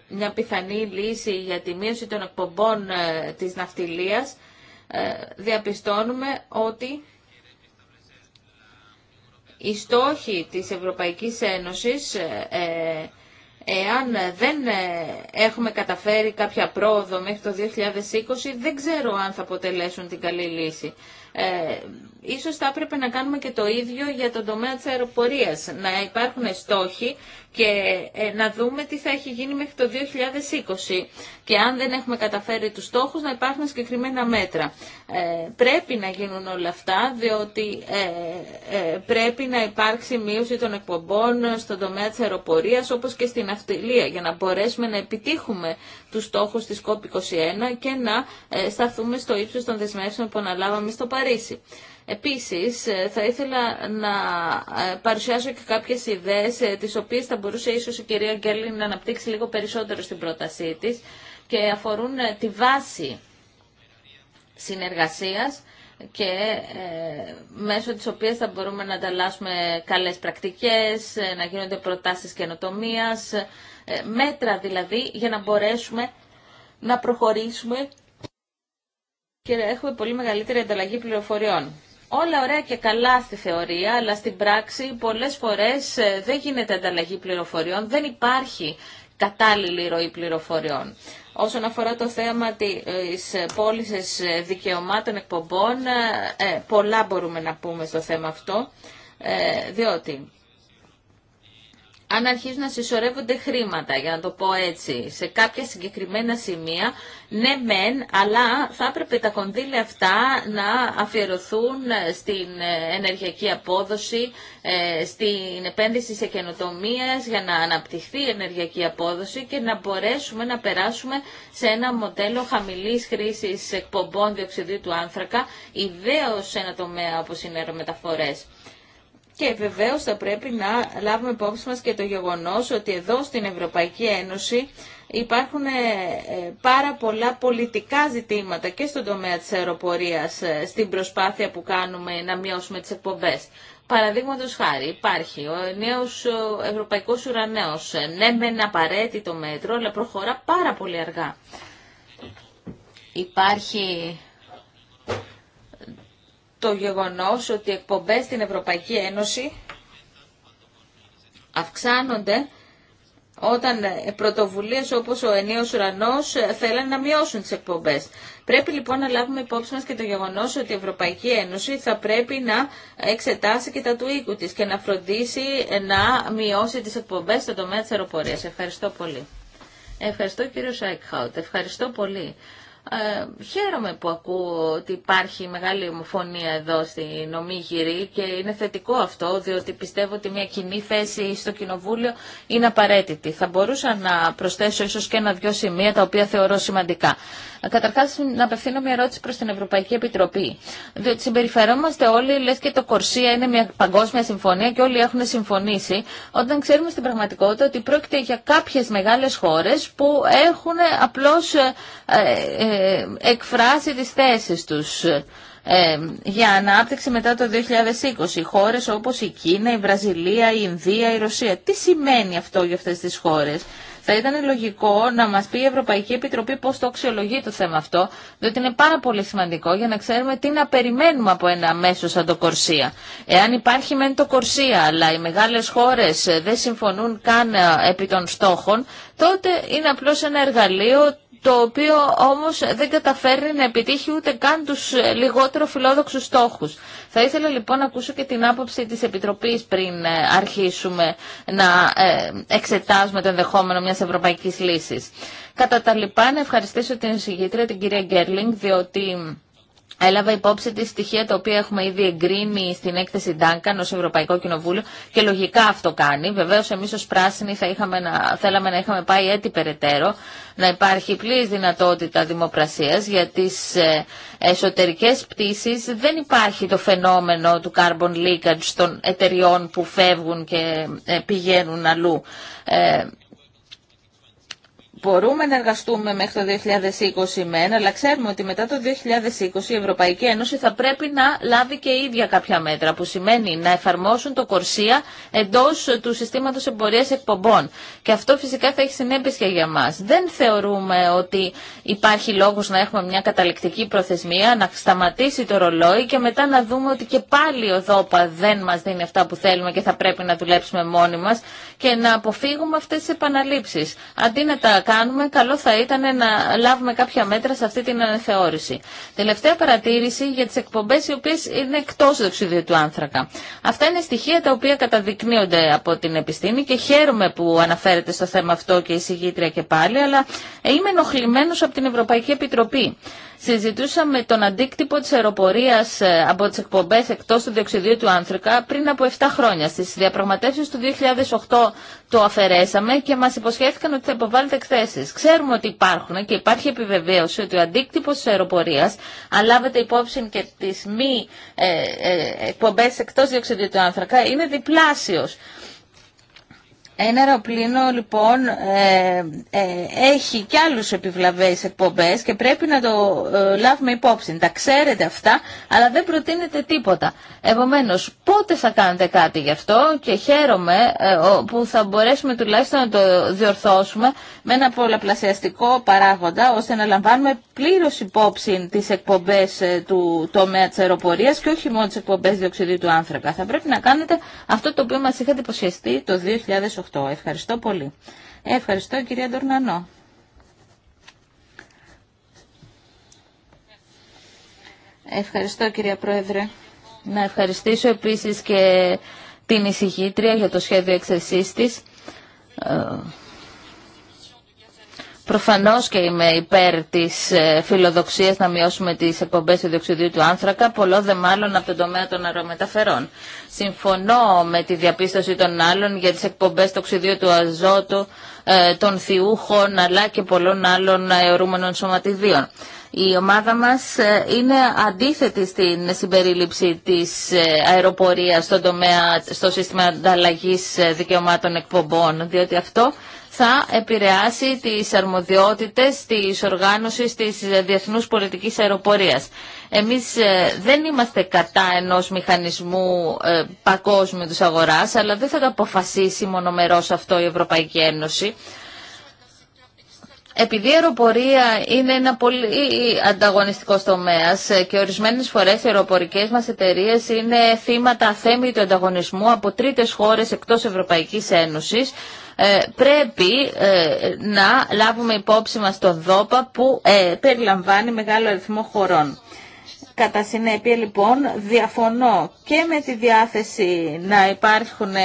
μια πιθανή λύση για τη μείωση των εκπομπών ε, της ναυτιλίας, διαπιστώνουμε ότι οι στόχοι της Ευρωπαϊκής Ένωσης, ε, ε, εάν δεν ε, έχουμε καταφέρει κάποια πρόοδο μέχρι το 2020, δεν ξέρω αν θα αποτελέσουν την καλή λύση. Ε, ίσως θα έπρεπε να κάνουμε και το ίδιο για τον τομέα της αεροπορίας, να υπάρχουν στόχοι και ε, να δούμε τι θα έχει γίνει μέχρι το 2020 και αν δεν έχουμε καταφέρει τους στόχους να υπάρχουν συγκεκριμένα μέτρα. Ε, πρέπει να γίνουν όλα αυτά διότι ε, ε, πρέπει να υπάρξει μείωση των εκπομπών στον τομέα της αεροπορίας όπως και στην αυτιλία για να μπορέσουμε να επιτύχουμε τους στόχους της COP21 και να ε, σταθούμε στο ύψος των δεσμεύσεων που αναλάβαμε στο παρελθόν Επίσης, ε, θα ήθελα να ε, παρουσιάσω και κάποιες ιδέες, ε, τις οποίες θα μπορούσε ίσως η κυρία Γκέρλιν να αναπτύξει λίγο περισσότερο στην πρότασή της και αφορούν τη βάση συνεργασίας και μέσω της οποίας θα μπορούμε να ανταλλάσσουμε καλές πρακτικές, να γίνονται προτάσεις καινοτομίας, μέτρα δηλαδή για να μπορέσουμε να προχωρήσουμε και έχουμε πολύ μεγαλύτερη ανταλλαγή πληροφοριών. Όλα ωραία και καλά στη θεωρία, αλλά στην πράξη πολλές φορές ε, δεν γίνεται ανταλλαγή πληροφοριών, δεν υπάρχει κατάλληλη ροή πληροφοριών. Όσον αφορά το θέμα της ε, ε, πώληση δικαιωμάτων εκπομπών, πολλά μπορούμε να πούμε στο θέμα αυτό, διότι αν αρχίζουν να συσσωρεύονται χρήματα, για να το πω έτσι, σε κάποια συγκεκριμένα σημεία, ναι μεν, αλλά θα έπρεπε τα κονδύλια αυτά να αφιερωθούν στην ε, ενεργειακή απόδοση, ε, στην επένδυση σε καινοτομίε για να αναπτυχθεί η ενεργειακή απόδοση και να μπορέσουμε να περάσουμε σε ένα μοντέλο χαμηλής χρήσης εκπομπών διοξιδίου του άνθρακα, ιδέως σε ένα τομέα όπως είναι οι και βεβαίως θα πρέπει να λάβουμε υπόψη μας και το γεγονός ότι εδώ στην Ευρωπαϊκή Ένωση υπάρχουν ε, ε, πάρα πολλά πολιτικά ζητήματα και στον τομέα της αεροπορίας ε, στην προσπάθεια που κάνουμε να μειώσουμε τις εκπομπές. Παραδείγματος χάρη υπάρχει ο νέος ευρωπαϊκός ουρανέος. Ναι με ένα απαραίτητο μέτρο αλλά προχωρά πάρα πολύ αργά. Υπάρχει το γεγονός ότι οι εκπομπές στην Ευρωπαϊκή Ένωση αυξάνονται όταν πρωτοβουλίες όπως ο ενίος ουρανός θέλανε να μειώσουν τις εκπομπές. Πρέπει λοιπόν να λάβουμε υπόψη μας και το γεγονός ότι η Ευρωπαϊκή Ένωση θα πρέπει να εξετάσει και τα του οίκου της και να φροντίσει να μειώσει τις εκπομπές στο τομέα της αεροπορίας. Ευχαριστώ πολύ. Ευχαριστώ κύριο Σάικχαουτ. Ευχαριστώ πολύ. Ε, χαίρομαι που ακούω ότι υπάρχει μεγάλη ομοφωνία εδώ στην Ομίγυρη και είναι θετικό αυτό, διότι πιστεύω ότι μια κοινή θέση στο Κοινοβούλιο είναι απαραίτητη. Θα μπορούσα να προσθέσω ίσως και ένα-δυο σημεία τα οποία θεωρώ σημαντικά. Καταρχά να απευθύνω μια ερώτηση προς την Ευρωπαϊκή Επιτροπή. Διότι συμπεριφερόμαστε όλοι, λες και το Κορσία είναι μια παγκόσμια συμφωνία και όλοι έχουν συμφωνήσει, όταν ξέρουμε στην πραγματικότητα ότι πρόκειται για κάποιες μεγάλες χώρες που έχουν απλώς ε, ε, ε, εκφράσει τις θέσεις τους. Ε, για ανάπτυξη μετά το 2020. Χώρες όπως η Κίνα, η Βραζιλία, η Ινδία, η Ρωσία. Τι σημαίνει αυτό για αυτές τις χώρες. Θα ήταν λογικό να μας πει η Ευρωπαϊκή Επιτροπή πώς το αξιολογεί το θέμα αυτό, διότι είναι πάρα πολύ σημαντικό για να ξέρουμε τι να περιμένουμε από ένα μέσο σαν το Κορσία. Εάν υπάρχει μεν το Κορσία, αλλά οι μεγάλες χώρες δεν συμφωνούν καν ε, επί των στόχων, τότε είναι απλώς ένα εργαλείο το οποίο όμως δεν καταφέρνει να επιτύχει ούτε καν τους λιγότερο φιλόδοξους στόχους. Θα ήθελα λοιπόν να ακούσω και την άποψη της Επιτροπής πριν ε, αρχίσουμε να ε, εξετάζουμε το ενδεχόμενο μιας ευρωπαϊκής λύσης. Κατά τα λοιπά, να ευχαριστήσω την εισηγήτρια, την κυρία Γκέρλινγκ, διότι Έλαβα υπόψη τη στοιχεία τα οποία έχουμε ήδη εγκρίνει στην έκθεση Duncan ως Ευρωπαϊκό Κοινοβούλιο και λογικά αυτό κάνει. Βεβαίως εμείς ως πράσινοι θα είχαμε να, θέλαμε να είχαμε πάει έτσι περαιτέρω, να υπάρχει πλήρης δυνατότητα δημοπρασίας για τις εσωτερικές πτήσει. Δεν υπάρχει το φαινόμενο του carbon leakage των εταιριών που φεύγουν και ε, πηγαίνουν αλλού. Ε, μπορούμε να εργαστούμε μέχρι το 2020 μεν, αλλά ξέρουμε ότι μετά το 2020 η Ευρωπαϊκή Ένωση θα πρέπει να λάβει και ίδια κάποια μέτρα, που σημαίνει να εφαρμόσουν το κορσία εντό του συστήματο εμπορία εκπομπών. Και αυτό φυσικά θα έχει συνέπειε και για μα. Δεν θεωρούμε ότι υπάρχει λόγο να έχουμε μια καταληκτική προθεσμία, να σταματήσει το ρολόι και μετά να δούμε ότι και πάλι ο ΔΟΠΑ δεν μα δίνει αυτά που θέλουμε και θα πρέπει να δουλέψουμε μόνοι μα και να αποφύγουμε αυτέ τι επαναλήψει. Αντί να τα κάνουμε, καλό θα ήταν να λάβουμε κάποια μέτρα σε αυτή την αναθεώρηση. Τελευταία παρατήρηση για τις εκπομπές οι οποίε είναι εκτός δοξίδιου του άνθρακα. Αυτά είναι στοιχεία τα οποία καταδεικνύονται από την επιστήμη και χαίρομαι που αναφέρεται στο θέμα αυτό και η συγγήτρια και πάλι, αλλά είμαι ενοχλημένο από την Ευρωπαϊκή Επιτροπή συζητούσαμε τον αντίκτυπο της αεροπορίας ε, από τις εκπομπές εκτός του διοξιδίου του άνθρακα πριν από 7 χρόνια. Στις διαπραγματεύσεις του 2008 το αφαιρέσαμε και μας υποσχέθηκαν ότι θα υποβάλλετε εκθέσεις. Ξέρουμε ότι υπάρχουν και υπάρχει επιβεβαίωση ότι ο αντίκτυπος της αεροπορίας, αν λάβετε υπόψη και τις μη ε, ε, εκπομπές εκτός διοξιδίου του άνθρακα, είναι διπλάσιος. Ένα αεροπλήνο λοιπόν ε, ε, έχει κι άλλους επιβλαβές εκπομπές και πρέπει να το ε, λάβουμε υπόψη. Τα ξέρετε αυτά, αλλά δεν προτείνετε τίποτα. Επομένως, πότε θα κάνετε κάτι γι' αυτό και χαίρομαι που θα μπορέσουμε τουλάχιστον να το διορθώσουμε με ένα πολλαπλασιαστικό παράγοντα, ώστε να λαμβάνουμε πλήρως υπόψη τις εκπομπές του τομέα της αεροπορίας και όχι μόνο τις εκπομπές διοξιδίου του άνθρακα. Θα πρέπει να κάνετε αυτό το οποίο μας είχατε υποσχεστεί το 2008. Ευχαριστώ πολύ. Ευχαριστώ κυρία Ντορνανό. Ευχαριστώ κυρία Πρόεδρε. Να ευχαριστήσω επίσης και την εισηγήτρια για το σχέδιο εξαισής Προφανώς και είμαι υπέρ τη ε, φιλοδοξία να μειώσουμε τις εκπομπές του διοξιδίου του άνθρακα, πολλό δε μάλλον από τον τομέα των αερομεταφερών. Συμφωνώ με τη διαπίστωση των άλλων για τις εκπομπές του οξυδίου του αζότου, ε, των θιούχων αλλά και πολλών άλλων αερούμενων σωματιδίων. Η ομάδα μας ε, είναι αντίθετη στην συμπερίληψη της αεροπορίας στον τομέα, στο σύστημα ανταλλαγή δικαιωμάτων εκπομπών, διότι αυτό θα επηρεάσει τις αρμοδιότητες της οργάνωσης της διεθνούς πολιτικής αεροπορίας. Εμείς ε, δεν είμαστε κατά ενός μηχανισμού ε, παγκόσμιου της αγοράς, αλλά δεν θα το αποφασίσει μονομερός αυτό η Ευρωπαϊκή Ένωση. Επειδή η αεροπορία είναι ένα πολύ ανταγωνιστικό τομέα ε, και ορισμένε φορέ οι αεροπορικέ μα εταιρείε είναι θύματα αθέμη του ανταγωνισμού από τρίτε χώρε εκτό Ευρωπαϊκή Ένωση, ε, πρέπει ε, να λάβουμε υπόψη μας το ΔΟΠΑ που ε, περιλαμβάνει μεγάλο αριθμό χωρών. Κατά συνέπεια λοιπόν διαφωνώ και με τη διάθεση να υπάρχουν ε,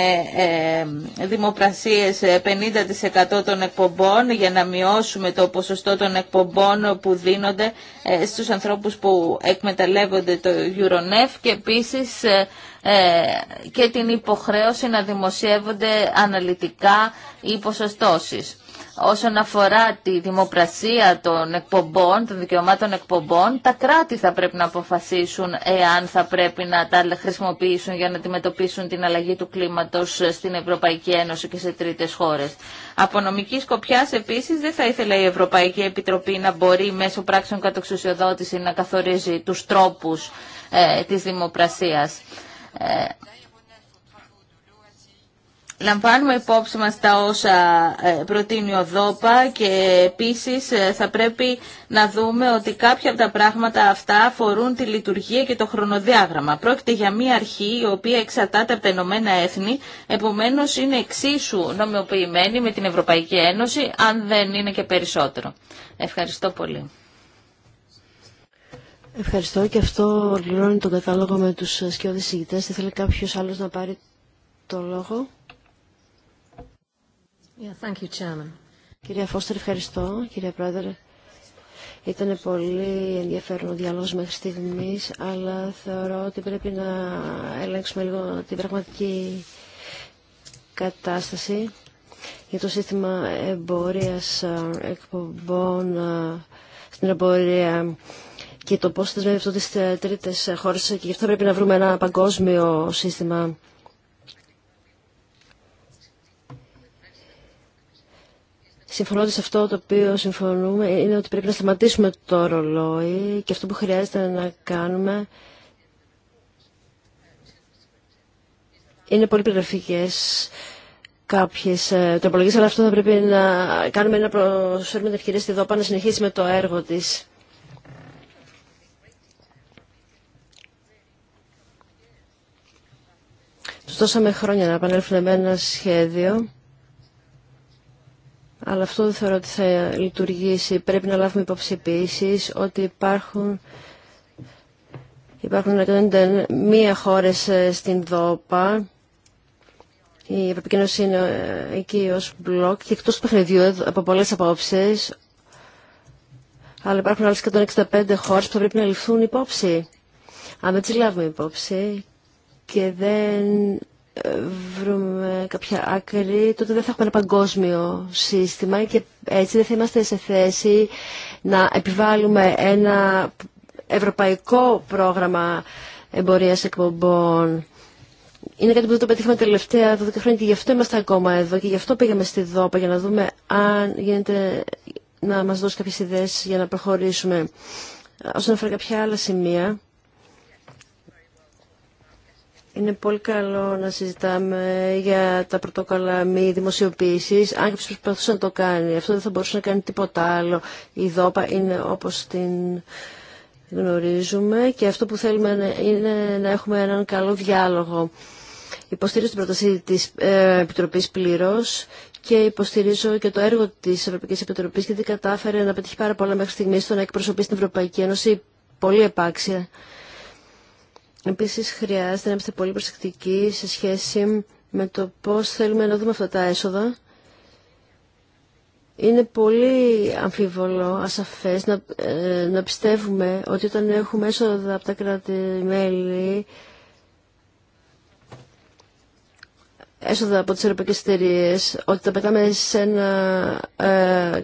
ε, δημοπρασίες 50% ε, των εκπομπών για να μειώσουμε το ποσοστό των εκπομπών που δίνονται στους ανθρώπους που εκμεταλλεύονται το Euronef και επίσης και την υποχρέωση να δημοσιεύονται αναλυτικά οι ποσοστώσεις όσον αφορά τη δημοπρασία των εκπομπών, των δικαιωμάτων εκπομπών, τα κράτη θα πρέπει να αποφασίσουν εάν θα πρέπει να τα χρησιμοποιήσουν για να αντιμετωπίσουν την αλλαγή του κλίματος στην Ευρωπαϊκή Ένωση και σε τρίτες χώρες. Από νομική σκοπιά, επίση, δεν θα ήθελε η Ευρωπαϊκή Επιτροπή να μπορεί μέσω πράξεων κατοξουσιοδότηση να καθορίζει τους τρόπους ε, της δημοπρασίας. Ε, Λαμβάνουμε υπόψη μας τα όσα ε, προτείνει ο ΔΟΠΑ και επίσης ε, θα πρέπει να δούμε ότι κάποια από τα πράγματα αυτά αφορούν τη λειτουργία και το χρονοδιάγραμμα. Πρόκειται για μία αρχή η οποία εξαρτάται από τα Ηνωμένα Έθνη, επομένως είναι εξίσου νομιοποιημένη με την Ευρωπαϊκή Ένωση, αν δεν είναι και περισσότερο. Ευχαριστώ πολύ. Ευχαριστώ και αυτό ολοκληρώνει τον κατάλογο με τους σκιώδεις συγκητές. Θα θέλει κάποιος άλλος να πάρει το λόγο. Κυρία Φώστερ, ευχαριστώ. Κυρία Πρόεδρε, ήταν πολύ ενδιαφέρον ο διάλογος μέχρι στιγμής, αλλά θεωρώ ότι πρέπει να ελέγξουμε λίγο την πραγματική κατάσταση για το σύστημα εμπορίας ε, εκπομπών ε, στην εμπορία και το πώς δεσμεύει αυτό τις ε, τρίτες χώρες και γι' αυτό πρέπει να βρούμε ένα παγκόσμιο σύστημα Συμφωνώ ότι σε αυτό το οποίο συμφωνούμε είναι ότι πρέπει να σταματήσουμε το ρολόι και αυτό που χρειάζεται να κάνουμε είναι πολύ περιγραφικές κάποιες ε, τροπολογίες, αλλά αυτό θα πρέπει να κάνουμε να προσφέρουμε την ευκαιρία στη ΔΟΠΑ να συνεχίσει με το έργο της. Τους δώσαμε χρόνια να επανέλθουν με ένα σχέδιο αλλά αυτό δεν θεωρώ ότι θα λειτουργήσει. Πρέπει να λάβουμε υπόψη επίση ότι υπάρχουν, υπάρχουν 191 χώρες ε, στην ΔΟΠΑ. Η Ευρωπαϊκή Ένωση είναι ε, εκεί ως μπλοκ και εκτό του παιχνιδιού ε, από πολλές απόψει, Αλλά υπάρχουν άλλε 165 χώρε που θα πρέπει να ληφθούν υπόψη. Αν δεν τι λάβουμε υπόψη και δεν βρούμε κάποια άκρη, τότε δεν θα έχουμε ένα παγκόσμιο σύστημα και έτσι δεν θα είμαστε σε θέση να επιβάλλουμε ένα ευρωπαϊκό πρόγραμμα εμπορίας εκπομπών. Είναι κάτι που δεν το πετύχαμε τελευταία 12 χρόνια και γι' αυτό είμαστε ακόμα εδώ και γι' αυτό πήγαμε στη ΔΟΠΑ για να δούμε αν γίνεται να μας δώσει κάποιες ιδέες για να προχωρήσουμε. Όσον αφορά κάποια άλλα σημεία, είναι πολύ καλό να συζητάμε για τα πρωτόκολλα μη δημοσιοποίηση. Αν κάποιο προσπαθούσε να το κάνει, αυτό δεν θα μπορούσε να κάνει τίποτα άλλο. Η ΔΟΠΑ είναι όπως την γνωρίζουμε και αυτό που θέλουμε είναι να έχουμε έναν καλό διάλογο. Υποστήριζω την πρόταση της ε, Επιτροπής πλήρως και υποστηρίζω και το έργο της Ευρωπαϊκής Επιτροπής γιατί κατάφερε να πετύχει πάρα πολλά μέχρι στιγμή στο να εκπροσωπεί στην Ευρωπαϊκή Ένωση πολύ επάξια Επίσης χρειάζεται να είμαστε πολύ προσεκτικοί σε σχέση με το πώς θέλουμε να δούμε αυτά τα έσοδα. Είναι πολύ αμφίβολο, ασαφές, να, ε, να πιστεύουμε ότι όταν έχουμε έσοδα από τα κράτη-μέλη, έσοδα από τις ευρωπαϊκές εταιρείε, ότι τα πετάμε σε ένα ε,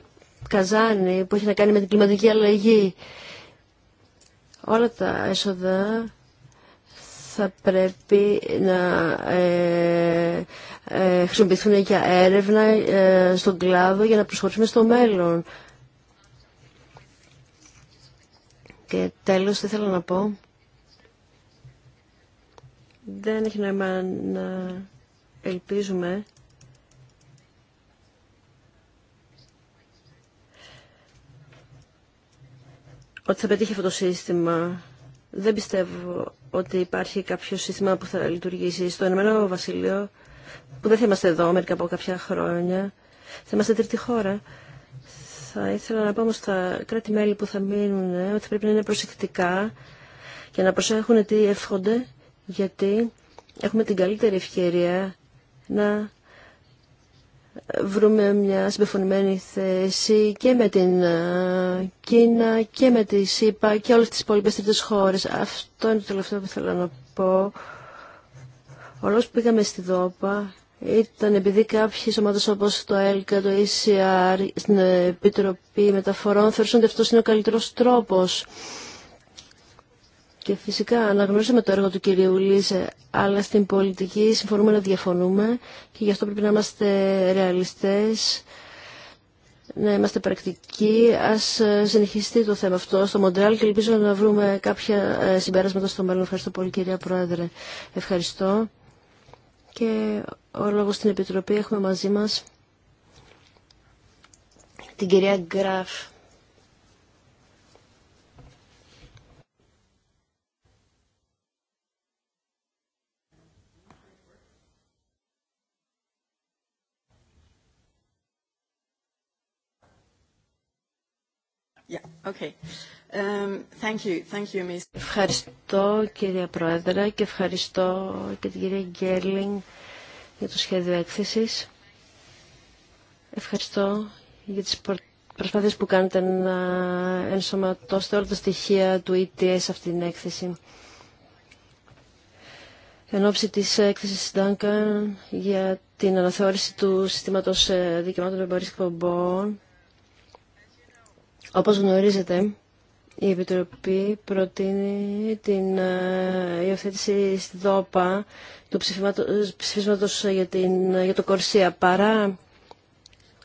καζάνι που έχει να κάνει με την κλιματική αλλαγή. Όλα τα έσοδα θα πρέπει να ε, ε, χρησιμοποιηθούν για έρευνα ε, στον κλάδο για να προσχωρήσουμε στο μέλλον. Και τέλος, τι θέλω να πω. Δεν έχει νόημα να ελπίζουμε ότι θα πετύχει αυτό το σύστημα δεν πιστεύω ότι υπάρχει κάποιο σύστημα που θα λειτουργήσει στο Ενωμένο Βασίλειο, που δεν θα είμαστε εδώ μερικά από κάποια χρόνια. Θα είμαστε τρίτη χώρα. Θα ήθελα να πω όμω στα κράτη-μέλη που θα μείνουν ε, ότι πρέπει να είναι προσεκτικά και να προσέχουν τι εύχονται, γιατί έχουμε την καλύτερη ευκαιρία να βρούμε μια συμπεφωνημένη θέση και με την ε, Κίνα και με τη ΣΥΠΑ και όλες τις υπόλοιπες τρίτες χώρες. Αυτό είναι το τελευταίο που θέλω να πω. Ο λόγος που πήγαμε στη ΔΟΠΑ ήταν επειδή κάποιοι σωμάτες όπως το ΕΛΚΑ, το ECR, στην Επιτροπή Μεταφορών θεωρούσαν ότι αυτός είναι ο καλύτερος τρόπος και φυσικά αναγνωρίσαμε το έργο του κυρίου Λίζε, αλλά στην πολιτική συμφωνούμε να διαφωνούμε και γι' αυτό πρέπει να είμαστε ρεαλιστές, να είμαστε πρακτικοί. Ας ε, συνεχιστεί το θέμα αυτό στο Μοντρεάλ και ελπίζω να βρούμε κάποια ε, συμπέρασματα στο μέλλον. Ευχαριστώ πολύ κυρία Πρόεδρε. Ευχαριστώ. Και ο λόγος στην Επιτροπή έχουμε μαζί μας την κυρία Γκράφ. Um, ευχαριστώ κύριε Πρόεδρε και ευχαριστώ και την κυρία Γκέρλινγκ για το σχέδιο έκθεσης. Ευχαριστώ για τις προσπάθειες που κάνετε να ενσωματώσετε όλα τα στοιχεία του ETS σε αυτήν την έκθεση. Εν ώψη της έκθεσης Duncan για την αναθεώρηση του συστήματος ε, δικαιωμάτων εμπορής εκπομπών, όπως γνωρίζετε, η Επιτροπή προτείνει την ε, υιοθέτηση στη ΔΟΠΑ του ψηφίσματος για, την, ε, για το Κορσία. Παρά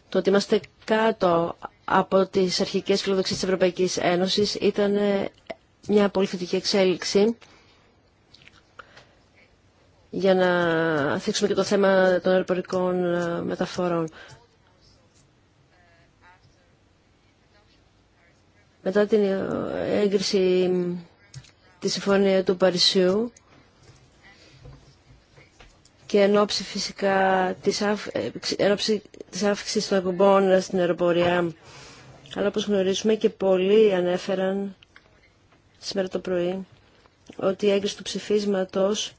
το ότι είμαστε κάτω από τις αρχικές φιλοδοξίες της Ευρωπαϊκής Ένωσης ήταν ε, μια πολύ θετική εξέλιξη για να θίξουμε και το θέμα των αεροπορικών μεταφορών. μετά την έγκριση τη Συμφωνία του Παρισιού και εν ώψη φυσικά της, αυ... Ε, της αύξησης των ακουμπών στην αεροπορία. Αλλά όπως γνωρίζουμε και πολλοί ανέφεραν σήμερα το πρωί ότι η έγκριση του ψηφίσματος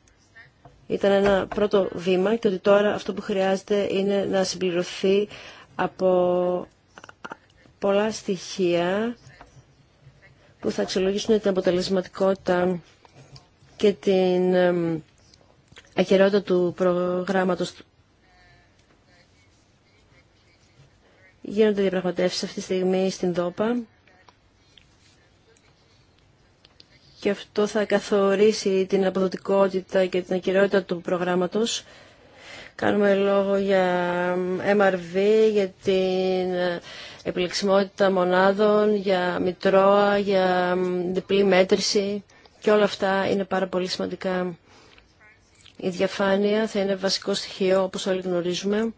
ήταν ένα πρώτο βήμα και ότι τώρα αυτό που χρειάζεται είναι να συμπληρωθεί από πολλά στοιχεία που θα αξιολογήσουν την αποτελεσματικότητα και την αχαιρότητα του προγράμματος. Γίνονται διαπραγματεύσεις αυτή τη στιγμή στην ΔΟΠΑ και αυτό θα καθορίσει την αποδοτικότητα και την ακαιρεότητα του προγράμματος. Κάνουμε λόγο για MRV, για την επιλεξιμότητα μονάδων, για μητρώα, για διπλή μέτρηση και όλα αυτά είναι πάρα πολύ σημαντικά. Η διαφάνεια θα είναι βασικό στοιχείο, όπως όλοι γνωρίζουμε,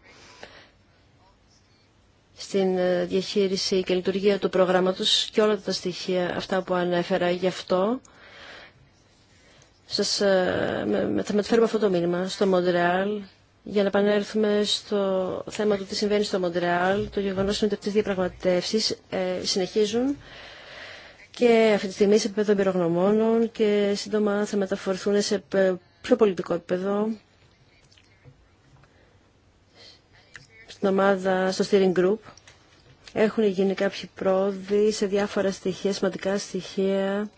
στην ε, διαχείριση και λειτουργία του προγράμματος και όλα τα στοιχεία αυτά που ανέφερα γι' αυτό. Σας, ε, θα μεταφέρουμε αυτό το μήνυμα στο Μοντρεάλ για να επανέλθουμε στο θέμα του τι συμβαίνει στο Μοντρεάλ, το γεγονό είναι ότι αυτέ οι διαπραγματεύσει ε, συνεχίζουν και αυτή τη στιγμή σε επίπεδο εμπειρογνωμόνων και σύντομα θα μεταφορθούν σε πιο πολιτικό επίπεδο στην ομάδα, στο steering group. Έχουν γίνει κάποιοι πρόοδοι σε διάφορα στοιχεία, σημαντικά στοιχεία,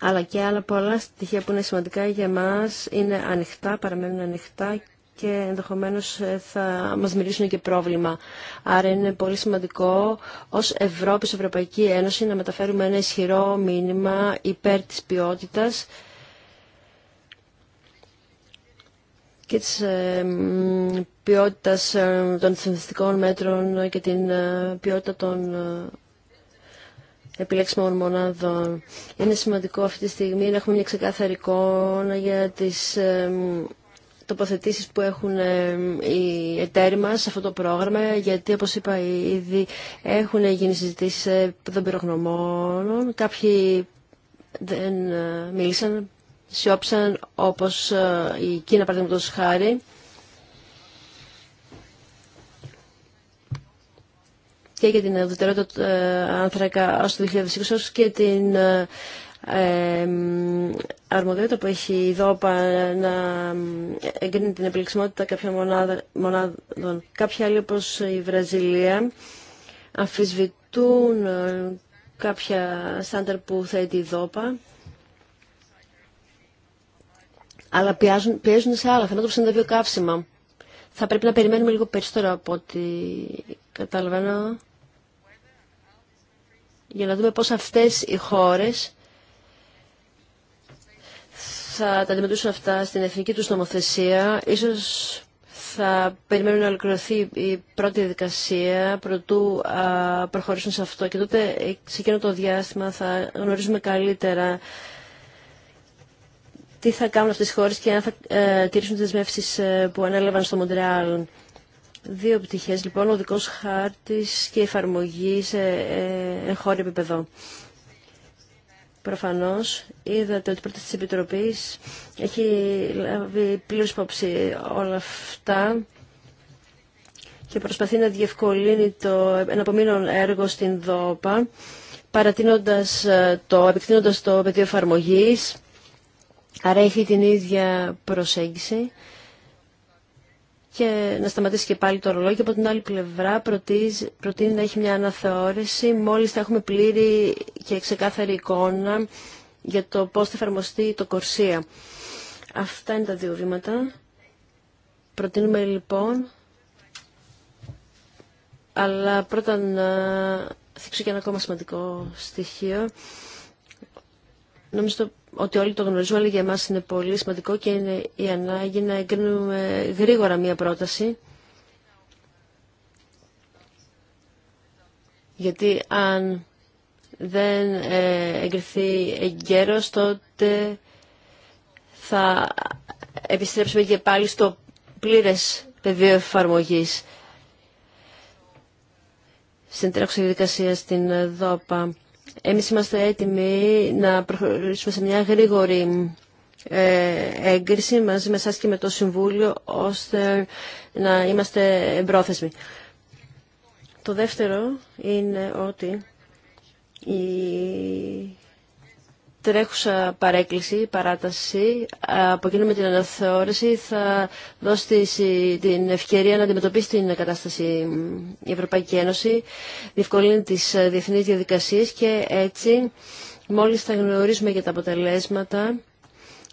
αλλά και άλλα πολλά στοιχεία που είναι σημαντικά για μας είναι ανοιχτά, παραμένουν ανοιχτά και ενδεχομένως ε, θα μας μιλήσουν και πρόβλημα. Άρα είναι πολύ σημαντικό ως Ευρώπη, Ευρωπαϊκή Ένωση να μεταφέρουμε ένα ισχυρό μήνυμα υπέρ της ποιότητας και της ε, ποιότητας ε, των συνθεστικών μέτρων και την ποιότητα των επιλέξιμων μονάδων. Είναι σημαντικό αυτή τη στιγμή να έχουμε μια ξεκάθαρη για τις τοποθετήσεις που έχουν ε, οι εταίροι μας σε αυτό το πρόγραμμα, γιατί όπως είπα ήδη έχουν γίνει συζητήσεις των ε, πυρογνωμών, Κάποιοι δεν ε, μίλησαν, σιώπησαν, όπως η Κίνα παραδείγματος χάρη. και για την ουδετερότητα άνθρακα ως το 2020 και την αρμοδιότητα που έχει η ΔΟΠΑ να εγκρίνει την επιλεξιμότητα κάποιων μονάδων. Κάποιοι άλλοι όπως η Βραζιλία αμφισβητούν ε, κάποια στάνταρ που θέτει η ΔΟΠΑ αλλά πιέζουν, πιέζουν σε άλλα, όπως είναι τα καύσιμα. Θα πρέπει να περιμένουμε λίγο περισσότερο από ό,τι καταλαβαίνω για να δούμε πώς αυτές οι χώρες θα τα αντιμετωπίσουν αυτά στην εθνική του νομοθεσία. Ίσως θα περιμένουν να ολοκληρωθεί η πρώτη δικασία προτού προχωρήσουν σε αυτό και τότε ε, σε εκείνο το διάστημα θα γνωρίζουμε καλύτερα τι θα κάνουν αυτές οι χώρες και αν θα ε, τηρήσουν τις δεσμεύσεις ε, που ανέλαβαν στο Μοντρεάλ. Δύο πτυχέ λοιπόν, ο δικός χάρτης και η εφαρμογή σε ε, ε χώρο επίπεδο. Προφανώς είδατε ότι η πρόταση της έχει λάβει πλήρως υπόψη όλα αυτά και προσπαθεί να διευκολύνει το εναπομείνον έργο στην ΔΟΠΑ, παρατείνοντα ε, το, επεκτείνοντας το πεδίο εφαρμογή, άρα έχει την ίδια προσέγγιση και να σταματήσει και πάλι το ρολόγιο. Από την άλλη πλευρά προτείνει να έχει μια αναθεώρηση μόλις θα έχουμε πλήρη και ξεκάθαρη εικόνα για το πώς θα εφαρμοστεί το κορσία. Αυτά είναι τα δύο βήματα. Προτείνουμε λοιπόν, αλλά πρώτα να θίξω και ένα ακόμα σημαντικό στοιχείο. Νομίζω ότι όλοι το γνωρίζουμε, αλλά για μας είναι πολύ σημαντικό και είναι η ανάγκη να εγκρίνουμε γρήγορα μία πρόταση. Γιατί αν δεν ε, εγκριθεί εγκαίρος, τότε θα επιστρέψουμε και πάλι στο πλήρες πεδίο εφαρμογής στην τρέχουσα διαδικασία στην ΔΟΠΑ. Εμείς είμαστε έτοιμοι να προχωρήσουμε σε μια γρήγορη ε, έγκριση μαζί με εσάς και με το Συμβούλιο ώστε να είμαστε εμπρόθεσμοι. Το δεύτερο είναι ότι η τρέχουσα παρέκκληση, παράταση, από την αναθεώρηση θα δώσει την ευκαιρία να αντιμετωπίσει την κατάσταση η Ευρωπαϊκή Ένωση, διευκολύνει τις ε, διεθνείς διαδικασίες και έτσι μόλις θα γνωρίζουμε για τα αποτελέσματα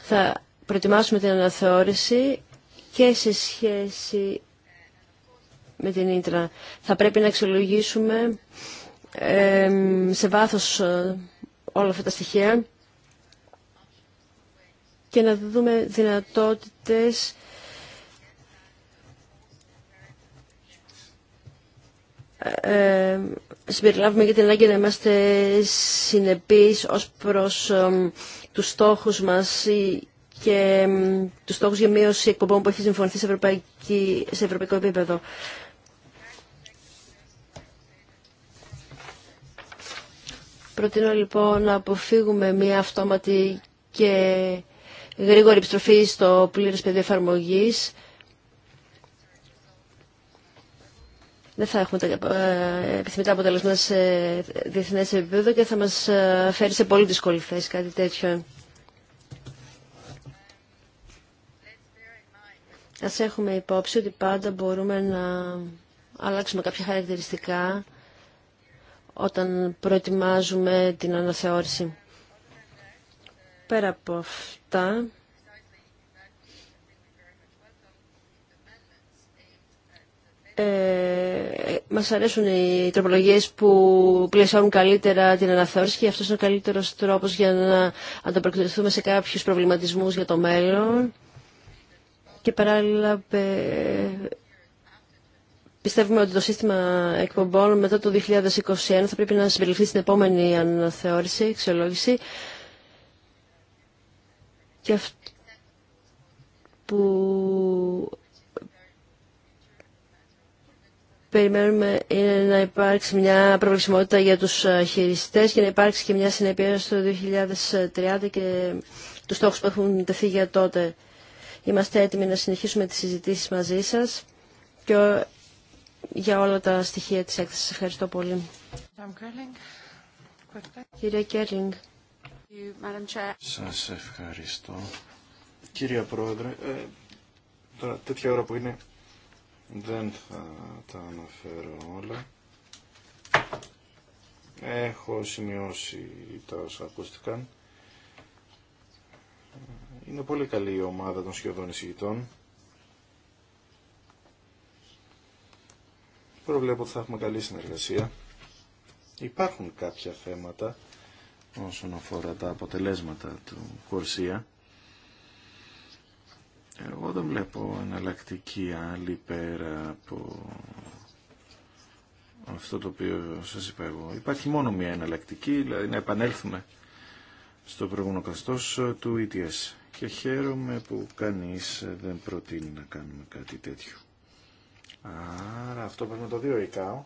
θα προετοιμάσουμε την αναθεώρηση και σε σχέση με την Ίντρα. Θα πρέπει να αξιολογήσουμε ε, σε βάθος ε, όλα αυτά τα στοιχεία και να δούμε δυνατότητες ε, ε, συμπεριλάβουμε και την ανάγκη να είμαστε συνεπείς ως προς ε, τους στόχους μας και ε, τους στόχους για μείωση εκπομπών που έχει συμφωνηθεί σε, ευρωπαϊκή, σε ευρωπαϊκό επίπεδο. Προτείνω λοιπόν να αποφύγουμε μια αυτόματη και γρήγορη επιστροφή στο πλήρε πεδίο εφαρμογή. Δεν θα έχουμε τα ε, επιθυμητά αποτελέσματα σε διεθνέ επίπεδο και θα μας ε, φέρει σε πολύ δύσκολη θέση κάτι τέτοιο. Ας έχουμε υπόψη ότι πάντα μπορούμε να αλλάξουμε κάποια χαρακτηριστικά όταν προετοιμάζουμε την αναθεώρηση. Πέρα από αυτά ε, μας αρέσουν οι τροπολογίες που πλαισιώνουν καλύτερα την αναθεώρηση και αυτός είναι ο καλύτερος τρόπος για να ανταποκριθούμε σε κάποιους προβληματισμούς για το μέλλον και παράλληλα Πιστεύουμε ότι το σύστημα εκπομπών μετά το 2021 θα πρέπει να συμπεριληφθεί στην επόμενη αναθεώρηση, εξολόγηση και αυτό που περιμένουμε είναι να υπάρξει μια προβλησιμότητα για τους ε, χειριστές και να υπάρξει και μια συνεπία στο 2030 και τους στόχους που έχουν τεθεί για τότε. Είμαστε έτοιμοι να συνεχίσουμε τις συζητήσεις μαζί σας και για όλα τα στοιχεία της έκθεσης. Ευχαριστώ πολύ. Κύριε Κέρλινγκ. Σας ευχαριστώ. Κύριε Πρόεδρε, ε, τέτοια ώρα που είναι δεν θα τα αναφέρω όλα. Έχω σημειώσει τα όσα ακούστηκαν. Είναι πολύ καλή η ομάδα των σχεδόν εισηγητών. Προβλέπω ότι θα έχουμε καλή συνεργασία. Υπάρχουν κάποια θέματα όσον αφορά τα αποτελέσματα του Κορσία. Εγώ δεν βλέπω εναλλακτική άλλη πέρα από αυτό το οποίο σας είπα εγώ. Υπάρχει μόνο μια εναλλακτική, δηλαδή να επανέλθουμε στο προηγούμενο του ETS. Και χαίρομαι που κανείς δεν προτείνει να κάνουμε κάτι τέτοιο. Άρα αυτό πρέπει να το δύο ο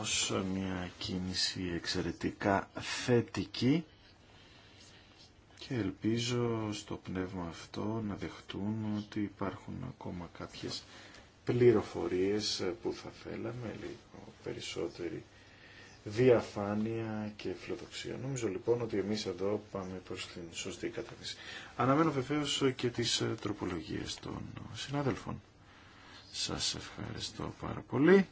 ως μια κίνηση εξαιρετικά θετική και ελπίζω στο πνεύμα αυτό να δεχτούν ότι υπάρχουν ακόμα κάποιες πληροφορίες που θα θέλαμε, λίγο περισσότερη διαφάνεια και φιλοδοξία. Νομίζω λοιπόν ότι εμείς εδώ πάμε προς την σωστή κατεύθυνση. Αναμένω βεβαίω και τις ε, τροπολογίες των συνάδελφων. Σας ευχαριστώ πάρα πολύ.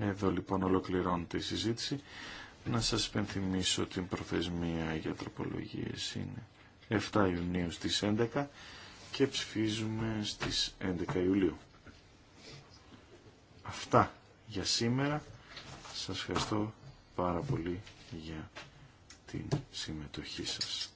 Εδώ λοιπόν ολοκληρώνεται η συζήτηση. Να σας υπενθυμίσω την προθεσμία για τροπολογίες είναι 7 Ιουνίου στις 11 και ψηφίζουμε στις 11 Ιουλίου. Αυτά για σήμερα. Σας ευχαριστώ πάρα πολύ για την συμμετοχή σας.